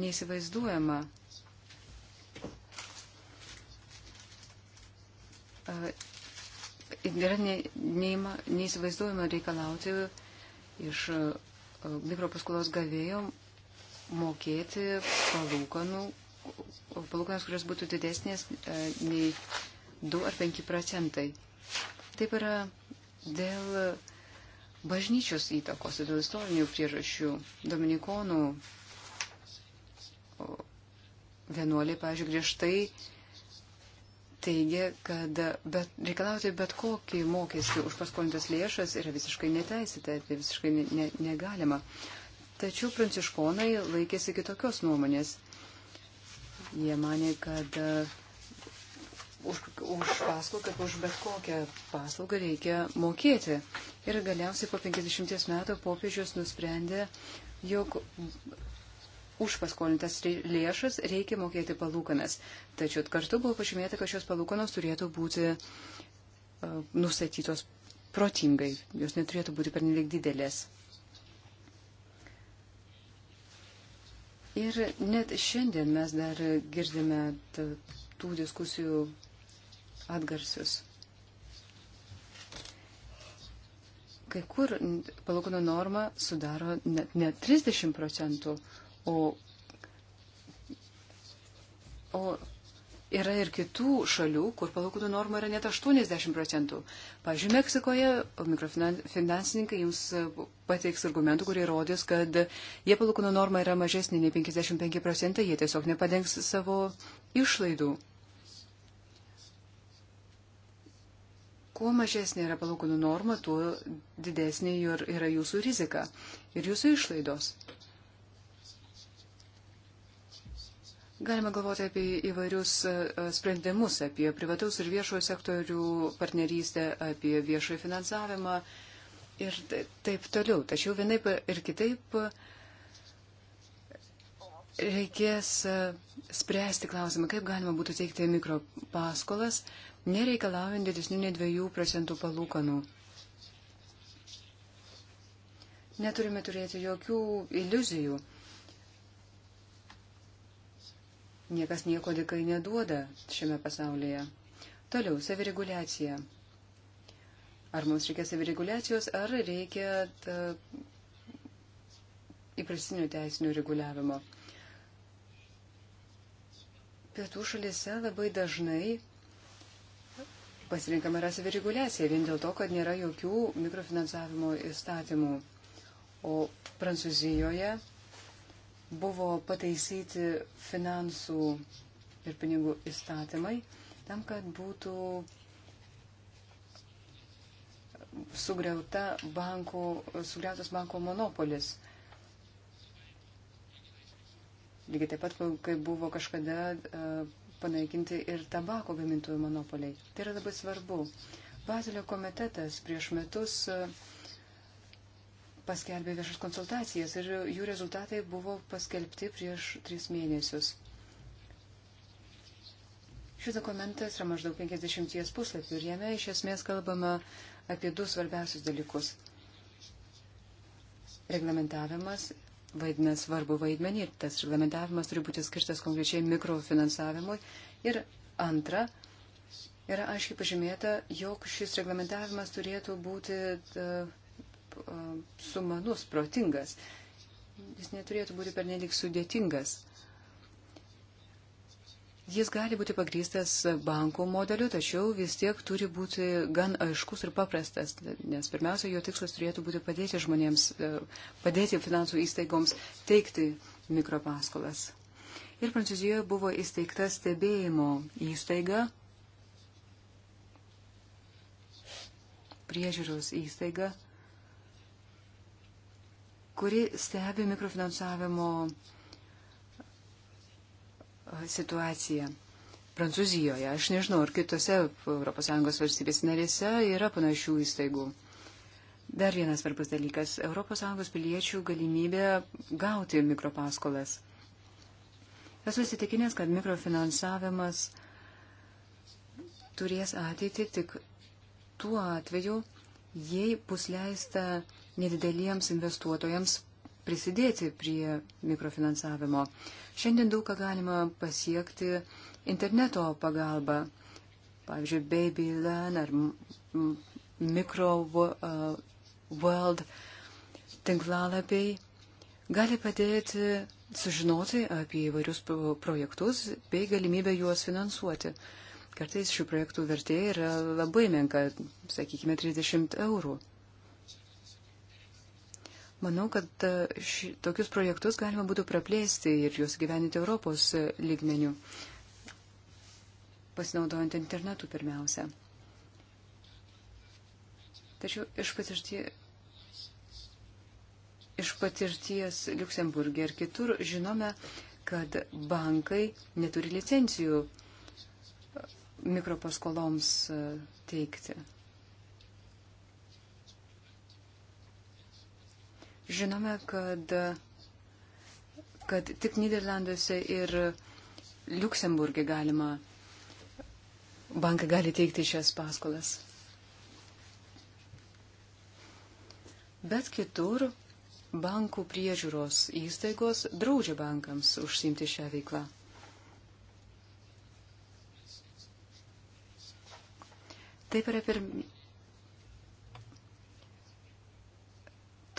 neįsivaizduojama e, yra ne, neįma, neįsivaizduojama reikalauti iš mikropaskolos gavėjo mokėti palūkanų, palūkanas, kurios būtų didesnės e, nei 2 ar 5 procentai. Taip yra dėl bažnyčios įtakos, dėl istorinių priežasčių. Dominikonų vienuoliai, pažiūrėjau, griežtai teigia, kad bet, reikalauti bet kokį mokestį už paskolintas lėšas yra visiškai neteisėta, tai visiškai ne, ne, negalima. Tačiau pranciškonai laikėsi kitokios nuomonės. Jie mane, kad e, už, už paslaugą, už bet kokią paslaugą reikia mokėti. Ir galiausiai po 50 metų popiežius nusprendė, jog už paskolintas lėšas reikia mokėti palūkanas. Tačiau kartu buvo pažymėta, kad šios palūkanos turėtų būti e, nustatytos protingai, jos neturėtų būti pernelik didelės. Ir net šiandien mes dar girdime tų diskusijų atgarsius. Kai kur palūkanų norma sudaro net, net 30 procentų O, o yra ir kitų šalių, kur palūkanų norma yra net 80 procentų. Pavyzdžiui, Meksikoje mikrofinansininkai jums pateiks argumentų, kurie rodys, kad jie palūkanų norma yra mažesnė nei 55 procentai, jie tiesiog nepadengs savo išlaidų. Kuo mažesnė yra palūkanų norma, tuo didesnė yra jūsų rizika ir jūsų išlaidos. Galima galvoti apie įvairius e, e, sprendimus, apie privataus ir viešojo sektorių partnerystę, apie viešojo finansavimą ir taip toliau. Tačiau vienaip ir kitaip reikės e, spręsti klausimą, kaip galima būtų teikti mikropaskolas, nereikalaujant didesnių nei 2 procentų palūkanų. Neturime turėti jokių iliuzijų Niekas nieko dikai neduoda šiame pasaulyje. Toliau, savireguliacija. Ar mums reikia savireguliacijos, ar reikia ta, įprastinių teisinių reguliavimo. Pietų šalyse labai dažnai pasirinkama yra savireguliacija vien dėl to, kad nėra jokių mikrofinansavimo įstatymų. O Prancūzijoje buvo pataisyti finansų ir pinigų įstatymai tam, kad būtų sugriauta bankų, sugriautas banko monopolis. Lygiai taip pat, kai buvo kažkada e, panaikinti ir tabako gamintojų monopoliai. Tai yra labai svarbu. Bazilio komitetas prieš metus uh, paskelbė viešas konsultacijas ir jų rezultatai buvo paskelbti prieš tris mėnesius. Šis dokumentas yra maždaug 50 puslapių ir jame iš esmės kalbama apie du svarbiausius dalykus. Reglamentavimas vaidina svarbu vaidmenį ir tas reglamentavimas turi būti skirtas konkrečiai mikrofinansavimui. Ir antra, yra aiškiai pažymėta, jog šis reglamentavimas turėtų būti e, sumanus, protingas. Jis neturėtų būti pernelik sudėtingas. Jis gali būti pagrystas bankų modeliu, tačiau vis tiek turi būti gan aiškus ir paprastas, nes pirmiausia, jo tikslas turėtų būti padėti žmonėms, e, padėti finansų įstaigoms teikti mikropaskolas. Ir Prancūzijoje buvo įsteigta stebėjimo įstaiga, priežiūros įstaiga, kuri stebi mikrofinansavimo situaciją. Prancūzijoje, aš nežinau, ar kitose ES valstybės narėse yra panašių įstaigų. Dar vienas svarbus dalykas - ES piliečių galimybė gauti mikropaskolas. Esu įsitikinęs, kad mikrofinansavimas turės ateitį tik tuo atveju, jei bus leista nedideliems investuotojams prisidėti prie mikrofinansavimo. Šiandien daug ką galima pasiekti interneto pagalba. Pavyzdžiui, Babylan ar Micro World tinklalapiai gali padėti sužinoti apie įvairius projektus bei galimybę juos finansuoti. Kartais šių projektų vertė yra labai menka, sakykime, 30 eurų. Manau, kad e, ši, tokius projektus galima būtų praplėsti ir juos gyveninti Europos e, lygmenių, pasinaudojant internetu pirmiausia. Tačiau iš patirties, iš patirties Luksemburgė ir kitur žinome, kad bankai neturi licencijų e, mikropeskoloms teikti. Žinome, kad, kad tik Niderlanduose ir Luksemburgė galima, bankai gali teikti šias paskolas. Bet kitur bankų priežiūros įstaigos draudžia bankams užsimti šią veiklą. Taip yra pirmiausia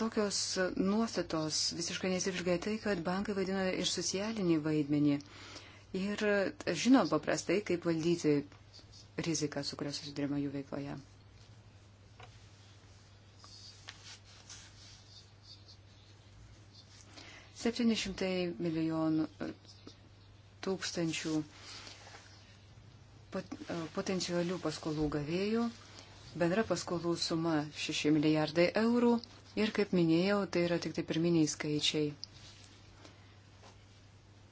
tokios nuostatos visiškai nesižgai tai, kad bankai vaidina ir socialinį vaidmenį ir žino paprastai, kaip valdyti riziką, su kuria susidurima jų veikloje. Septynišimtai milijonų e, tūkstančių pot, e, potencialių paskolų gavėjų, bendra paskolų suma 6 milijardai eurų, Ir kaip minėjau, tai yra tik tai pirminiai skaičiai.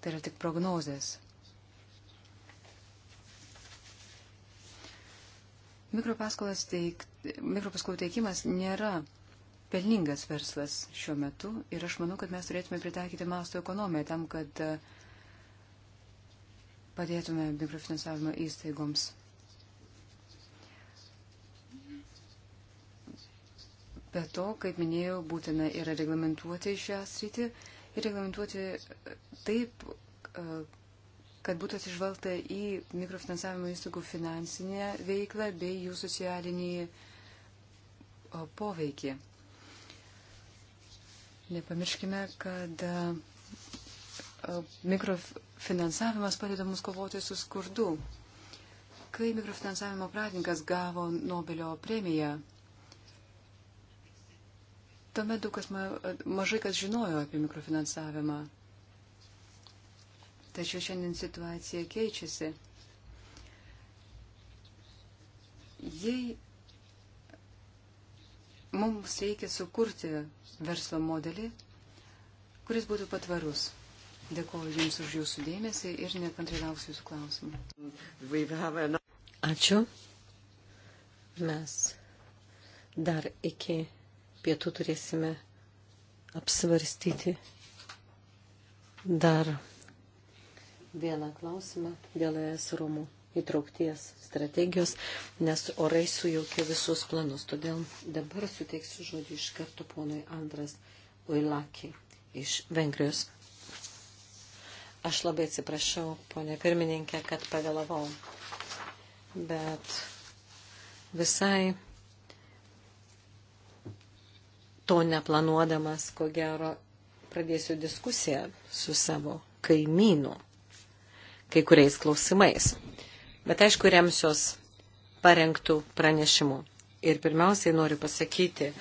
Tai yra tik prognozės. Mikropaskolas teik, mikropaskolų teikimas nėra pelningas verslas šiuo metu ir aš manau, kad mes turėtume pritaikyti masto ekonomiją tam, kad e, padėtume mikrofinansavimo įstaigoms. Be to, kaip minėjau, būtina yra reglamentuoti šią sritį ir reglamentuoti taip, e, kad būtų atsižvelgta į mikrofinansavimo įstaigų finansinę veiklą bei jų socialinį e, poveikį. Nepamirškime, kad e, mikrofinansavimas padeda mums kovoti su skurdu. Kai mikrofinansavimo pradininkas gavo Nobelio premiją, Tuomet daug kas ma, mažai kas žinojo apie mikrofinansavimą. Tačiau šiandien situacija keičiasi. Jei mums reikia sukurti verslo modelį, kuris būtų patvarus. Dėkuoju Jums už Jūsų dėmesį ir nekantrai lauksiu Jūsų klausimų. Ačiū. Mes dar iki pietų turėsime apsvarstyti dar vieną klausimą dėl ES Romų įtraukties strategijos, nes orai sujaukė visus planus. Todėl dabar suteiksiu žodį iš karto ponui Andras Uilaki iš Vengrijos. Aš labai atsiprašau, ponė pirmininkė, kad pavėlavau, bet visai to neplanuodamas, ko gero, pradėsiu diskusiją su savo kaimynu kai kuriais klausimais. Bet aišku, remsiuos parengtų pranešimų. Ir pirmiausiai noriu pasakyti,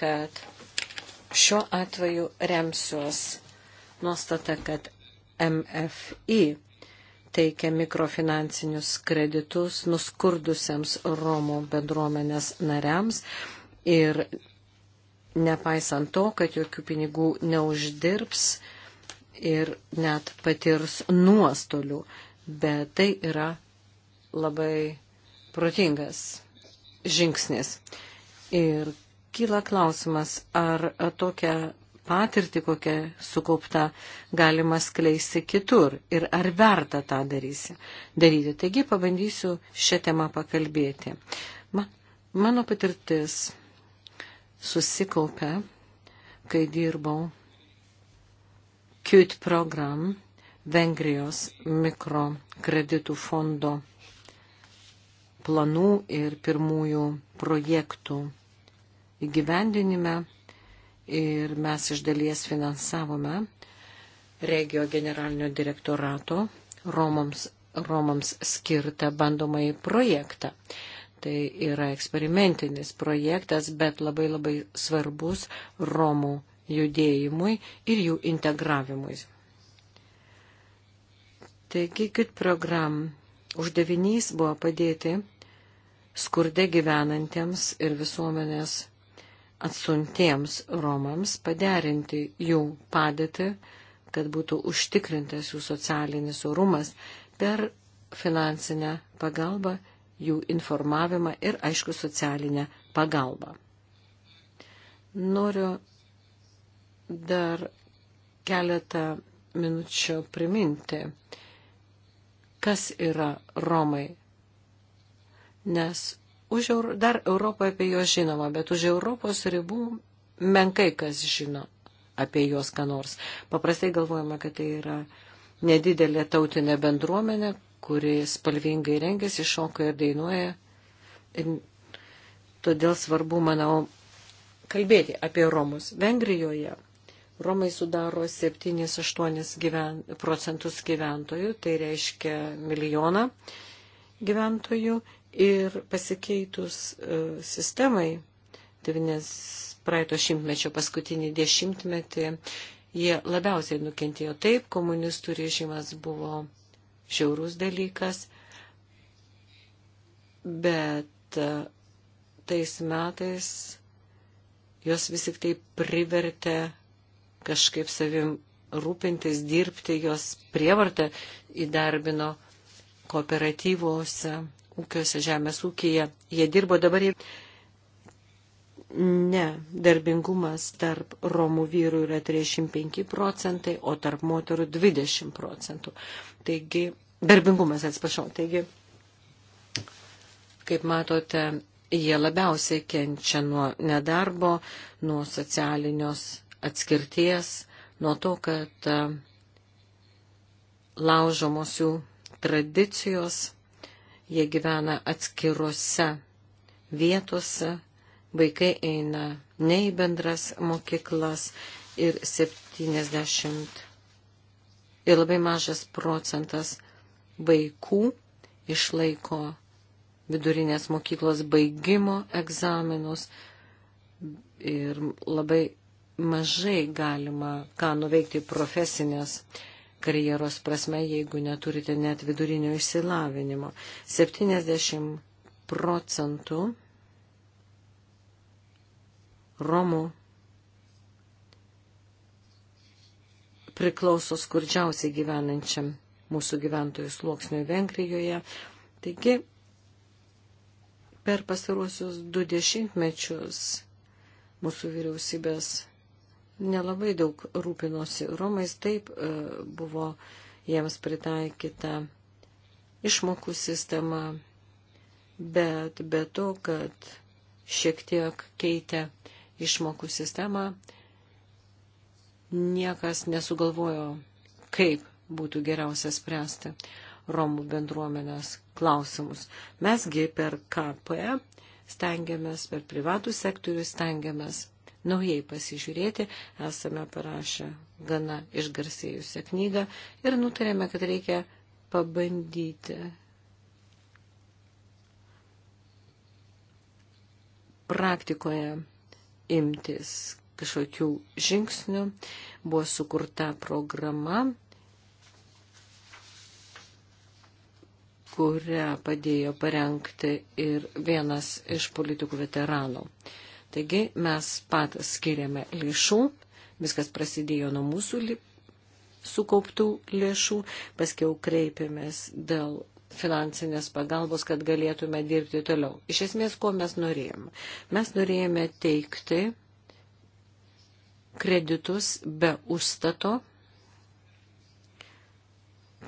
kad šiuo atveju remsiuos nuostata, kad MFI teikia mikrofinansinius kreditus nuskurdusiams Romų bendruomenės nariams ir nepaisant to, kad jokių pinigų neuždirbs ir net patirs nuostolių, bet tai yra labai protingas žingsnis. Ir kyla klausimas, ar tokią patirtį, kokią sukaupta, galima skleisti kitur ir ar verta tą darysi, daryti. Taigi pabandysiu šią temą pakalbėti. Ma, mano patirtis susikaupę, kai dirbau QIT program Vengrijos mikrokreditų fondo planų ir pirmųjų projektų įgyvendinime ir mes iš dalies finansavome regio generalinio direktorato Romoms, Romoms skirtą bandomąjį projektą. Tai yra eksperimentinis projektas, bet labai labai svarbus Romų judėjimui ir jų integravimui. Taigi, kit program uždavinys buvo padėti skurde gyvenantiems ir visuomenės atsuntiems Romams paderinti jų padėtį, kad būtų užtikrintas jų socialinis orumas per finansinę pagalbą jų informavimą ir, aišku, socialinę pagalbą. Noriu dar keletą minučių priminti, kas yra Romai. Nes už, dar Europoje apie juos žinoma, bet už Europos ribų menkai kas žino apie juos ką nors. Paprastai galvojame, kad tai yra nedidelė tautinė bendruomenė, kuris spalvingai rengiasi, šoka ir dainuoja. Ir todėl svarbu, manau, kalbėti apie Romus. Vengrijoje Romai sudaro 7-8 gyven, procentus gyventojų, tai reiškia milijoną gyventojų ir pasikeitus uh, sistemai, devynės praeito šimtmečio paskutinį dešimtmetį, jie labiausiai nukentėjo. Taip, komunistų režimas buvo šiaurus dalykas, bet e, tais metais jos vis tik tai privertė kažkaip savim rūpintis, dirbti, jos prievartą įdarbino kooperatyvose, ūkiuose, žemės ūkija. Jie dirbo dabar ir ne, darbingumas tarp romų vyrų yra 35 procentai, o tarp moterų 20 procentų. Taigi darbingumas atsiprašau. Taigi, kaip matote, jie labiausiai kenčia nuo nedarbo, nuo socialinios atskirties, nuo to, kad e, laužomos jų tradicijos, jie gyvena atskiruose vietose, vaikai eina ne į bendras mokyklas ir 70 ir labai mažas procentas vaikų išlaiko vidurinės mokyklos baigimo egzaminus ir labai mažai galima ką nuveikti profesinės karjeros prasme, jeigu neturite net vidurinio išsilavinimo. 70 procentų Romų priklauso skurdžiausiai gyvenančiam mūsų gyventojų sluoksniui Vengrijoje. Taigi, per pastaruosius du dešimtmečius mūsų vyriausybės nelabai daug rūpinosi Romais, taip e, buvo jiems pritaikyta išmokų sistema, bet be to, kad šiek tiek keitė išmokų sistemą, niekas nesugalvojo, kaip būtų geriausia spręsti Romų bendruomenės klausimus. Mesgi per KP stengiamės, per privatų sektorių stengiamės naujai pasižiūrėti, esame parašę gana išgarsėjusią knygą ir nutarėme, kad reikia pabandyti praktikoje imtis kažkokių žingsnių. Buvo sukurta programa kurią padėjo parengti ir vienas iš politikų veteranų. Taigi mes patys skiriame lėšų, viskas prasidėjo nuo mūsų li sukauptų lėšų, paskiau kreipėmės dėl finansinės pagalbos, kad galėtume dirbti toliau. Iš esmės, ko mes norėjome? Mes norėjome teikti kreditus be užstato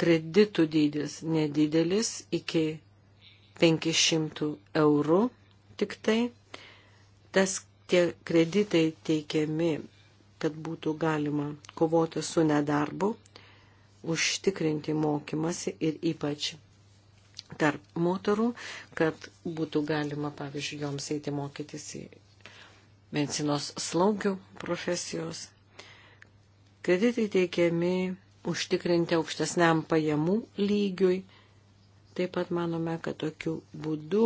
Kreditų dydis nedidelis iki 500 eurų tik tai. Tas tie kreditai teikiami, kad būtų galima kovoti su nedarbu, užtikrinti mokymasi ir ypač tarp moterų, kad būtų galima, pavyzdžiui, joms eiti mokytis į medicinos slaugių profesijos. Kreditai teikiami užtikrinti aukštesniam pajamų lygiui. Taip pat manome, kad tokiu būdu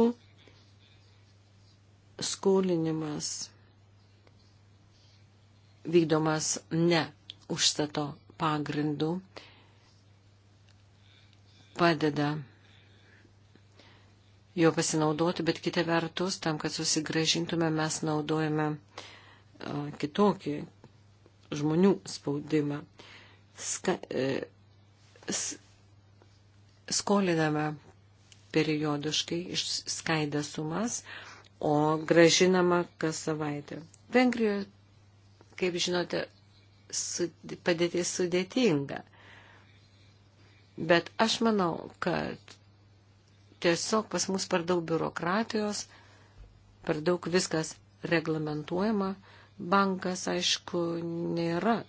skolinimas vykdomas ne užstato pagrindu padeda jo pasinaudoti, bet kitą vertus, tam, kad susigražintume, mes naudojame e, kitokį žmonių spaudimą ska, e, skoliname periodiškai išskaidę sumas, o gražinama kas savaitę. Vengrijoje, kaip žinote, padėtis sudėtinga. Bet aš manau, kad tiesiog pas mus per daug biurokratijos, per daug viskas reglamentuojama. Bankas, aišku, nėra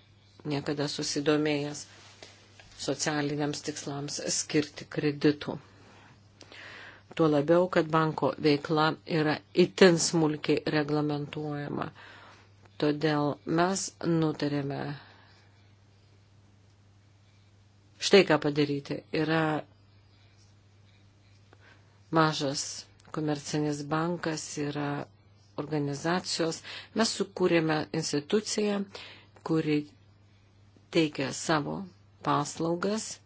niekada susidomėjęs socialiniams tikslams skirti kreditų. Tuo labiau, kad banko veikla yra itin smulkiai reglamentuojama. Todėl mes nutarėme štai ką padaryti. Yra mažas komercinis bankas, yra organizacijos. Mes sukūrėme instituciją, kuri teikia savo paslaugas,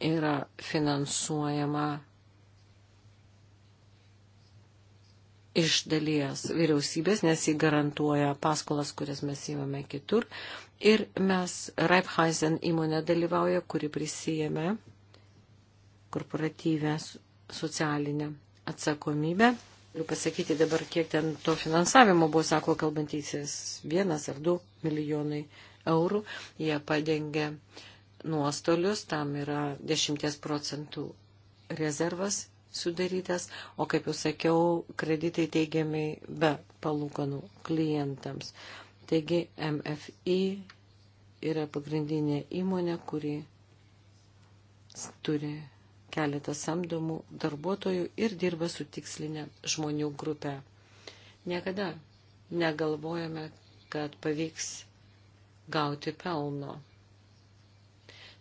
yra finansuojama iš dalies vyriausybės, nes jį garantuoja paskolas, kurias mes įmame kitur. Ir mes Raiffeisen įmonė dalyvauja, kuri prisijėmė korporatyvę socialinę atsakomybę. Galiu pasakyti dabar, kiek ten to finansavimo buvo, sako kalbantysis, vienas ar du milijonai eurų. Jie padengia nuostolius, tam yra 10 procentų rezervas sudarytas, o kaip jau sakiau, kreditai teigiami be palūkanų klientams. Taigi MFI yra pagrindinė įmonė, kuri turi keletą samdomų darbuotojų ir dirba su tikslinė žmonių grupė. Niekada negalvojame, kad pavyks gauti pelno.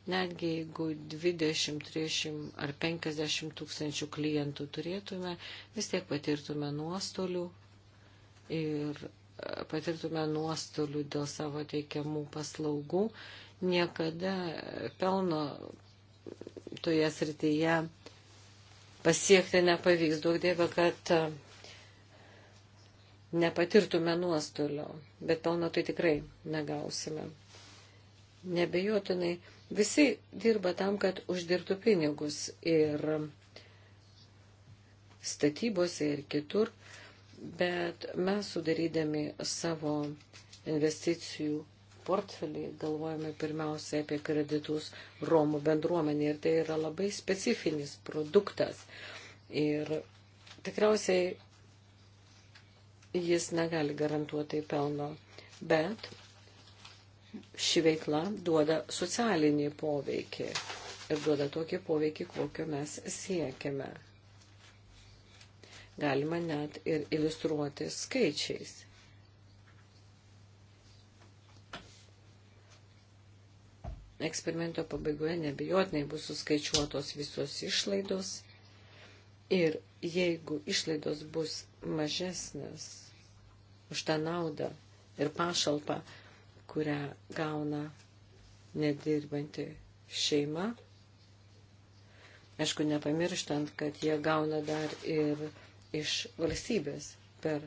Netgi jeigu 20, 30 ar 50 tūkstančių klientų turėtume, vis tiek patirtume nuostolių ir e, patirtume nuostolių dėl savo teikiamų paslaugų. Niekada pelno toje srityje pasiekti nepavyks. Daug dėva, kad e, nepatirtume nuostolio, bet pelno tai tikrai negausime. Nebejotinai, visi dirba tam, kad uždirbtų pinigus ir statybose ir kitur, bet mes sudarydami savo investicijų portfelį galvojame pirmiausia apie kreditus Romų bendruomenį ir tai yra labai specifinis produktas. Ir tikriausiai jis negali garantuoti pelno, bet ši veikla duoda socialinį poveikį ir duoda tokį poveikį, kokio mes siekiame. Galima net ir iliustruoti skaičiais. Eksperimento pabaigoje nebijotinai bus suskaičiuotos visos išlaidos ir jeigu išlaidos bus mažesnės už tą naudą ir pašalpą, kurią gauna nedirbanti šeima. Aišku, nepamirštant, kad jie gauna dar ir iš valstybės per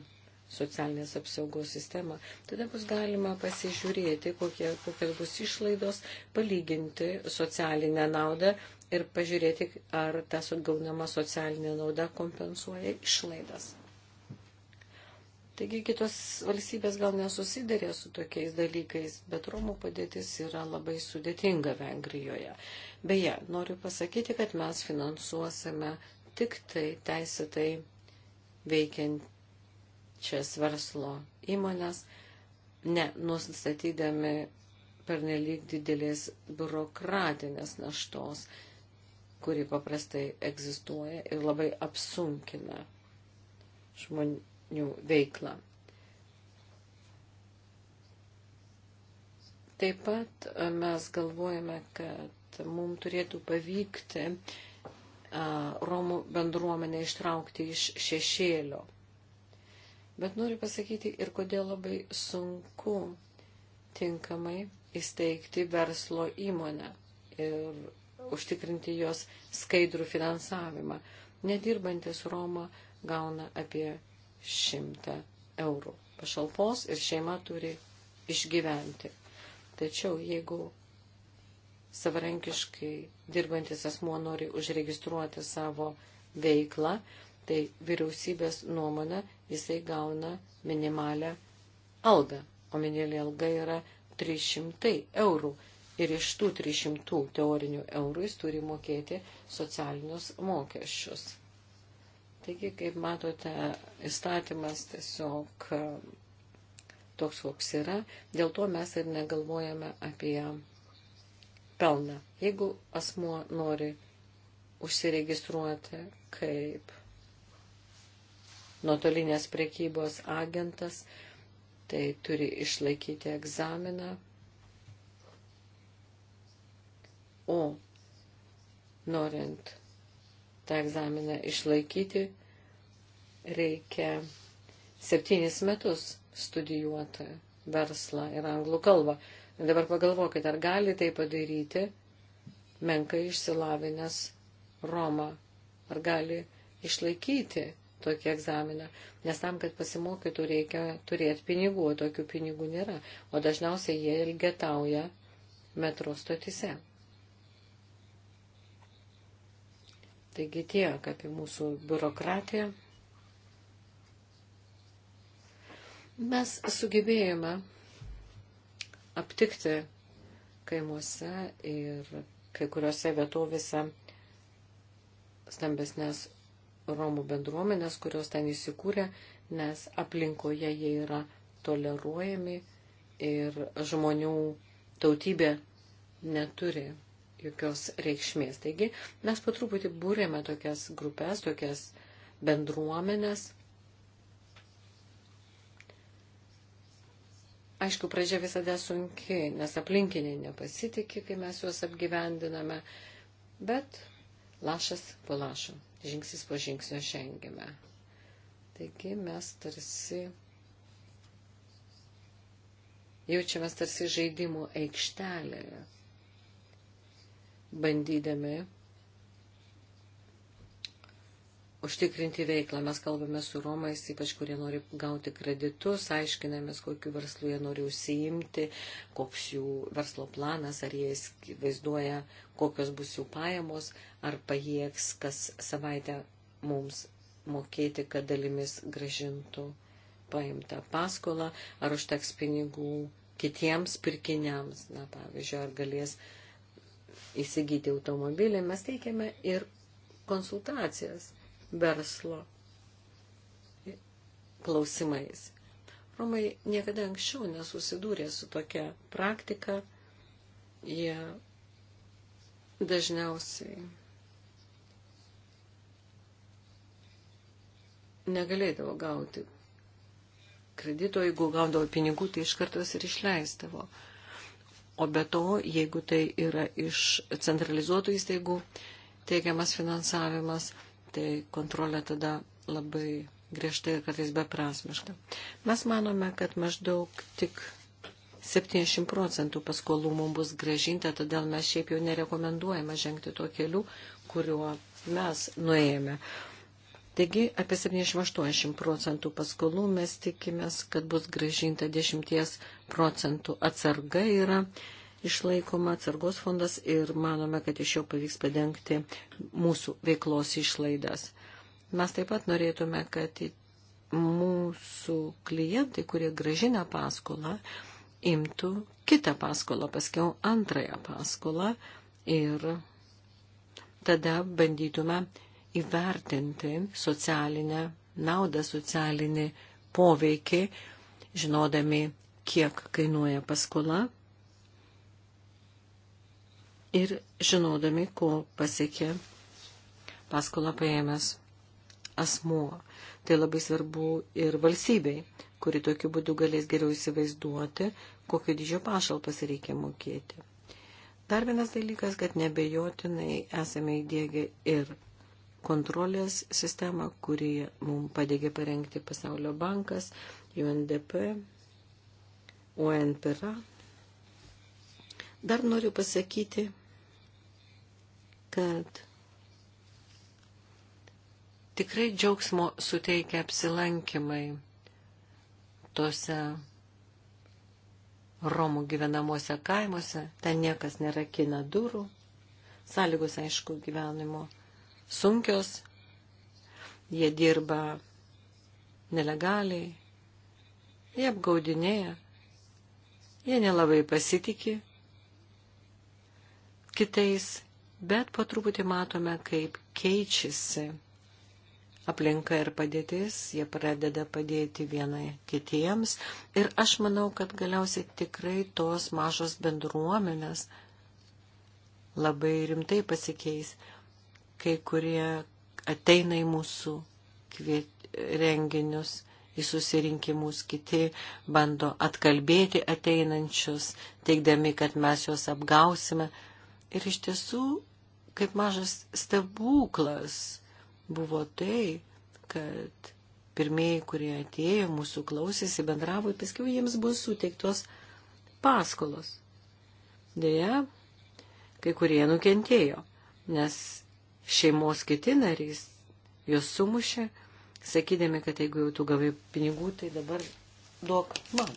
socialinės apsaugos sistemą. Tada bus galima pasižiūrėti, kokie, kokios bus išlaidos, palyginti socialinę naudą ir pažiūrėti, ar tas atgaunama socialinė nauda kompensuoja išlaidas. Taigi kitos valstybės gal nesusidarė su tokiais dalykais, bet Romų padėtis yra labai sudėtinga Vengrijoje. Beje, noriu pasakyti, kad mes finansuosime tik tai teisėtai veikiančias verslo įmonės, ne nustatydami pernelyg didelės biurokratinės naštos, kuri paprastai egzistuoja ir labai apsunkina žmonių jų veiklą. Taip pat e, mes galvojame, kad mums turėtų pavykti e, Romų bendruomenę ištraukti iš šešėlio. Bet noriu pasakyti ir kodėl labai sunku tinkamai įsteigti verslo įmonę ir užtikrinti jos skaidrų finansavimą. Nedirbantis Roma gauna apie 100 eurų pašalpos ir šeima turi išgyventi. Tačiau jeigu savarankiškai dirbantis asmuo nori užregistruoti savo veiklą, tai vyriausybės nuomonė jisai gauna minimalę algą, o minimali alga yra 300 eurų. Ir iš tų 300 teorinių eurų jis turi mokėti socialinius mokesčius. Taigi, kaip matote, įstatymas tiesiog e, toks, koks yra. Dėl to mes ir negalvojame apie pelną. Jeigu asmuo nori užsiregistruoti kaip nuotolinės prekybos agentas, tai turi išlaikyti egzaminą. O norint tą egzaminą išlaikyti, reikia septynis metus studijuoti verslą ir anglų kalbą. Dabar pagalvokit, ar gali tai padaryti menkai išsilavinęs Roma, ar gali išlaikyti tokį egzaminą, nes tam, kad pasimokytų, reikia turėti pinigų, o tokių pinigų nėra, o dažniausiai jie ilgetauja metro stotise. Taigi tiek apie mūsų biurokratiją. Mes sugebėjome aptikti kaimuose ir kai kuriuose vietovėse stambesnės Romų bendruomenės, kurios ten įsikūrė, nes aplinkoje jie yra toleruojami ir žmonių tautybė neturi jokios reikšmės. Taigi mes po truputį būrėme tokias grupės, tokias bendruomenės. Aišku, pradžia visada sunki, nes aplinkiniai nepasitikė, kai mes juos apgyvendiname, bet lašas po lašo, žingsnis po žingsnio žengime. Taigi mes tarsi jaučiamės tarsi žaidimų aikštelėje bandydami užtikrinti veiklą. Mes kalbame su Romais, ypač kurie nori gauti kreditus, aiškinamės, kokiu verslu jie nori užsiimti, koks jų verslo planas, ar jie vaizduoja, kokios bus jų pajamos, ar pajėgs kas savaitę mums mokėti, kad dalimis gražintų paimtą paskolą, ar užteks pinigų kitiems pirkiniams, na, pavyzdžiui, ar galės uh, įsigyti automobilį, mes teikiame ir konsultacijas verslo klausimais. Romai niekada anksčiau nesusidūrė su tokia praktika, jie dažniausiai negalėdavo gauti kredito, jeigu gaudavo pinigų, tai iš kartos ir išleisdavo. O be to, jeigu tai yra iš centralizuotų įstaigų teikiamas finansavimas, tai kontrolė tada labai griežtai ir kartais beprasmiška. Mes manome, kad maždaug tik 70 procentų paskolų mums bus gražinta, todėl mes šiaip jau nerekomenduojame žengti tuo keliu, kuriuo mes nuėjome. Taigi apie 70-80 procentų paskolų mes tikimės, kad bus gražinta 10 procentų atsarga yra išlaikoma atsargos fondas ir manome, kad iš jo pavyks padengti mūsų veiklos išlaidas. Mes taip pat norėtume, kad mūsų klientai, kurie gražina paskolą, imtų kitą paskolą, paskiau antrąją paskolą ir tada bandytume įvertinti socialinę naudą, socialinį poveikį, žinodami, kiek kainuoja paskola ir žinodami, ko pasiekė paskolą paėmęs asmuo. Tai labai svarbu ir valstybei, kuri tokiu būdu galės geriau įsivaizduoti, kokio dydžio pašalpas reikia mokėti. Dar vienas dalykas, kad nebejotinai esame įdėgę ir kontrolės sistemą, kurį mums padėgė parengti Pasaulio bankas, UNDP, UNPRA. Dar noriu pasakyti, kad tikrai džiaugsmo suteikia apsilankimai tose Romų gyvenamuose kaimuose, ten niekas nerakina durų, sąlygos aišku gyvenimo sunkios, jie dirba nelegaliai, jie apgaudinėja, jie nelabai pasitikė kitais, bet po truputį matome, kaip keičiasi aplinka ir padėtis, jie pradeda padėti vienai kitiems. Ir aš manau, kad galiausiai tikrai tos mažos bendruomenės labai rimtai pasikeis kai kurie ateina į mūsų kviet, renginius, į susirinkimus, kiti bando atkalbėti ateinančius, teikdami, kad mes juos apgausime. Ir iš tiesų, kaip mažas stebuklas buvo tai, kad pirmieji, kurie atėjo, mūsų klausėsi, bendravo, ir paskui jiems bus suteiktos paskolos. Deja, kai kurie nukentėjo, nes šeimos kiti narys juos sumušė, sakydami, kad jeigu jau tu gavai pinigų, tai dabar duok man.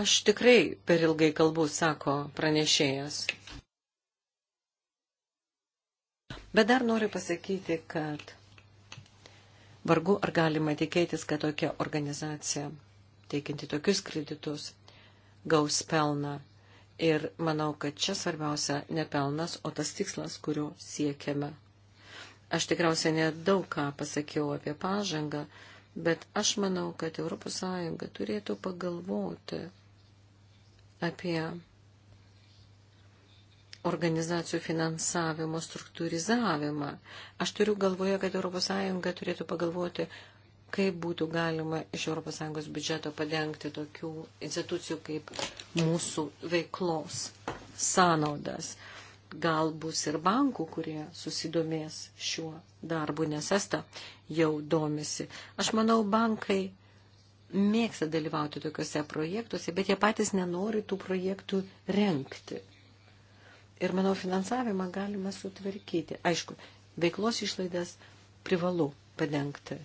Aš tikrai per ilgai kalbu, sako pranešėjas. Bet dar noriu pasakyti, kad vargu ar galima tikėtis, kad tokia organizacija, teikinti tokius kreditus, gaus pelną Ir manau, kad čia svarbiausia ne pelnas, o tas tikslas, kurio siekiame. Aš tikriausiai nedaug ką pasakiau apie pažangą, bet aš manau, kad ES turėtų pagalvoti apie organizacijų finansavimo struktūrizavimą. Aš turiu galvoje, kad ES turėtų pagalvoti, kaip būtų galima iš ES biudžeto padengti tokių institucijų kaip mūsų veiklos sąnaudas. Gal bus ir bankų, kurie susidomės šiuo darbu, nes esta jau domisi. Aš manau, bankai mėgsta dalyvauti tokiuose projektuose, bet jie patys nenori tų projektų renkti. Ir manau, finansavimą galima sutvarkyti. Aišku, veiklos išlaidas privalu padengti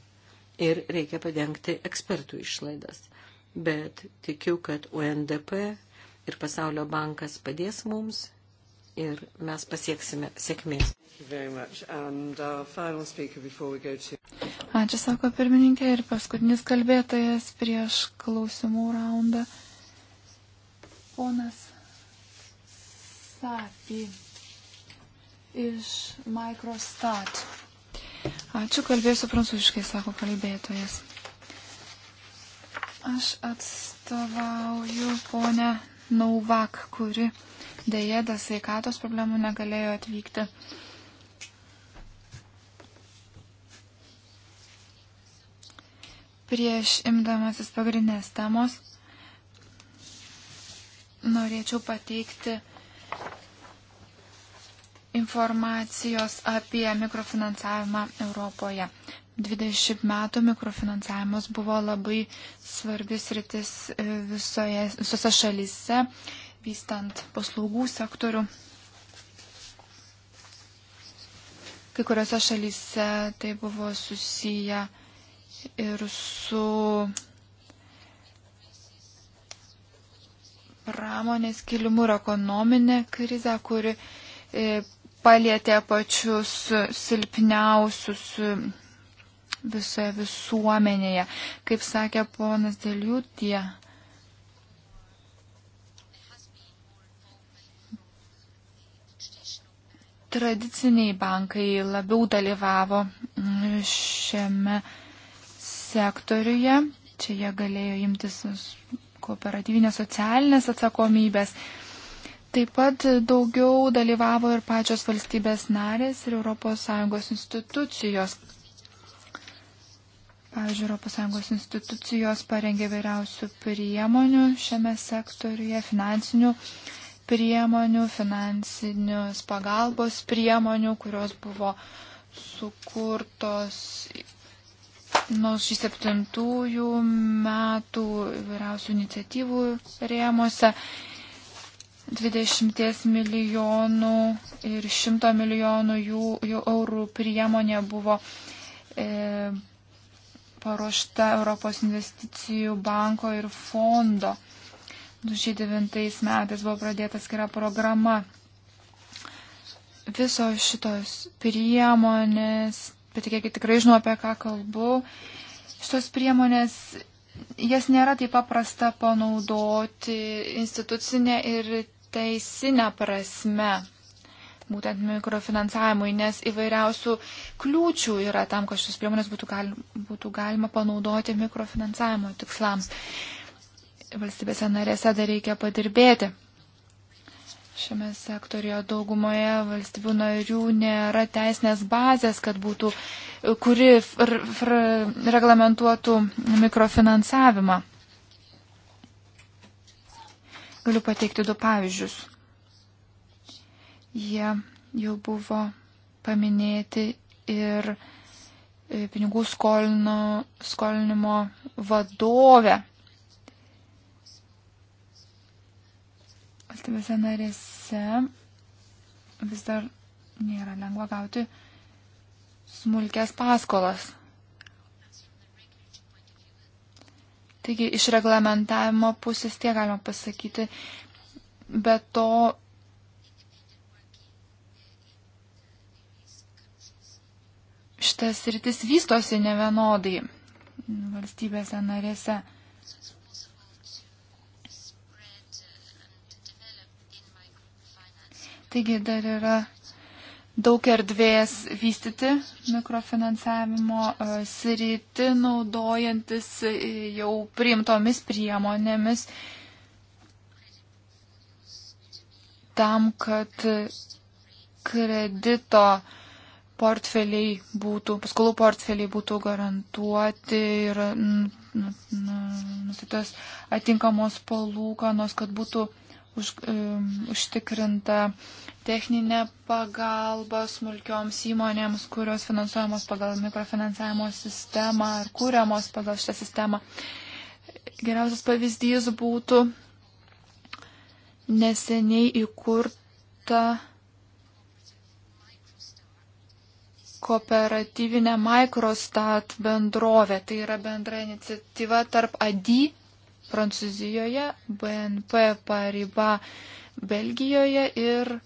ir reikia padengti ekspertų išlaidas. Bet tikiu, kad UNDP ir Pasaulio bankas padės mums ir mes pasieksime sėkmės. Ačiū, sako pirmininkė, ir paskutinis kalbėtojas prieš klausimų raundą. Ponas Sapi iš Microstat. Ačiū, kalbėsiu prancūziškai, sako kalbėtojas. Aš atstovauju ponę Nauvak, kuri dėja dėl sveikatos problemų negalėjo atvykti. Prieš imdamasis pagrindinės temos norėčiau pateikti informacijos apie mikrofinansavimą Europoje. 20 metų mikrofinansavimas buvo labai svarbis rytis e, visoje, visose šalyse, vystant paslaugų sektorių. Kai kuriuose šalyse tai buvo susiję ir su pramonės kilimu ir ekonominė krize, kuri e, palėtė pačius silpniausius visoje visuomenėje. Kaip sakė ponas Deliutė, tradiciniai bankai labiau dalyvavo šiame sektoriuje. Čia jie galėjo imtis kooperatyvinės socialinės atsakomybės. Taip pat daugiau dalyvavo ir pačios valstybės narės ir ES institucijos. Pavyzdžiui, ES institucijos parengė vairiausių priemonių šiame sektoriuje, finansinių priemonių, finansinės pagalbos priemonių, kurios buvo sukurtos nuo 67 metų vairiausių iniciatyvų rėmose 20 milijonų ir 100 milijonų jų, jų eurų priemonė buvo e, paruošta Europos investicijų banko ir fondo. 2009 metais buvo pradėta skira programa. Visos šitos priemonės, patikėkit, tikrai žinau, apie ką kalbu, šitos priemonės jas nėra taip paprasta panaudoti institucinė ir teisinę prasme, būtent mikrofinansavimui, nes įvairiausių kliūčių yra tam, kad šis priemonės būtų, gal, būtų galima panaudoti mikrofinansavimo tikslams. Valstybėse narėse dar reikia padirbėti. Šiame sektorijoje daugumoje valstybių narių nėra teisinės bazės, kad būtų, kuri reglamentuotų mikrofinansavimą. Galiu pateikti du pavyzdžius. Jie jau buvo paminėti ir e, pinigų skolino, skolinimo vadovę. Valstybėse narėse vis dar nėra lengva gauti smulkės paskolas. Taigi iš reglamentavimo pusės tie galima pasakyti, bet to šitas rytis vystosi nevienodai valstybėse narėse. Taigi dar yra daug erdvės vystyti mikrofinansavimo e, sritį, naudojantis e, jau priimtomis priemonėmis tam, kad kredito portfeliai būtų, paskolų portfeliai būtų garantuoti ir nusitas atinkamos palūkanos, kad būtų už, um, užtikrinta uh, techninę pagalbą smulkioms įmonėms, kurios finansuojamos pagal mikrofinansavimo sistemą ar kūriamos pagal šią sistemą. Geriausias pavyzdys būtų neseniai įkurta kooperatyvinė Microstat bendrovė. Tai yra bendra iniciatyva tarp ADI Prancūzijoje, BNP Pariba Belgijoje ir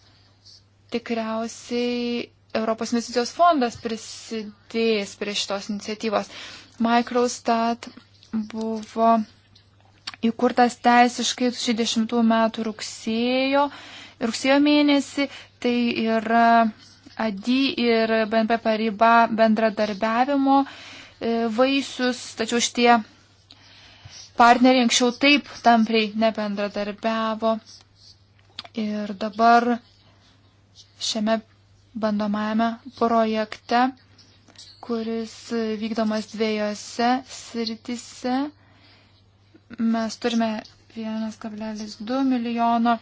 tikriausiai Europos investicijos fondas prisidės prie šitos iniciatyvos. Microstat buvo įkurtas teisiškai 60 metų rugsėjo, rugsėjo mėnesį, tai yra ADI ir BNP paryba bendradarbiavimo e, vaisius, tačiau šitie partneriai anksčiau taip tampriai nebendradarbiavo. Ir dabar šiame bandomajame projekte, kuris vykdomas dviejose sritise. Mes turime 1,2 milijono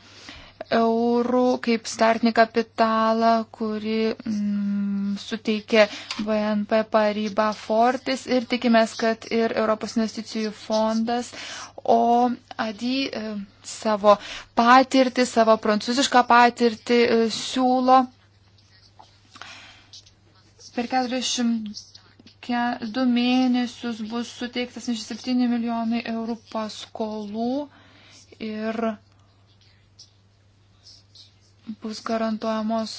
eurų kaip startinį kapitalą, kurį mm, suteikė BNP Paryba Fortis ir tikimės, kad ir Europos investicijų fondas o Adi e, savo patirtį, savo prancūzišką patirtį e, siūlo per 42 mėnesius bus suteiktas 7 milijonai eurų paskolų ir bus garantuojamos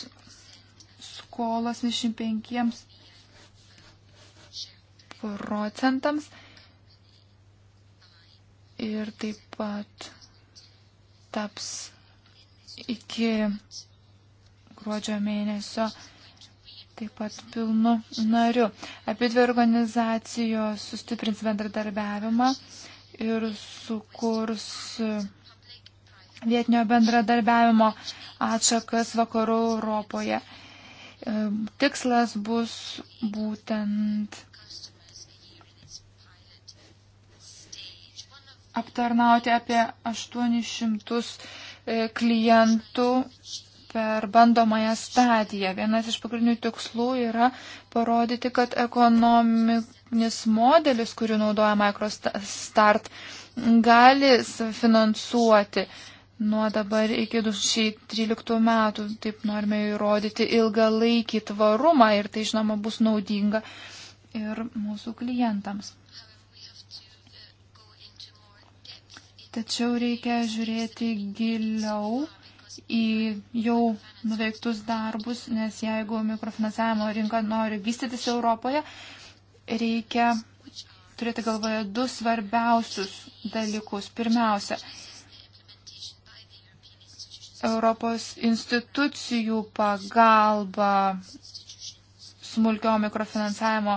skolos 25 procentams ir taip pat taps iki gruodžio mėnesio taip pat pilnu nariu. Abi dvi organizacijos sustiprins bendradarbiavimą ir sukurs vietinio bendradarbiavimo atšakas vakarų Europoje. Tikslas bus būtent aptarnauti apie 800 e, klientų per bandomąją stadiją. Vienas iš pagrindinių tikslų yra parodyti, kad ekonominis modelis, kurį naudoja MicroStart, gali finansuoti nuo dabar iki 2013 metų. Taip norime įrodyti ilgalaikį tvarumą ir tai, žinoma, bus naudinga ir mūsų klientams. Tačiau reikia žiūrėti giliau į jau nuveiktus darbus, nes jeigu mikrofinansavimo rinka nori vystytis Europoje, reikia turėti galvoje du svarbiausius dalykus. Pirmiausia, Europos institucijų pagalba smulkio mikrofinansavimo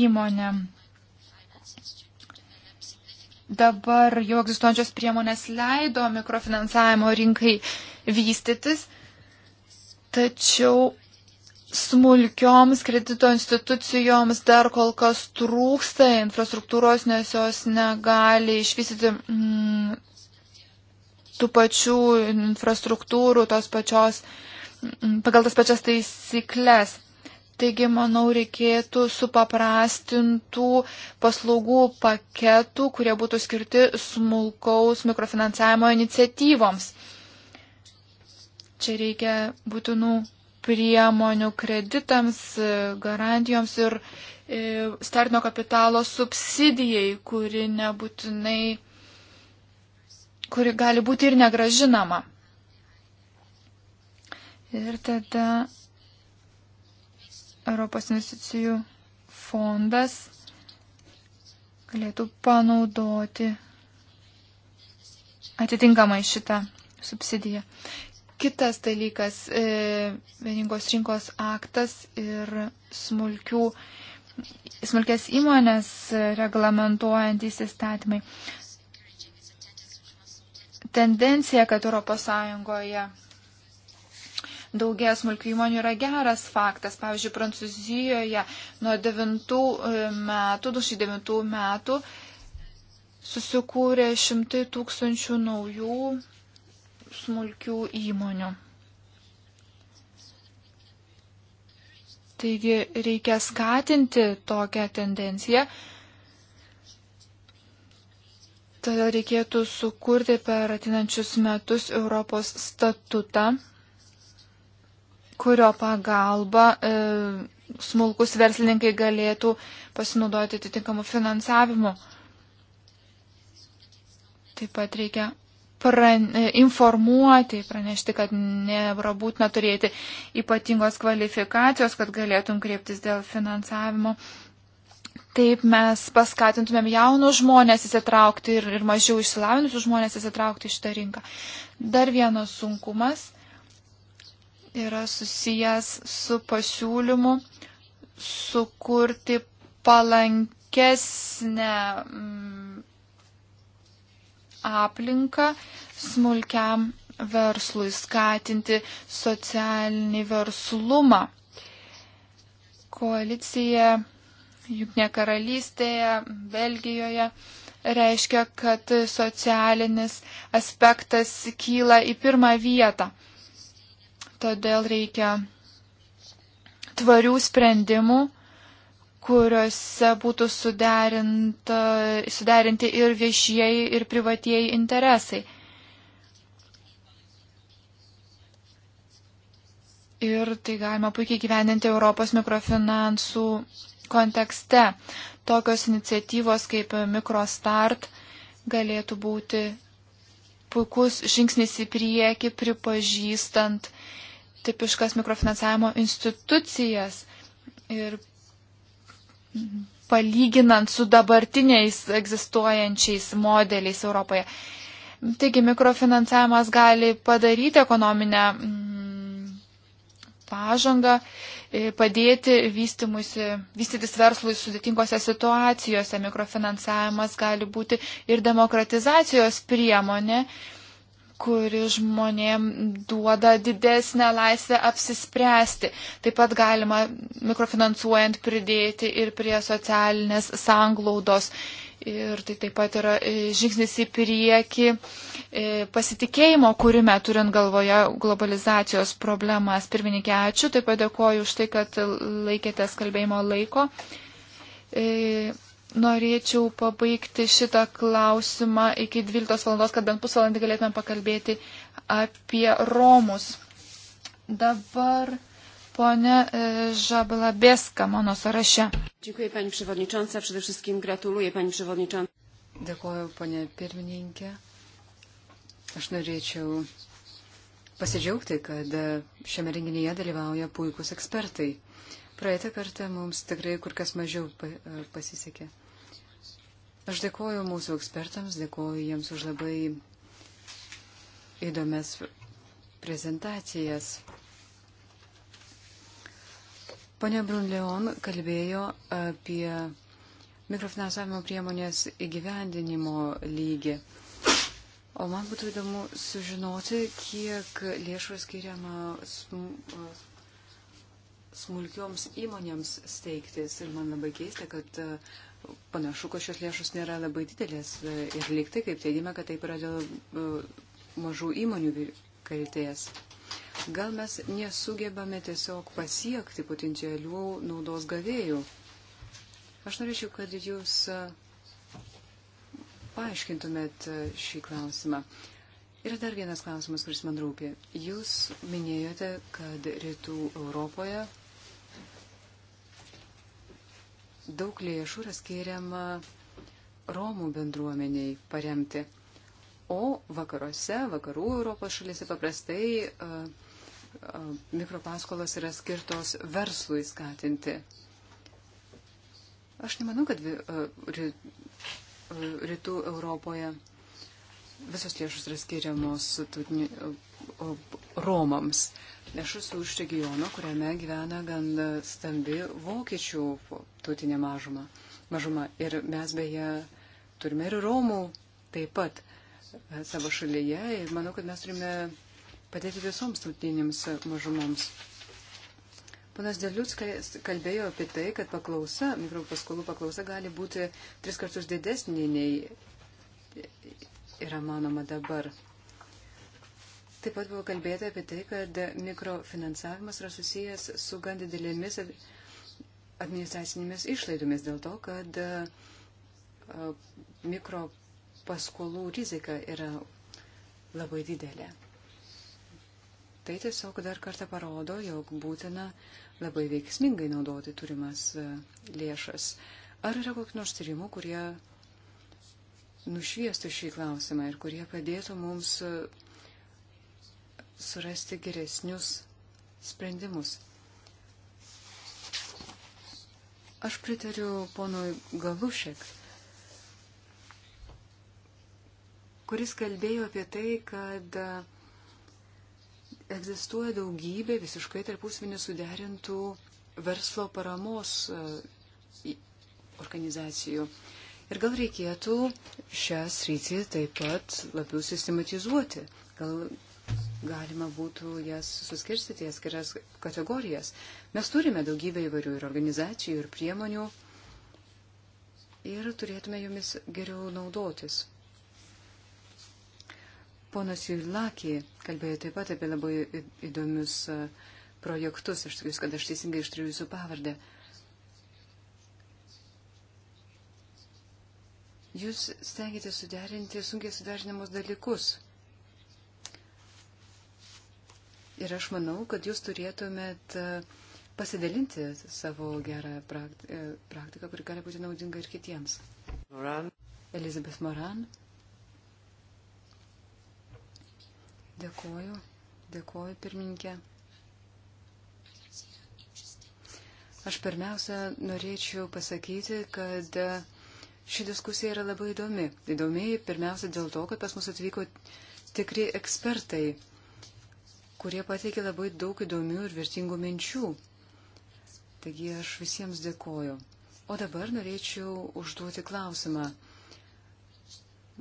įmonėm dabar jau egzistuojančios priemonės leido mikrofinansavimo rinkai vystytis, tačiau smulkioms kredito institucijoms dar kol kas trūksta infrastruktūros, nes jos negali išvystyti mm, tų pačių infrastruktūrų, tos pačios, mm, pagal tas pačias taisyklės. Taigi, manau, reikėtų supaprastintų paslaugų paketų, kurie būtų skirti smulkaus mikrofinansavimo iniciatyvoms. Čia reikia būtinų priemonių kreditams, garantijoms ir e, startinio kapitalo subsidijai, kuri nebūtinai, kuri gali būti ir negražinama. Ir tada Europos investicijų fondas galėtų panaudoti atitinkamai šitą subsidiją. Kitas dalykas e, - vieningos rinkos aktas ir smulkių, smulkės įmonės reglamentuojantys įstatymai. Tendencija, kad ES daugėja smulkių įmonių yra geras faktas. Pavyzdžiui, Prancūzijoje nuo 9 e, metų, 2009 metų susikūrė šimtai tūkstančių naujų smulkių įmonių. Taigi reikia skatinti tokią tendenciją. Tada reikėtų sukurti per atinančius metus Europos statutą kurio pagalba e, smulkus verslininkai galėtų pasinaudoti atitinkamu finansavimu. Taip pat reikia prane, informuoti, pranešti, kad nėra būtina turėti ypatingos kvalifikacijos, kad galėtum kreiptis dėl finansavimo. Taip mes paskatintumėm jaunus žmonės įsitraukti ir, ir mažiau išsilavinusius žmonės įsitraukti į šitą rinką. Dar vienas sunkumas yra susijęs su pasiūlymu sukurti palankesnę mm, aplinką smulkiam verslui, skatinti socialinį verslumą. Koalicija Junknė karalystėje, Belgijoje reiškia, kad socialinis aspektas kyla į pirmą vietą. Todėl reikia tvarių sprendimų, kuriuose būtų suderinti ir viešieji, ir privatieji interesai. Ir tai galima puikiai gyveninti Europos mikrofinansų kontekste. Tokios iniciatyvos kaip Mikrostart galėtų būti puikus žingsnis į priekį, pripažįstant uh, tipiškas mikrofinansavimo institucijas ir palyginant su dabartiniais egzistuojančiais modeliais Europoje. Taigi mikrofinansavimas gali padaryti ekonominę mm, pažangą, e, padėti vystytis verslui sudėtingose situacijose. Mikrofinansavimas gali būti ir demokratizacijos priemonė, kuri žmonėm duoda didesnę laisvę apsispręsti. Taip pat galima mikrofinansuojant pridėti ir prie socialinės sanglaudos. Ir tai taip pat yra e, žingsnis į priekį e, pasitikėjimo kūrime, turint galvoje globalizacijos problemas. Pirmininkė, ačiū, taip pat dėkoju už tai, kad laikėtės kalbėjimo laiko. E norėčiau pabaigti šitą klausimą iki 12 valandos, kad bent pusvalandį galėtume pakalbėti apie Romus. Dabar ponė e, Žablabeska mano sąraše. Dėkuoju, pani Przewodnicząca, przede wszystkim gratuluję, pani Przewodnicząca. Dėkuoju, ponė pirmininkė. Aš norėčiau pasidžiaugti, kad šiame renginyje dalyvauja puikūs ekspertai. Praeitą kartą mums tikrai kur kas mažiau e, pasisekė. Aš dėkoju mūsų ekspertams, dėkoju jiems už labai įdomias prezentacijas. Pone Brunleon kalbėjo apie mikrofinansavimo priemonės įgyvendinimo lygį. O man būtų įdomu sužinoti, kiek lėšų skiriama smulkioms įmonėms steigtis. Ir man labai keista, kad uh, panašu, kad šios lėšos nėra labai didelės ir liktai, kaip teigiame, kad taip yra dėl e, mažų įmonių kaltės. Gal mes nesugebame tiesiog pasiekti potencialių naudos gavėjų. Aš norėčiau, kad jūs e, paaiškintumėt e, šį klausimą. Ir dar vienas klausimas, kuris man rūpi. Jūs minėjote, kad rytų Europoje daug lėšų yra skiriama Romų bendruomeniai paremti. O vakaruose, vakarų Europos šalyse paprastai uh, uh, mikropaskolos yra skirtos verslui skatinti. Aš nemanau, kad uh, rytų Europoje uh, Visos lėšos yra skiriamos tautini, Romams. Aš esu iš regiono, kuriame gyvena gan stambi vokiečių tautinė mažuma. mažuma. Ir mes beje turime ir Romų taip pat e, savo šalyje. Ir manau, kad mes turime padėti visoms tautinėms mažumoms. Panas Deliutskas kalbėjo apie tai, kad paklausa, mikropaskolų paklausa gali būti tris kartus didesnė nei yra manoma dabar. Taip pat buvo kalbėta apie tai, kad mikrofinansavimas yra susijęs su gan didelėmis administracinėmis išlaidomis dėl to, kad mikropaskolų rizika yra labai didelė. Tai tiesiog dar kartą parodo, jog būtina labai veiksmingai naudoti turimas lėšas. Ar yra kokių nors tyrimų, kurie nušviestų šį klausimą ir kurie padėtų mums e, surasti geresnius sprendimus. Aš pritariu ponui Galušek, kuris kalbėjo apie tai, kad e, egzistuoja daugybė visiškai tarpusvinį suderintų verslo paramos e, organizacijų. Ir gal reikėtų šią sritį taip pat labiau sistematizuoti. Gal galima būtų jas suskirstyti į atskiras kategorijas. Mes turime daugybę įvairių ir organizacijų, ir priemonių ir turėtume jomis geriau naudotis. Ponas Julakė kalbėjo taip pat apie labai įdomius projektus, aš tikiuosi, kad aš teisingai ištariu jūsų pavardę. Uh, Jūs stengiate suderinti sunkiai suderinamus dalykus. Ir aš manau, kad jūs turėtumėt e, pasidalinti savo gerą e, praktiką, kuri gali būti naudinga ir kitiems. Moran. Elizabeth Moran. Dėkoju. Dėkoju, pirmininkė. Aš pirmiausia norėčiau pasakyti, kad Ši diskusija yra labai įdomi. Įdomi pirmiausia dėl to, kad pas mus atvyko tikri ekspertai, kurie pateikė labai daug įdomių ir vertingų minčių. Taigi aš visiems dėkoju. O dabar norėčiau užduoti klausimą.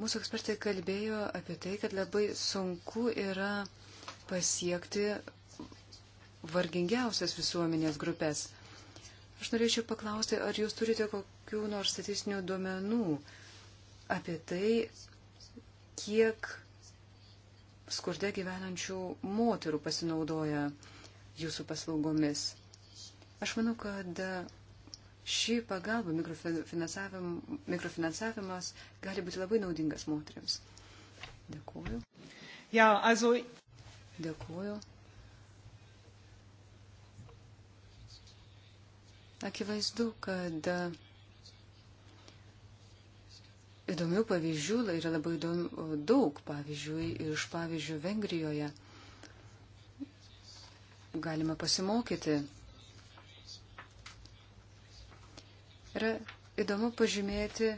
Mūsų ekspertai kalbėjo apie tai, kad labai sunku yra pasiekti vargingiausias visuomenės grupės. Aš norėčiau paklausti, ar jūs turite kokių nors statistinių duomenų apie tai, kiek skurde gyvenančių moterų pasinaudoja jūsų paslaugomis. Aš manau, kad ši pagalba, mikrofinansavim, mikrofinansavimas gali būti labai naudingas moteriams. Dėkuoju. Ja, also... Dėkuoju. Akivaizdu, kad Įdomių pavyzdžių yra labai įdomių, daug, pavyzdžiui, iš pavyzdžių Vengrijoje. Galima pasimokyti. Yra įdomu pažymėti,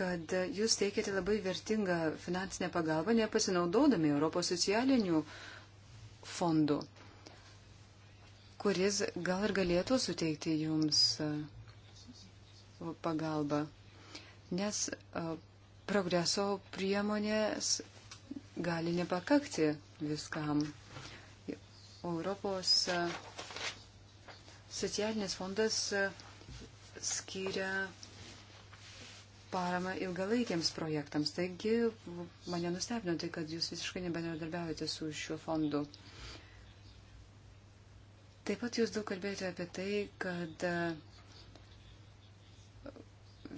kad jūs teikiate labai vertingą finansinę pagalbą, nepasinaudodami Europos socialinių fondų, kuris gal ir galėtų suteikti jums pagalba, nes progreso priemonės gali nepakakti viskam. Europos socialinis fondas skiria paramą ilgalaikiams projektams. Taigi mane nustebino tai, kad jūs visiškai nebendradarbiaujate su šiuo fondu. Taip pat jūs daug kalbėjote apie tai, kad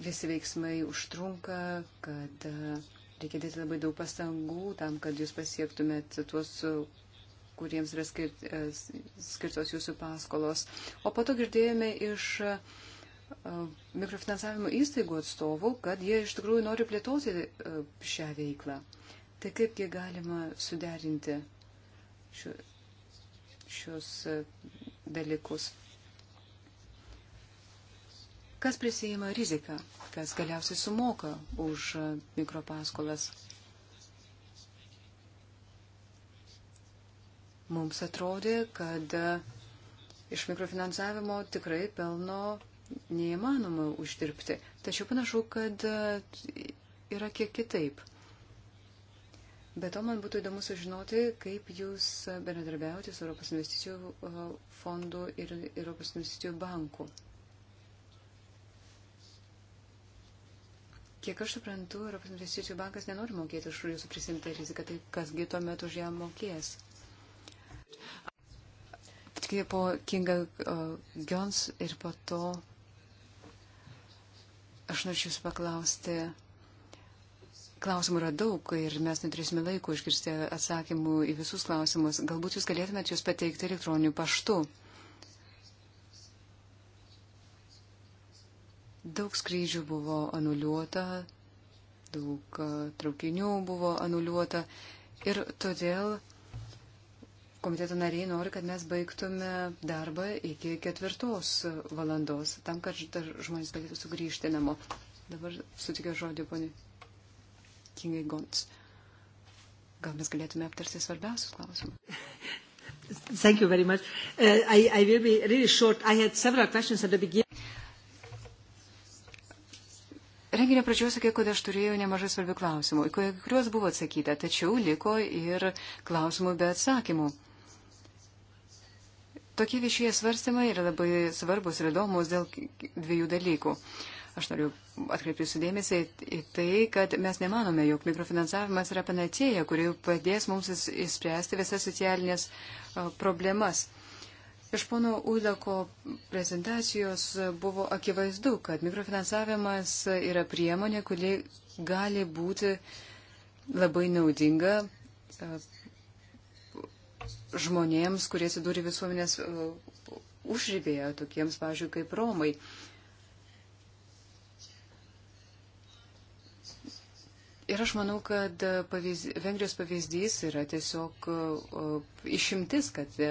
visi veiksmai užtrunka, kad e, reikia dėti labai daug pastangų tam, kad jūs pasiektumėt tuos, kuriems yra skirt, e, skirtos jūsų paskolos. O po to girdėjome iš e, mikrofinansavimo įstaigų atstovų, kad jie iš tikrųjų nori plėtoti šią veiklą. Tai kaipgi galima suderinti šios dalykus. Kas prisijima riziką, kas galiausiai sumoka už mikropaskolas? Mums atrodė, kad iš mikrofinansavimo tikrai pelno neįmanoma uždirbti. Tačiau panašu, kad yra kiek kitaip. Be to, man būtų įdomu sužinoti, kaip jūs bendradarbiaujate su Europos investicijų uh, fondu ir Europos investicijų banku. Kiek aš suprantu, Europos investicijų bankas nenori mokėti už jūsų prisimtą riziką, tai kasgi tuomet už ją mokės? Tik po Kinga uh, Gions ir po to aš norėčiau jūsų paklausti. Klausimų yra daug ir mes neturėsime laiko išgirsti atsakymų į visus klausimus. Galbūt jūs galėtumėte jūs pateikti elektroniniu paštu. Daug skrydžių buvo anuliuota, daug e, traukinių buvo anuliuota ir todėl komiteto nariai nori, kad mes baigtume darbą iki ketvirtos valandos, tam, kad žmonės galėtų sugrįžti namo. Dabar sutikiu žodį, poni Kingai Gons. Gal mes galėtume aptarti svarbiausius klausimus? Thank you very much. Uh, I, I will be really short. I had several questions at the beginning. Renginio pradžioje sakė, kad aš turėjau nemažai svarbių klausimų, į kuriuos buvo atsakyta, tačiau liko ir klausimų be atsakymų. Tokie viešieji svarstymai yra labai svarbus ir įdomus dėl dviejų dalykų. Aš noriu atkreipti sudėmėsi į tai, kad mes nemanome, jog mikrofinansavimas yra panacėja, kuri padės mums įspręsti visas socialinės problemas. Iš pono Udako prezentacijos buvo akivaizdu, kad mikrofinansavimas yra priemonė, kuri gali būti labai naudinga e, žmonėms, kurie atsidūrė visuomenės e, užrybėje, tokiems, pažiūrėjau, kaip Romai. Ir aš manau, kad pavyzdys, Vengrijos pavyzdys yra tiesiog e, išimtis, kad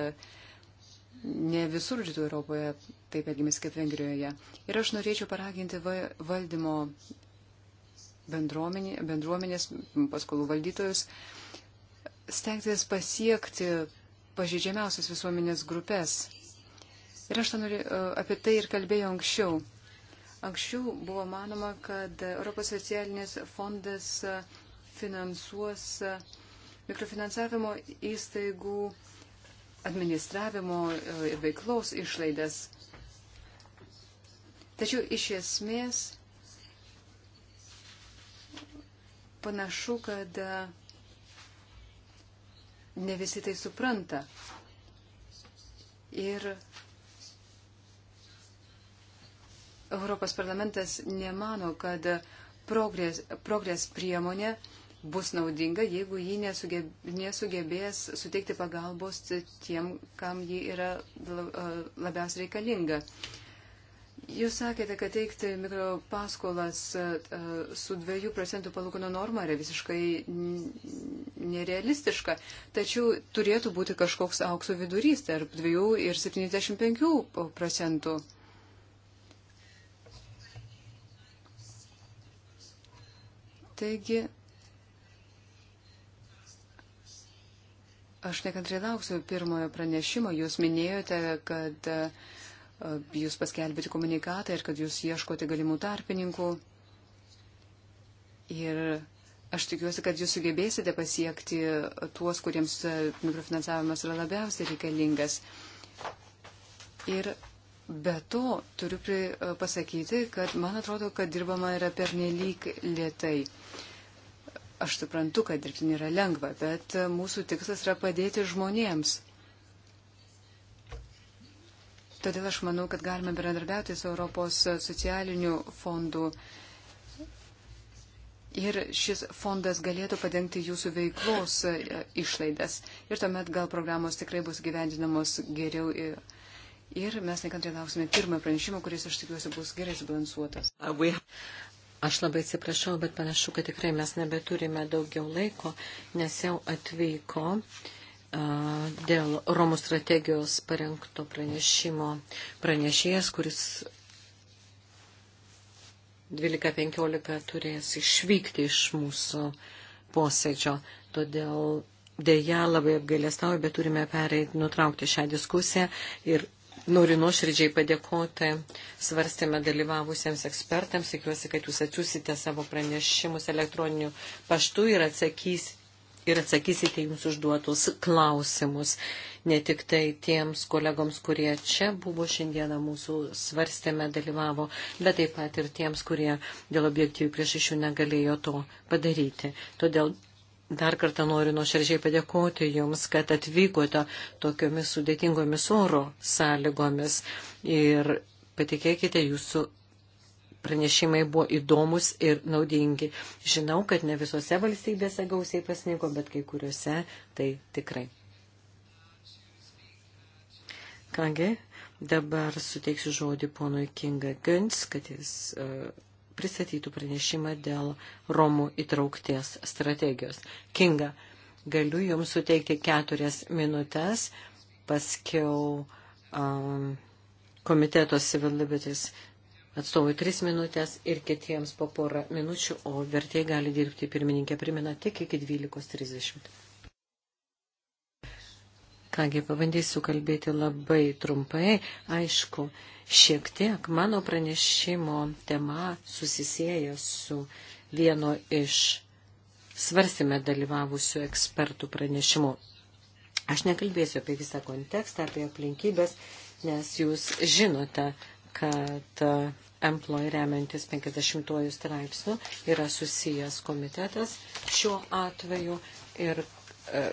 Ne visur rytų Europoje taip elgiamės kaip Vengrijoje. Ir aš norėčiau paraginti valdymo bendruomenė, bendruomenės, paskolų valdytojus, stengtis pasiekti pažydžiamiausias visuomenės grupės. Ir aš norė, e, apie tai ir kalbėjau anksčiau. Anksčiau buvo manoma, kad Europos socialinis fondas finansuos mikrofinansavimo įstaigų administravimo ir e, veiklos išlaidas. Tačiau iš esmės panašu, kad e, ne visi tai supranta. Ir Europos parlamentas nemano, kad progres, progres priemonė uh, bus naudinga, jeigu ji nesugeb, nesugebės suteikti pagalbos tiem, kam ji yra labiausiai reikalinga. Jūs sakėte, kad teikti mikropaskolas su 2 procentų palūkanų norma yra visiškai nerealistiška, tačiau turėtų būti kažkoks aukso vidurys tarp 2 ir 75 procentų. Taigi, Aš nekantriai lauksiu pirmojo pranešimo. Jūs minėjote, kad e, jūs paskelbėte komunikatą ir kad jūs ieškote galimų tarpininkų. Ir aš tikiuosi, kad jūs sugebėsite pasiekti tuos, kuriems e, mikrofinansavimas yra labiausiai reikalingas. Ir be to turiu e, pasakyti, kad man atrodo, kad dirbama yra pernelyg lietai. Uh, Aš suprantu, kad dirbti nėra lengva, bet mūsų tikslas yra padėti žmonėms. Todėl aš manau, kad galime bendradarbiauti su Europos socialiniu fondu. Ir šis fondas galėtų padengti jūsų veiklos e, išlaidas. Ir tuomet gal programos tikrai bus gyvendinamos geriau. Ir mes nekantriai lauksime pirmą pranešimą, kuris, aš tikiuosi, bus gerai subalansuotas. Uh, Aš labai atsiprašau, bet panašu, kad tikrai mes nebeturime daugiau laiko, nes jau atvyko uh, dėl Romų strategijos parengto pranešimo pranešėjas, kuris 12.15 turės išvykti iš mūsų posėdžio. Todėl Deja, labai apgailestauju, bet turime pereiti, nutraukti šią diskusiją ir Noriu nuoširdžiai padėkoti svarstėme dalyvavusiems ekspertams. Tikiuosi, kad jūs atsiusite savo pranešimus elektroniniu paštu ir, atsakys, ir atsakysite jums užduotus klausimus. Ne tik tai tiems kolegoms, kurie čia buvo šiandieną mūsų svarstėme dalyvavo, bet taip pat ir tiems, kurie dėl objektyvių priežasčių negalėjo to padaryti. Todėl Dar kartą noriu nuoširdžiai padėkoti Jums, kad atvykote tokiomis sudėtingomis oro sąlygomis ir patikėkite, Jūsų pranešimai buvo įdomus ir naudingi. Žinau, kad ne visose valstybėse gausiai pasnigo, bet kai kuriuose tai tikrai. Kągi, dabar suteiksiu žodį ponui Kinga Gins, kad jis. Uh, pristatytų pranešimą dėl Romų įtraukties strategijos. Kinga, galiu Jums suteikti keturias minutės, paskiau um, komiteto civil liberties atstovui tris minutės ir kitiems po porą minučių, o vertėjai gali dirbti pirmininkė primena tik iki 12.30. Kągi, pabandysiu kalbėti labai trumpai. Aišku, Šiek tiek mano pranešimo tema susisėja su vieno iš svarsime dalyvavusių ekspertų pranešimu. Aš nekalbėsiu apie visą kontekstą, apie aplinkybės, nes jūs žinote, kad e, employ remiantis 50 straipsniu yra susijęs komitetas šiuo atveju ir e,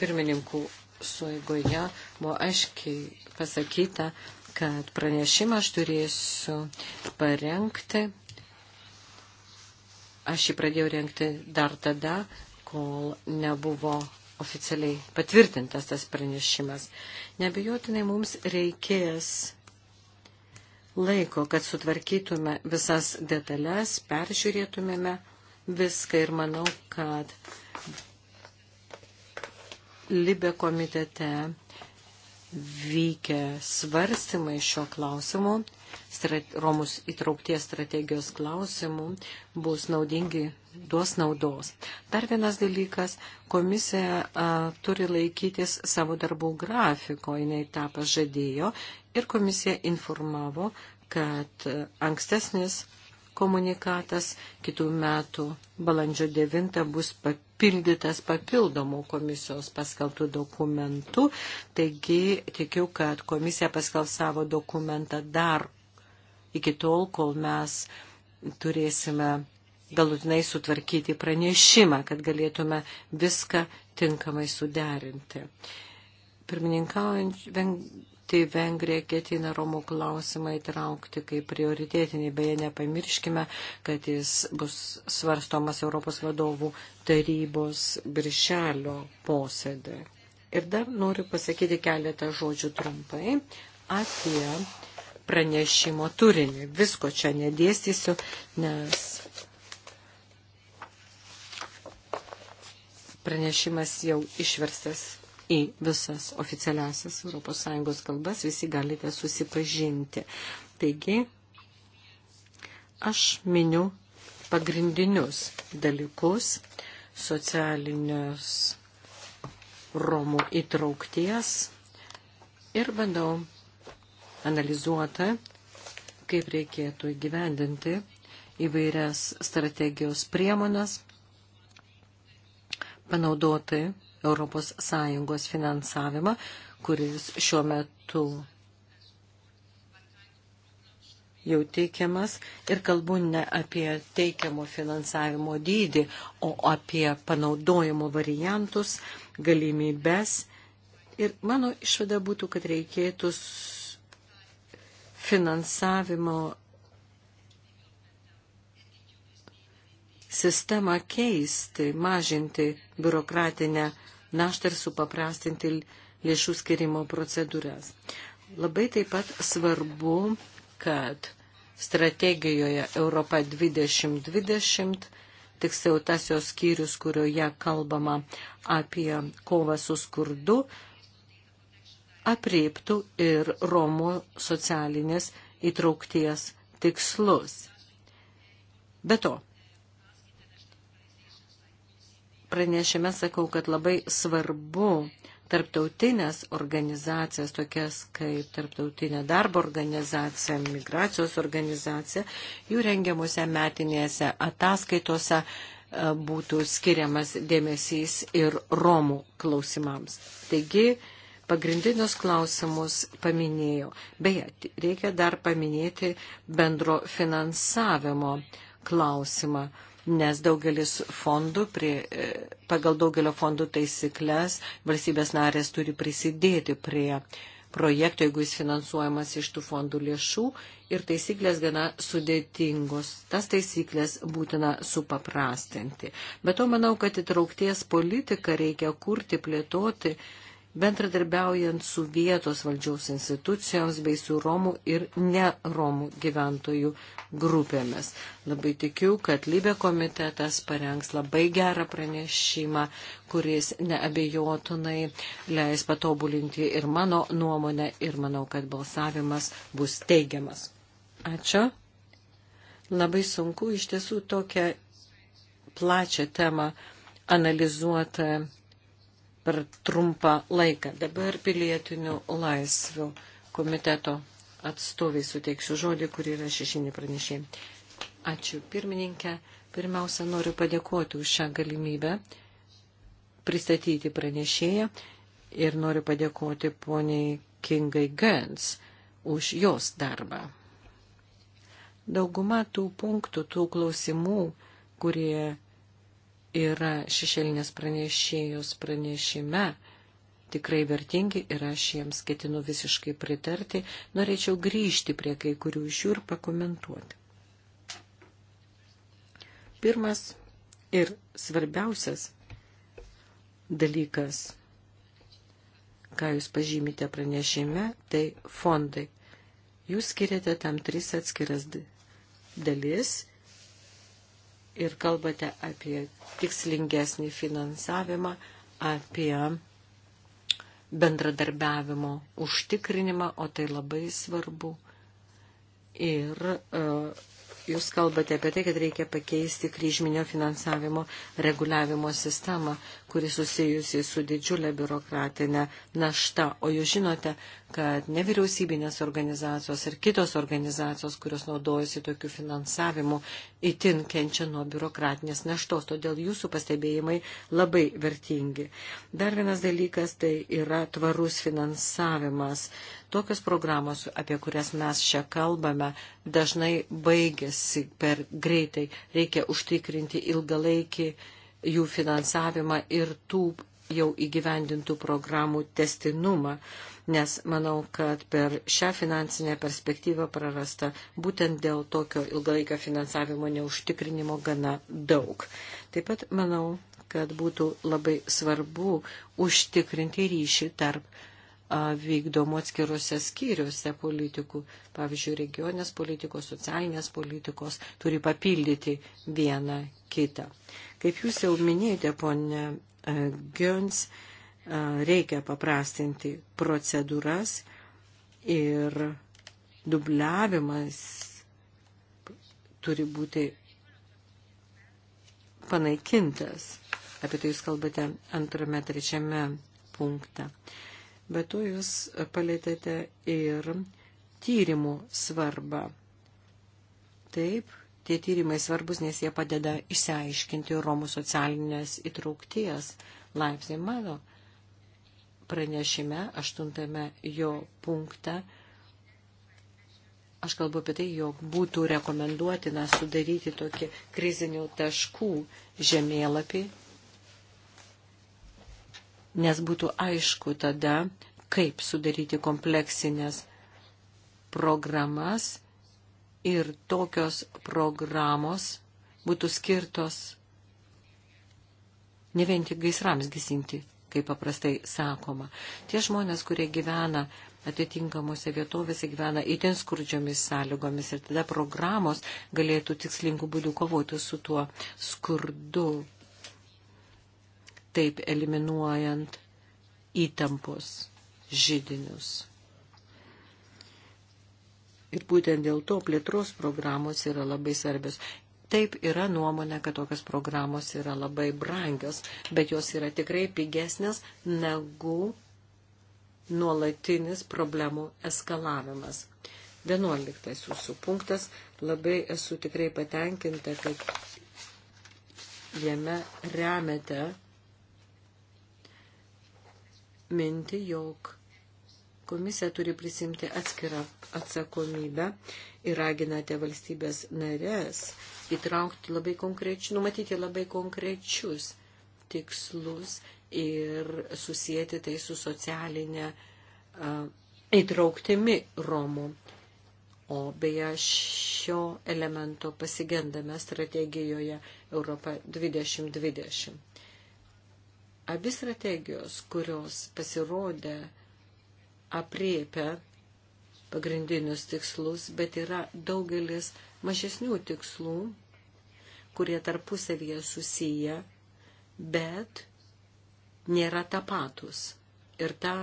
pirmininkų suigoje buvo aiškiai pasakyta, kad pranešimą aš turėsiu parengti. Aš jį pradėjau rengti dar tada, kol nebuvo oficialiai patvirtintas tas pranešimas. Nebejotinai mums reikės laiko, kad sutvarkytume visas detalės, peržiūrėtumėme viską ir manau, kad Libe komitete vykę svarstymai šio klausimu, Romos įtraukties strategijos klausimų, bus naudingi, duos naudos. Dar vienas dalykas, komisija a, turi laikytis savo darbų grafiko, jinai tą pažadėjo ir komisija informavo, kad ankstesnis komunikatas kitų metų balandžio 9 bus papildytas papildomų komisijos paskeltų dokumentų. Taigi tikiu, kad komisija paskelb savo dokumentą dar iki tol, kol mes turėsime galutinai sutvarkyti pranešimą, kad galėtume viską tinkamai suderinti. Pirmininkaujant, kryptį tai Vengrija ketina Romų klausimą įtraukti kaip prioritetinį. Beje, nepamirškime, kad jis bus svarstomas Europos vadovų tarybos biršelio posėdė. Ir dar noriu pasakyti keletą žodžių trumpai apie pranešimo turinį. Visko čia nedėstysiu, nes pranešimas jau išverstas į visas oficialiasias ES kalbas, visi galite susipažinti. Taigi, aš miniu pagrindinius dalykus socialinius Romų įtraukties ir bandau analizuoti, kaip reikėtų įgyvendinti įvairias strategijos priemonės, panaudoti ES finansavimą, kuris šiuo metu jau teikiamas ir kalbu ne apie teikiamo finansavimo dydį, o apie panaudojimo variantus, galimybės. Ir mano išvada būtų, kad reikėtų finansavimo sistemą keisti, mažinti biurokratinę naštą ir supaprastinti lėšų skirimo procedūras. Labai taip pat svarbu, kad strategijoje Europa 2020, tiksliau tas jos skyrius, kurioje kalbama apie kovą su skurdu, apriektų ir Romų socialinės įtraukties tikslus. Be to, pranešime sakau, kad labai svarbu tarptautinės organizacijas, tokias kaip tarptautinė darbo organizacija, migracijos organizacija, jų rengiamuose metinėse ataskaitose e, būtų skiriamas dėmesys ir Romų klausimams. Taigi, pagrindinius klausimus paminėjau. Beje, reikia dar paminėti bendro finansavimo klausimą nes daugelis fondų, prie, e, pagal daugelio fondų taisyklės, valstybės narės turi prisidėti prie projekto, jeigu jis finansuojamas iš tų fondų lėšų ir taisyklės gana sudėtingos. Tas taisyklės būtina supaprastinti. Bet to manau, kad įtraukties politiką reikia kurti, plėtoti, bendradarbiaujant su vietos valdžiaus institucijoms bei su Romų ir ne Romų gyventojų grupėmis. Labai tikiu, kad Libė komitetas parengs labai gerą pranešimą, kuris neabejotinai leis patobulinti ir mano nuomonę ir manau, kad balsavimas bus teigiamas. Ačiū. Labai sunku iš tiesų tokią plačią temą analizuoti per trumpą laiką. Dabar pilietinių laisvių komiteto atstoviai suteiksiu žodį, kur yra šešini pranešiai. Ačiū pirmininkė. Pirmiausia, noriu padėkoti už šią galimybę pristatyti pranešėją ir noriu padėkoti poniai Kingai Gens už jos darbą. Dauguma tų punktų, tų klausimų, kurie yra šešėlinės pranešėjos pranešime tikrai vertingi ir aš jiems ketinu visiškai pritarti. Norėčiau grįžti prie kai kurių iš jų ir pakomentuoti. Pirmas ir svarbiausias dalykas, ką jūs pažymite pranešime, tai fondai. Jūs skiriate tam tris atskiras dalis ir kalbate apie tikslingesnį finansavimą, apie bendradarbiavimo užtikrinimą, o tai labai svarbu. Ir uh, jūs kalbate apie tai, kad reikia pakeisti kryžminio finansavimo reguliavimo sistemą, kuri susijusi su didžiulė biurokratinė našta. O jūs žinote, kad nevyriausybinės organizacijos ir kitos organizacijos, kurios naudojasi tokiu finansavimu, itin kenčia nuo biurokratinės naštos, todėl jūsų pastebėjimai labai vertingi. Dar vienas dalykas tai yra tvarus finansavimas. Tokios programos, apie kurias mes čia kalbame, dažnai baigėsi per greitai. Reikia užtikrinti ilgalaikį jų finansavimą ir tų jau įgyvendintų programų testinumą nes manau, kad per šią finansinę perspektyvą prarasta būtent dėl tokio ilgalaikio finansavimo neužtikrinimo gana daug. Taip pat manau, kad būtų labai svarbu užtikrinti ryšį tarp vykdomų atskiruose skyriuose politikų. Pavyzdžiui, regionės politikos, socialinės politikos turi papildyti vieną kitą. Kaip jūs jau minėjote, ponė Gions, uh, reikia paprastinti procedūras ir dubliavimas turi būti panaikintas. Apie tai jūs kalbate antrame, trečiame punktą. Bet to jūs palėtėte ir tyrimų svarbą. Taip, tie tyrimai svarbus, nes jie padeda išsiaiškinti Romų socialinės įtraukties laipsnį. Mano pranešime, aštuntame jo punkte, aš kalbu apie tai, jog būtų rekomenduotina sudaryti tokį krizinių taškų žemėlapį, nes būtų aišku tada, kaip sudaryti kompleksinės programas ir tokios programos būtų skirtos ne vien tik gaisrams gesinti, kaip paprastai sakoma. Tie žmonės, kurie gyvena atitinkamuose vietovėse, gyvena itin skurdžiomis sąlygomis ir tada programos galėtų tikslingų būdų kovoti su tuo skurdu, taip eliminuojant įtampos žydinius. Ir būtent dėl to plėtros programos yra labai svarbios. Taip yra nuomonė, kad tokios programos yra labai brangios, bet jos yra tikrai pigesnės negu nuolatinis problemų eskalavimas. Vienuoliktas jūsų punktas. Labai esu tikrai patenkinta, kad jame remiate mintį, jog Komisija turi prisimti atskirą atsakomybę ir raginate valstybės narės įtraukti labai konkrečius, numatyti labai konkrečius tikslus ir susijęti tai su socialinė uh, įtrauktimi Romų. O beje, šio elemento pasigendame strategijoje Europa 2020 abi strategijos, kurios pasirodė apriepia pagrindinius tikslus, bet yra daugelis mažesnių tikslų, kurie tarpusavyje susiję, bet nėra tapatus. Ir tą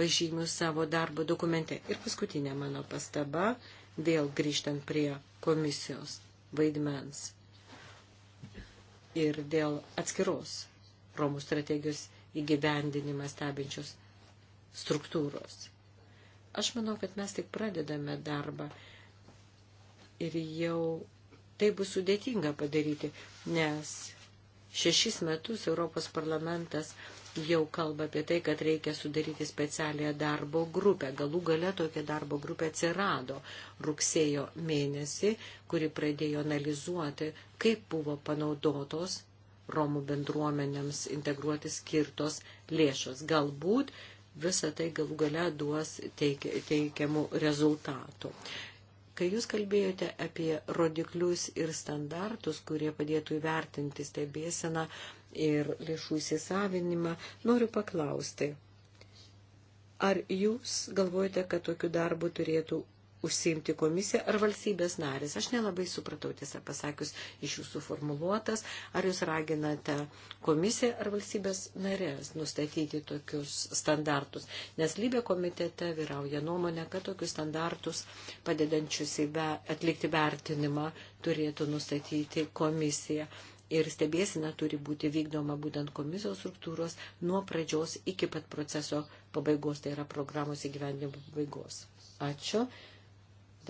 pažymiu savo darbo dokumente. Ir paskutinė mano pastaba, vėl grįžtant prie komisijos vaidmens ir dėl atskiros Romų strategijos įgyvendinimą stebinčios struktūros. Aš manau, kad mes tik pradedame darbą ir jau tai bus sudėtinga padaryti, nes šešis metus Europos parlamentas jau kalba apie tai, kad reikia sudaryti specialią darbo grupę. Galų gale tokia darbo grupė atsirado rugsėjo mėnesį, kuri pradėjo analizuoti, kaip buvo panaudotos Romų bendruomenėms integruoti skirtos lėšos. Galbūt visa tai galų gale duos teikiamų rezultatų. Kai jūs kalbėjote apie rodiklius ir standartus, kurie padėtų įvertinti stebėseną ir lėšų įsisavinimą, noriu paklausti, ar jūs galvojate, kad tokiu darbu turėtų užsiimti komisija ar valstybės narės. Aš nelabai supratau, tiesą pasakius, iš jūsų formuluotas, ar jūs raginate komisiją ar valstybės narės nustatyti tokius standartus. Nes lybė komitete vyrauja nuomonė, kad tokius standartus padedančius įve, atlikti vertinimą turėtų nustatyti komisija ir stebėsina turi būti vykdoma būtent komisijos struktūros nuo pradžios iki pat proceso pabaigos, tai yra programos įgyvendinimo pabaigos. Ačiū.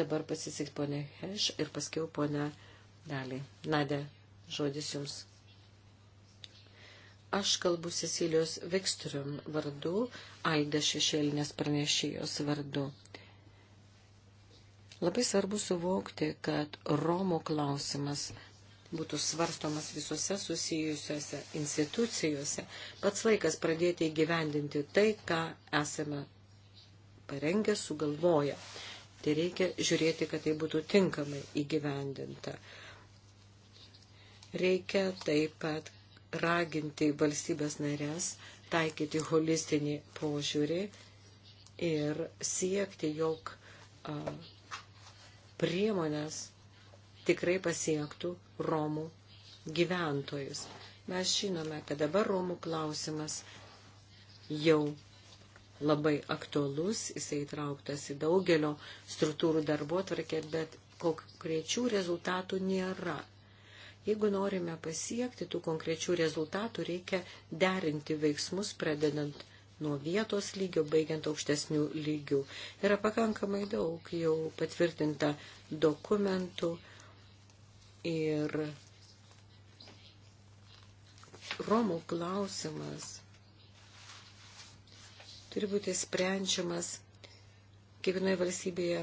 Dabar pasiseks ponė Heš ir paskiau ponė Daliai. Nadė, žodis jums. Aš kalbu Cecilijos Viksturium vardu, Aida Šešėlinės pranešėjos vardu. Labai svarbu suvokti, kad Romų klausimas būtų svarstomas visose susijusiuose institucijose. Pats laikas pradėti įgyvendinti tai, ką esame parengę, sugalvoję. Tai reikia žiūrėti, kad tai būtų tinkamai įgyvendinta. Reikia taip pat raginti valstybės narės taikyti holistinį požiūrį ir siekti, jog a, priemonės tikrai pasiektų Romų gyventojus. Mes žinome, kad dabar Romų klausimas jau labai aktualus, jisai įtrauktas į daugelio struktūrų darbo tvarkę, bet konkrečių rezultatų nėra. Jeigu norime pasiekti tų konkrečių rezultatų, reikia derinti veiksmus, pradedant nuo vietos lygio, baigiant aukštesnių lygių. Yra pakankamai daug jau patvirtinta dokumentų ir Romų klausimas turi būti sprendžiamas kiekvienoje valstybėje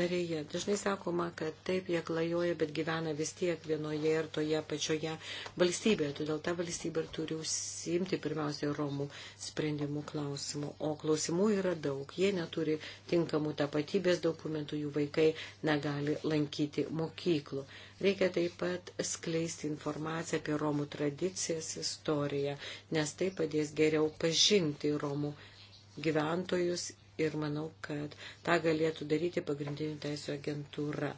narėje. Dažnai sakoma, kad taip jie klajoja, bet gyvena vis tiek vienoje ir toje pačioje valstybėje. Todėl ta valstybė ir turi užsiimti pirmiausiai Romų sprendimų klausimų. O klausimų yra daug. Jie neturi tinkamų tapatybės dokumentų, jų vaikai negali lankyti mokyklų. Reikia taip pat skleisti informaciją apie Romų tradicijas, istoriją, nes tai padės geriau pažinti Romų tradicijas gyventojus ir manau, kad tą galėtų daryti pagrindinių teisų agentūra.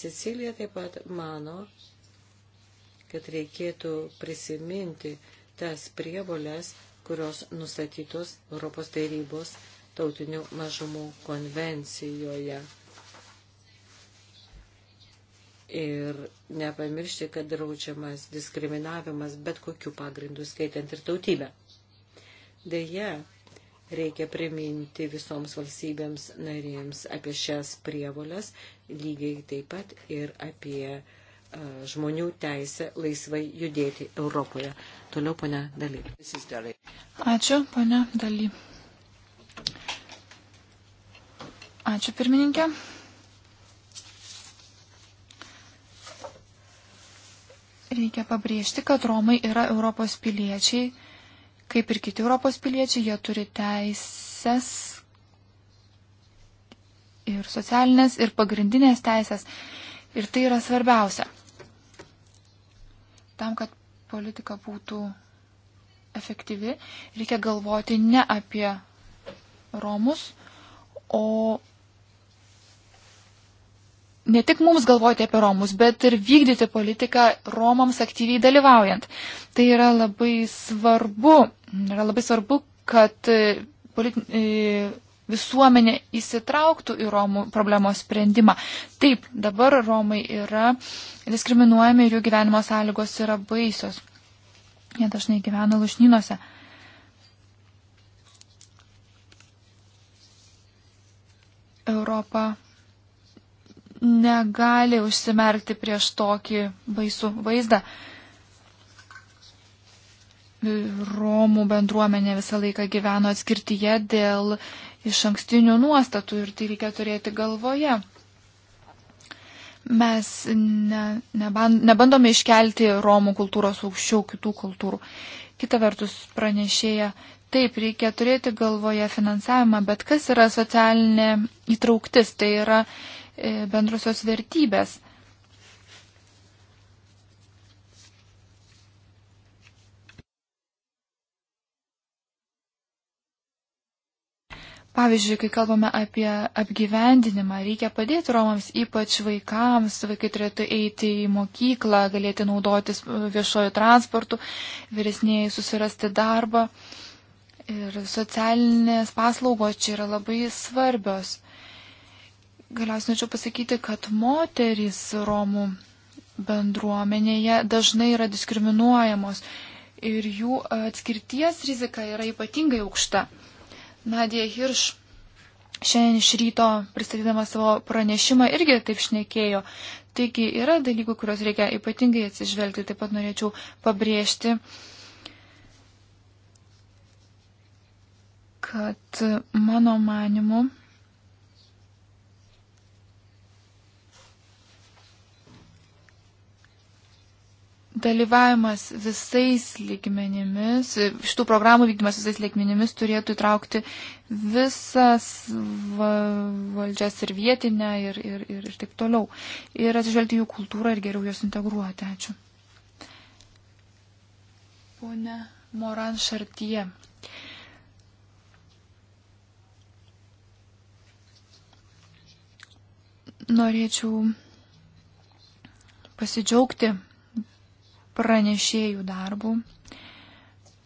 Cecilija taip pat mano, kad reikėtų prisiminti tas prievolės, kurios nustatytos Europos tarybos tautinių mažumų konvencijoje. Ir nepamiršti, kad draučiamas diskriminavimas bet kokiu pagrindu, skaitant ir tautybę. Deja, reikia priminti visoms valstybėms narėms apie šias prievolės, lygiai taip pat ir apie uh, žmonių teisę laisvai judėti Europoje. Toliau, ponia Daly. Ačiū, ponia Daly. Ačiū, pirmininkė. Reikia pabrėžti, kad Romai yra Europos piliečiai Kaip ir kiti Europos piliečiai, jie turi teisės ir socialinės, ir pagrindinės teisės. Ir tai yra svarbiausia. Tam, kad politika būtų efektyvi, reikia galvoti ne apie Romus, o ne tik mums galvoti apie Romus, bet ir vykdyti politiką Romams aktyviai dalyvaujant. Tai yra labai svarbu, yra labai svarbu, kad e, politi, e, visuomenė įsitrauktų į Romų problemos sprendimą. Taip, dabar Romai yra diskriminuojami ir jų gyvenimo sąlygos yra baisios. Jie dažnai gyvena lušnynuose. Europa negali užsimerkti prieš tokį baisų vaizdą. Romų bendruomenė visą laiką gyveno atskirtyje dėl iš ankstinių nuostatų ir tai reikia turėti galvoje. Mes ne, neban, nebandome iškelti Romų kultūros aukščiau kitų kultūrų. Kita vertus, pranešėja, taip, reikia turėti galvoje finansavimą, bet kas yra socialinė įtrauktis? Tai yra E, bendrusios vertybės. Pavyzdžiui, kai kalbame apie apgyvendinimą, reikia padėti romams, ypač vaikams. Vaikai turėtų eiti į mokyklą, galėti naudotis viešojo transportu, vyresnėjai susirasti darbą. Ir socialinės paslaugos čia yra labai svarbios. Galiausiai norėčiau pasakyti, kad moterys Romų bendruomenėje dažnai yra diskriminuojamos ir jų atskirties rizika yra ypatingai aukšta. Nadie Hirš šiandien iš ryto pristatydama savo pranešimą irgi taip šnekėjo. Taigi yra dalykų, kuriuos reikia ypatingai atsižvelgti. Taip pat norėčiau pabrėžti, kad mano manimu dalyvavimas visais lygmenimis, šitų programų vykdymas visais lygmenimis turėtų įtraukti visas va, valdžias ir vietinę ir, ir, ir, ir taip toliau. Ir atsižvelgti jų kultūrą ir geriau juos integruoti. Ačiū. Pone Moran Šartie. Norėčiau pasidžiaugti pranešėjų darbų.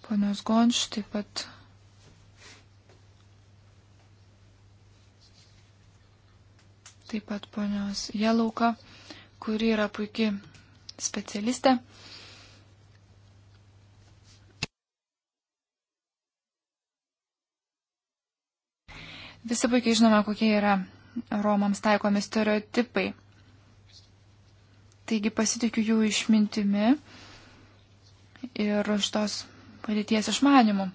Ponios Gonš taip pat. Taip pat ponios Jelauka, kuri yra puikiai specialistė. Visi puikiai žinome, kokie yra Romams taikomi stereotipai. Taigi pasitikiu jų išmintimi ir šitos padėties išmanimu.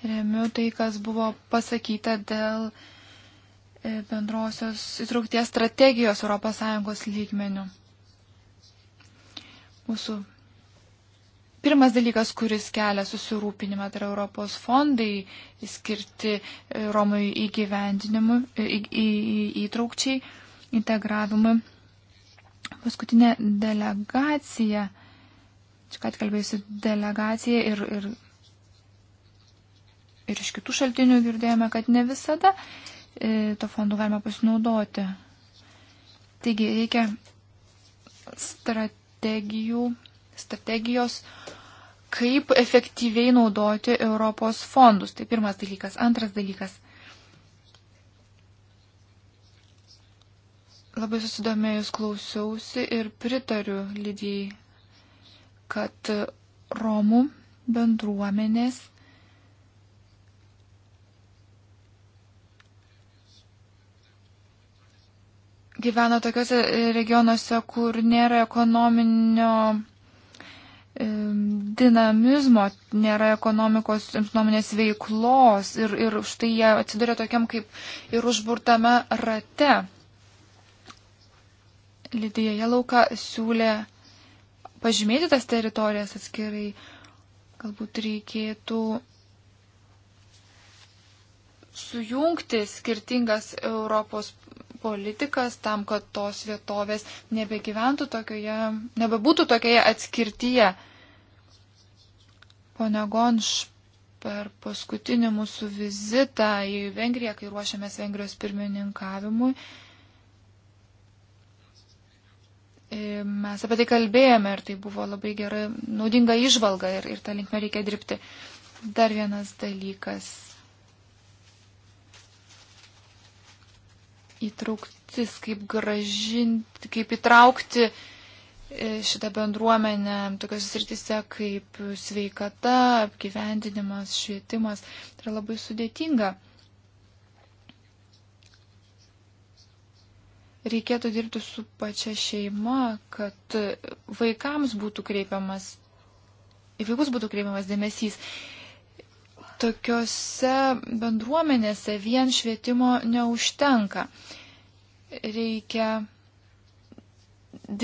Remiu tai, kas buvo pasakyta dėl e, bendrosios įtraukties strategijos ES lygmenių. Mūsų pirmas dalykas, kuris kelia susirūpinimą, tai yra Europos fondai skirti e, Romui įgyvendinimui, e, į, į, į, įtraukčiai, integravimui. Paskutinė delegacija čia ką kalbėjusi delegacija ir, ir, ir iš kitų šaltinių girdėjome, kad ne visada e, to fondo galima pasinaudoti. Taigi reikia strategijų, strategijos, kaip efektyviai naudoti Europos fondus. Tai pirmas dalykas. Antras dalykas. Labai susidomėjus klausiausi ir pritariu Lydijai kad Romų bendruomenės gyvena tokiuose regionuose, kur nėra ekonominio dinamizmo, nėra ekonomikos, ekonominės veiklos ir, ir štai jie atsiduria tokiam kaip ir užburtame rate. Lydėja Lauka siūlė pažymėti tas teritorijas atskirai. Galbūt reikėtų sujungti skirtingas Europos politikas tam, kad tos vietovės nebegyventų tokioje, nebebūtų tokioje atskirtyje. Pone Gonš, per paskutinį mūsų vizitą į Vengriją, kai ruošiamės Vengrijos pirmininkavimui, Mes apie tai kalbėjome ir tai buvo labai gera, naudinga išvalga ir, ir tą linkmę reikia dirbti. Dar vienas dalykas. Įtrauktis, kaip gražinti, kaip įtraukti e, šitą bendruomenę tokios sritise kaip sveikata, apgyvendinimas, švietimas. Tai yra labai sudėtinga. reikėtų dirbti su pačia šeima, kad vaikams būtų kreipiamas, į vaikus būtų kreipiamas dėmesys. Tokiose bendruomenėse vien švietimo neužtenka. Reikia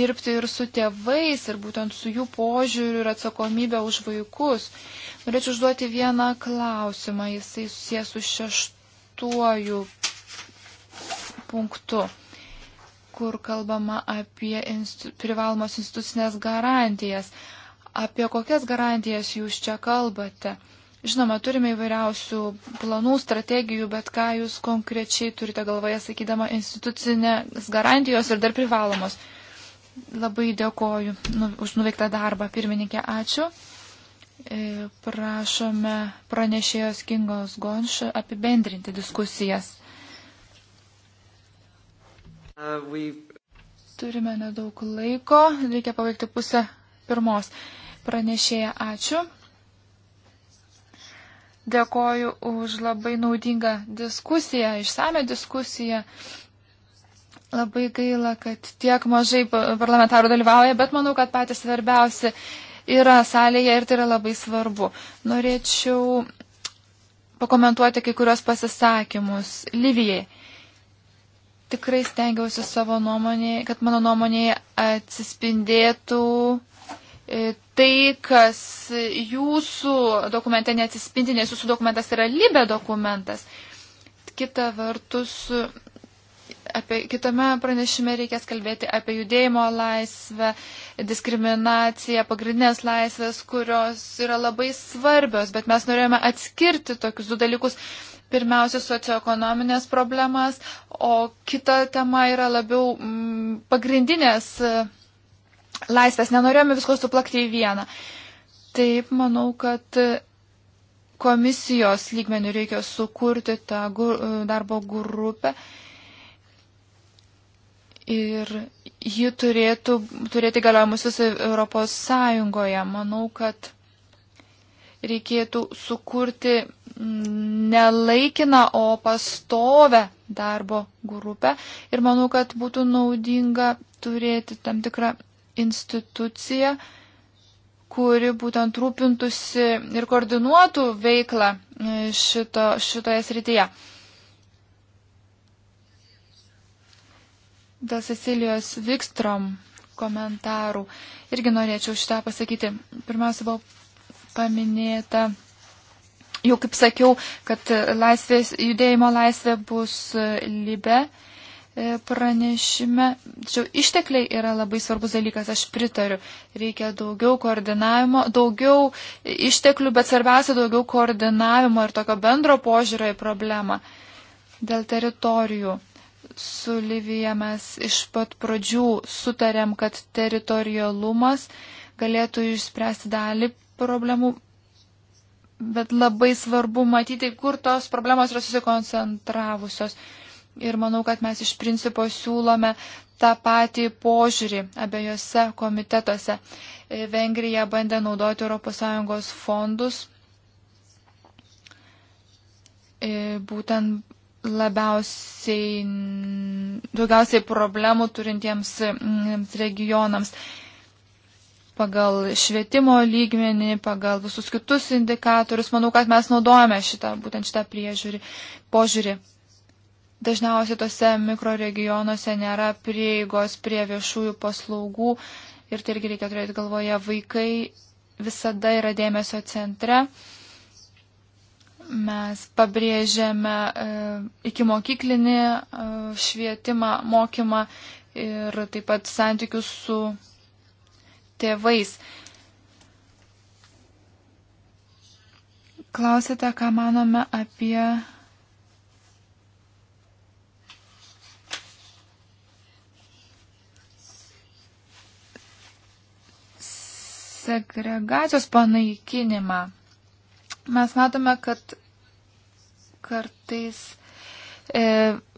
dirbti ir su tėvais, ir būtent su jų požiūriu ir atsakomybė už vaikus. Norėčiau užduoti vieną klausimą, jisai susijęs su šeštuoju punktu kur kalbama apie instu, privalomas institucinės garantijas. Apie kokias garantijas jūs čia kalbate? Žinoma, turime įvairiausių planų, strategijų, bet ką jūs konkrečiai turite galvoje, sakydama, institucinės garantijos ir dar privalomos. Labai dėkoju nu, už nuveiktą darbą. Pirmininkė, ačiū. E, prašome pranešėjos Kingos Gonš apibendrinti diskusijas. Uh, Turime nedaug laiko, reikia pabaigti pusę pirmos. Pranešėja, ačiū. Dėkoju už labai naudingą diskusiją, išsame diskusiją. Labai gaila, kad tiek mažai parlamentarų dalyvauja, bet manau, kad patys svarbiausi yra salėje ir tai yra labai svarbu. Norėčiau pakomentuoti kai kurios pasisakymus. Livijai, tikrai stengiausi savo nuomonėje, kad mano nuomonėje atsispindėtų e, tai, kas jūsų dokumente neatsispindi, nes jūsų dokumentas yra libė dokumentas. Kita vertus, apie, kitame pranešime reikės kalbėti apie judėjimo laisvę, diskriminaciją, pagrindinės laisvės, kurios yra labai svarbios, bet mes norėjome atskirti tokius du dalykus. Pirmiausia, socioekonominės problemas, o kita tema yra labiau mm, pagrindinės e, laisvės. Nenorėjome visko suplakti į vieną. Taip, manau, kad e, komisijos lygmenių reikia sukurti tą darbo grupę Ir ji turėtų turėti galiojimus visą Europos Sąjungoje. Manau, kad reikėtų sukurti nelaikiną, o pastovę darbo grupę. Ir manau, kad būtų naudinga turėti tam tikrą instituciją, kuri būtent rūpintųsi ir koordinuotų veiklą šito, šitoje srityje. dėl Cecilijos Vikstrom komentarų. Irgi norėčiau šitą pasakyti. Pirmiausia, buvo paminėta, jau kaip sakiau, kad laisvės, judėjimo laisvė bus e, libe e, pranešime. Tačiau ištekliai yra labai svarbus dalykas, aš pritariu. Reikia daugiau koordinavimo, daugiau išteklių, bet svarbiausia daugiau koordinavimo ir tokio bendro požiūrio į problemą dėl teritorijų su Livija mes iš pat pradžių sutarėm, kad teritorialumas galėtų išspręsti dalį problemų, bet labai svarbu matyti, kur tos problemos yra susikoncentravusios. Ir manau, kad mes iš principo siūlome tą patį požiūrį abiejose komitetuose. E, Vengrija bandė naudoti ES fondus e, būtent labiausiai, daugiausiai problemų turintiems mm, regionams pagal švietimo lygmenį, pagal visus kitus indikatorius. Manau, kad mes naudojame šitą, būtent šitą priežiūrį, požiūrį. Dažniausiai tose mikroregionuose nėra prieigos prie viešųjų paslaugų ir tai irgi reikia turėti galvoje. Vaikai visada yra dėmesio centre. Uh, Mes pabrėžėme e, iki mokyklinį e, švietimą, mokymą ir taip pat santykius su tėvais. Klausėte, ką manome apie segregacijos panaikinimą. Mes matome, kad kartais e,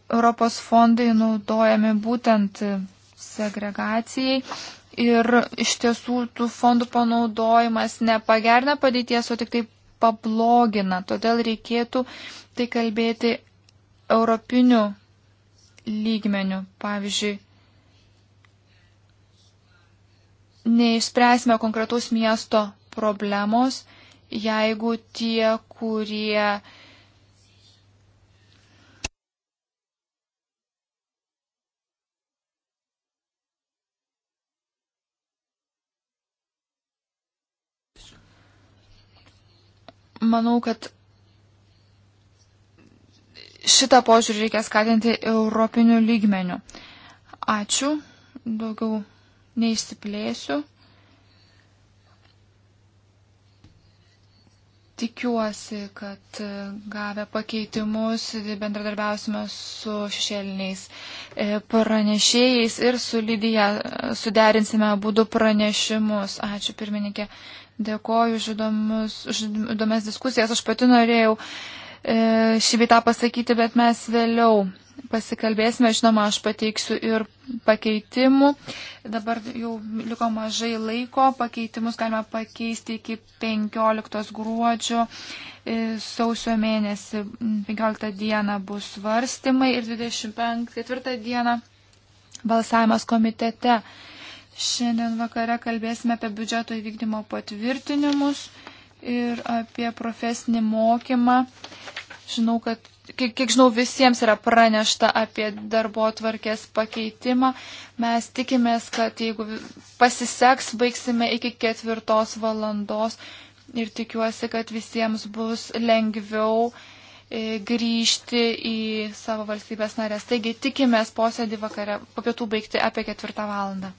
Europos fondai naudojami būtent segregacijai ir iš tiesų tų fondų panaudojimas nepagerina padėties, o tik tai pablogina. Todėl reikėtų tai kalbėti europiniu lygmeniu. Pavyzdžiui, neišspręsime konkretaus miesto problemos, jeigu tie, kurie Manau, kad šitą požiūrį reikia skatinti europiniu lygmeniu. Ačiū, daugiau neišsiplėsiu. Tikiuosi, kad e, gavę pakeitimus bendradarbiausime su šešėliniais e, pranešėjais ir su Lydija e, suderinsime būdų pranešimus. Ačiū pirmininkė, dėkoju už įdomias diskusijas. Aš pati norėjau šį beitą pasakyti, bet mes vėliau pasikalbėsime, žinoma, aš pateiksiu ir pakeitimų. Dabar jau liko mažai laiko, pakeitimus galima pakeisti iki 15 gruodžio, e, sausio mėnesį 15 dieną bus svarstymai ir 24 dieną balsavimas komitete. Šiandien vakare kalbėsime apie biudžeto įvykdymo patvirtinimus ir apie profesinį mokymą. Žinau, kad kiek, kiek žinau, visiems yra pranešta apie darbo tvarkės pakeitimą. Mes tikimės, kad jeigu pasiseks, baigsime iki ketvirtos valandos ir tikiuosi, kad visiems bus lengviau e, grįžti į savo valstybės narės. Taigi tikimės posėdį vakare, po pietų baigti apie ketvirtą valandą.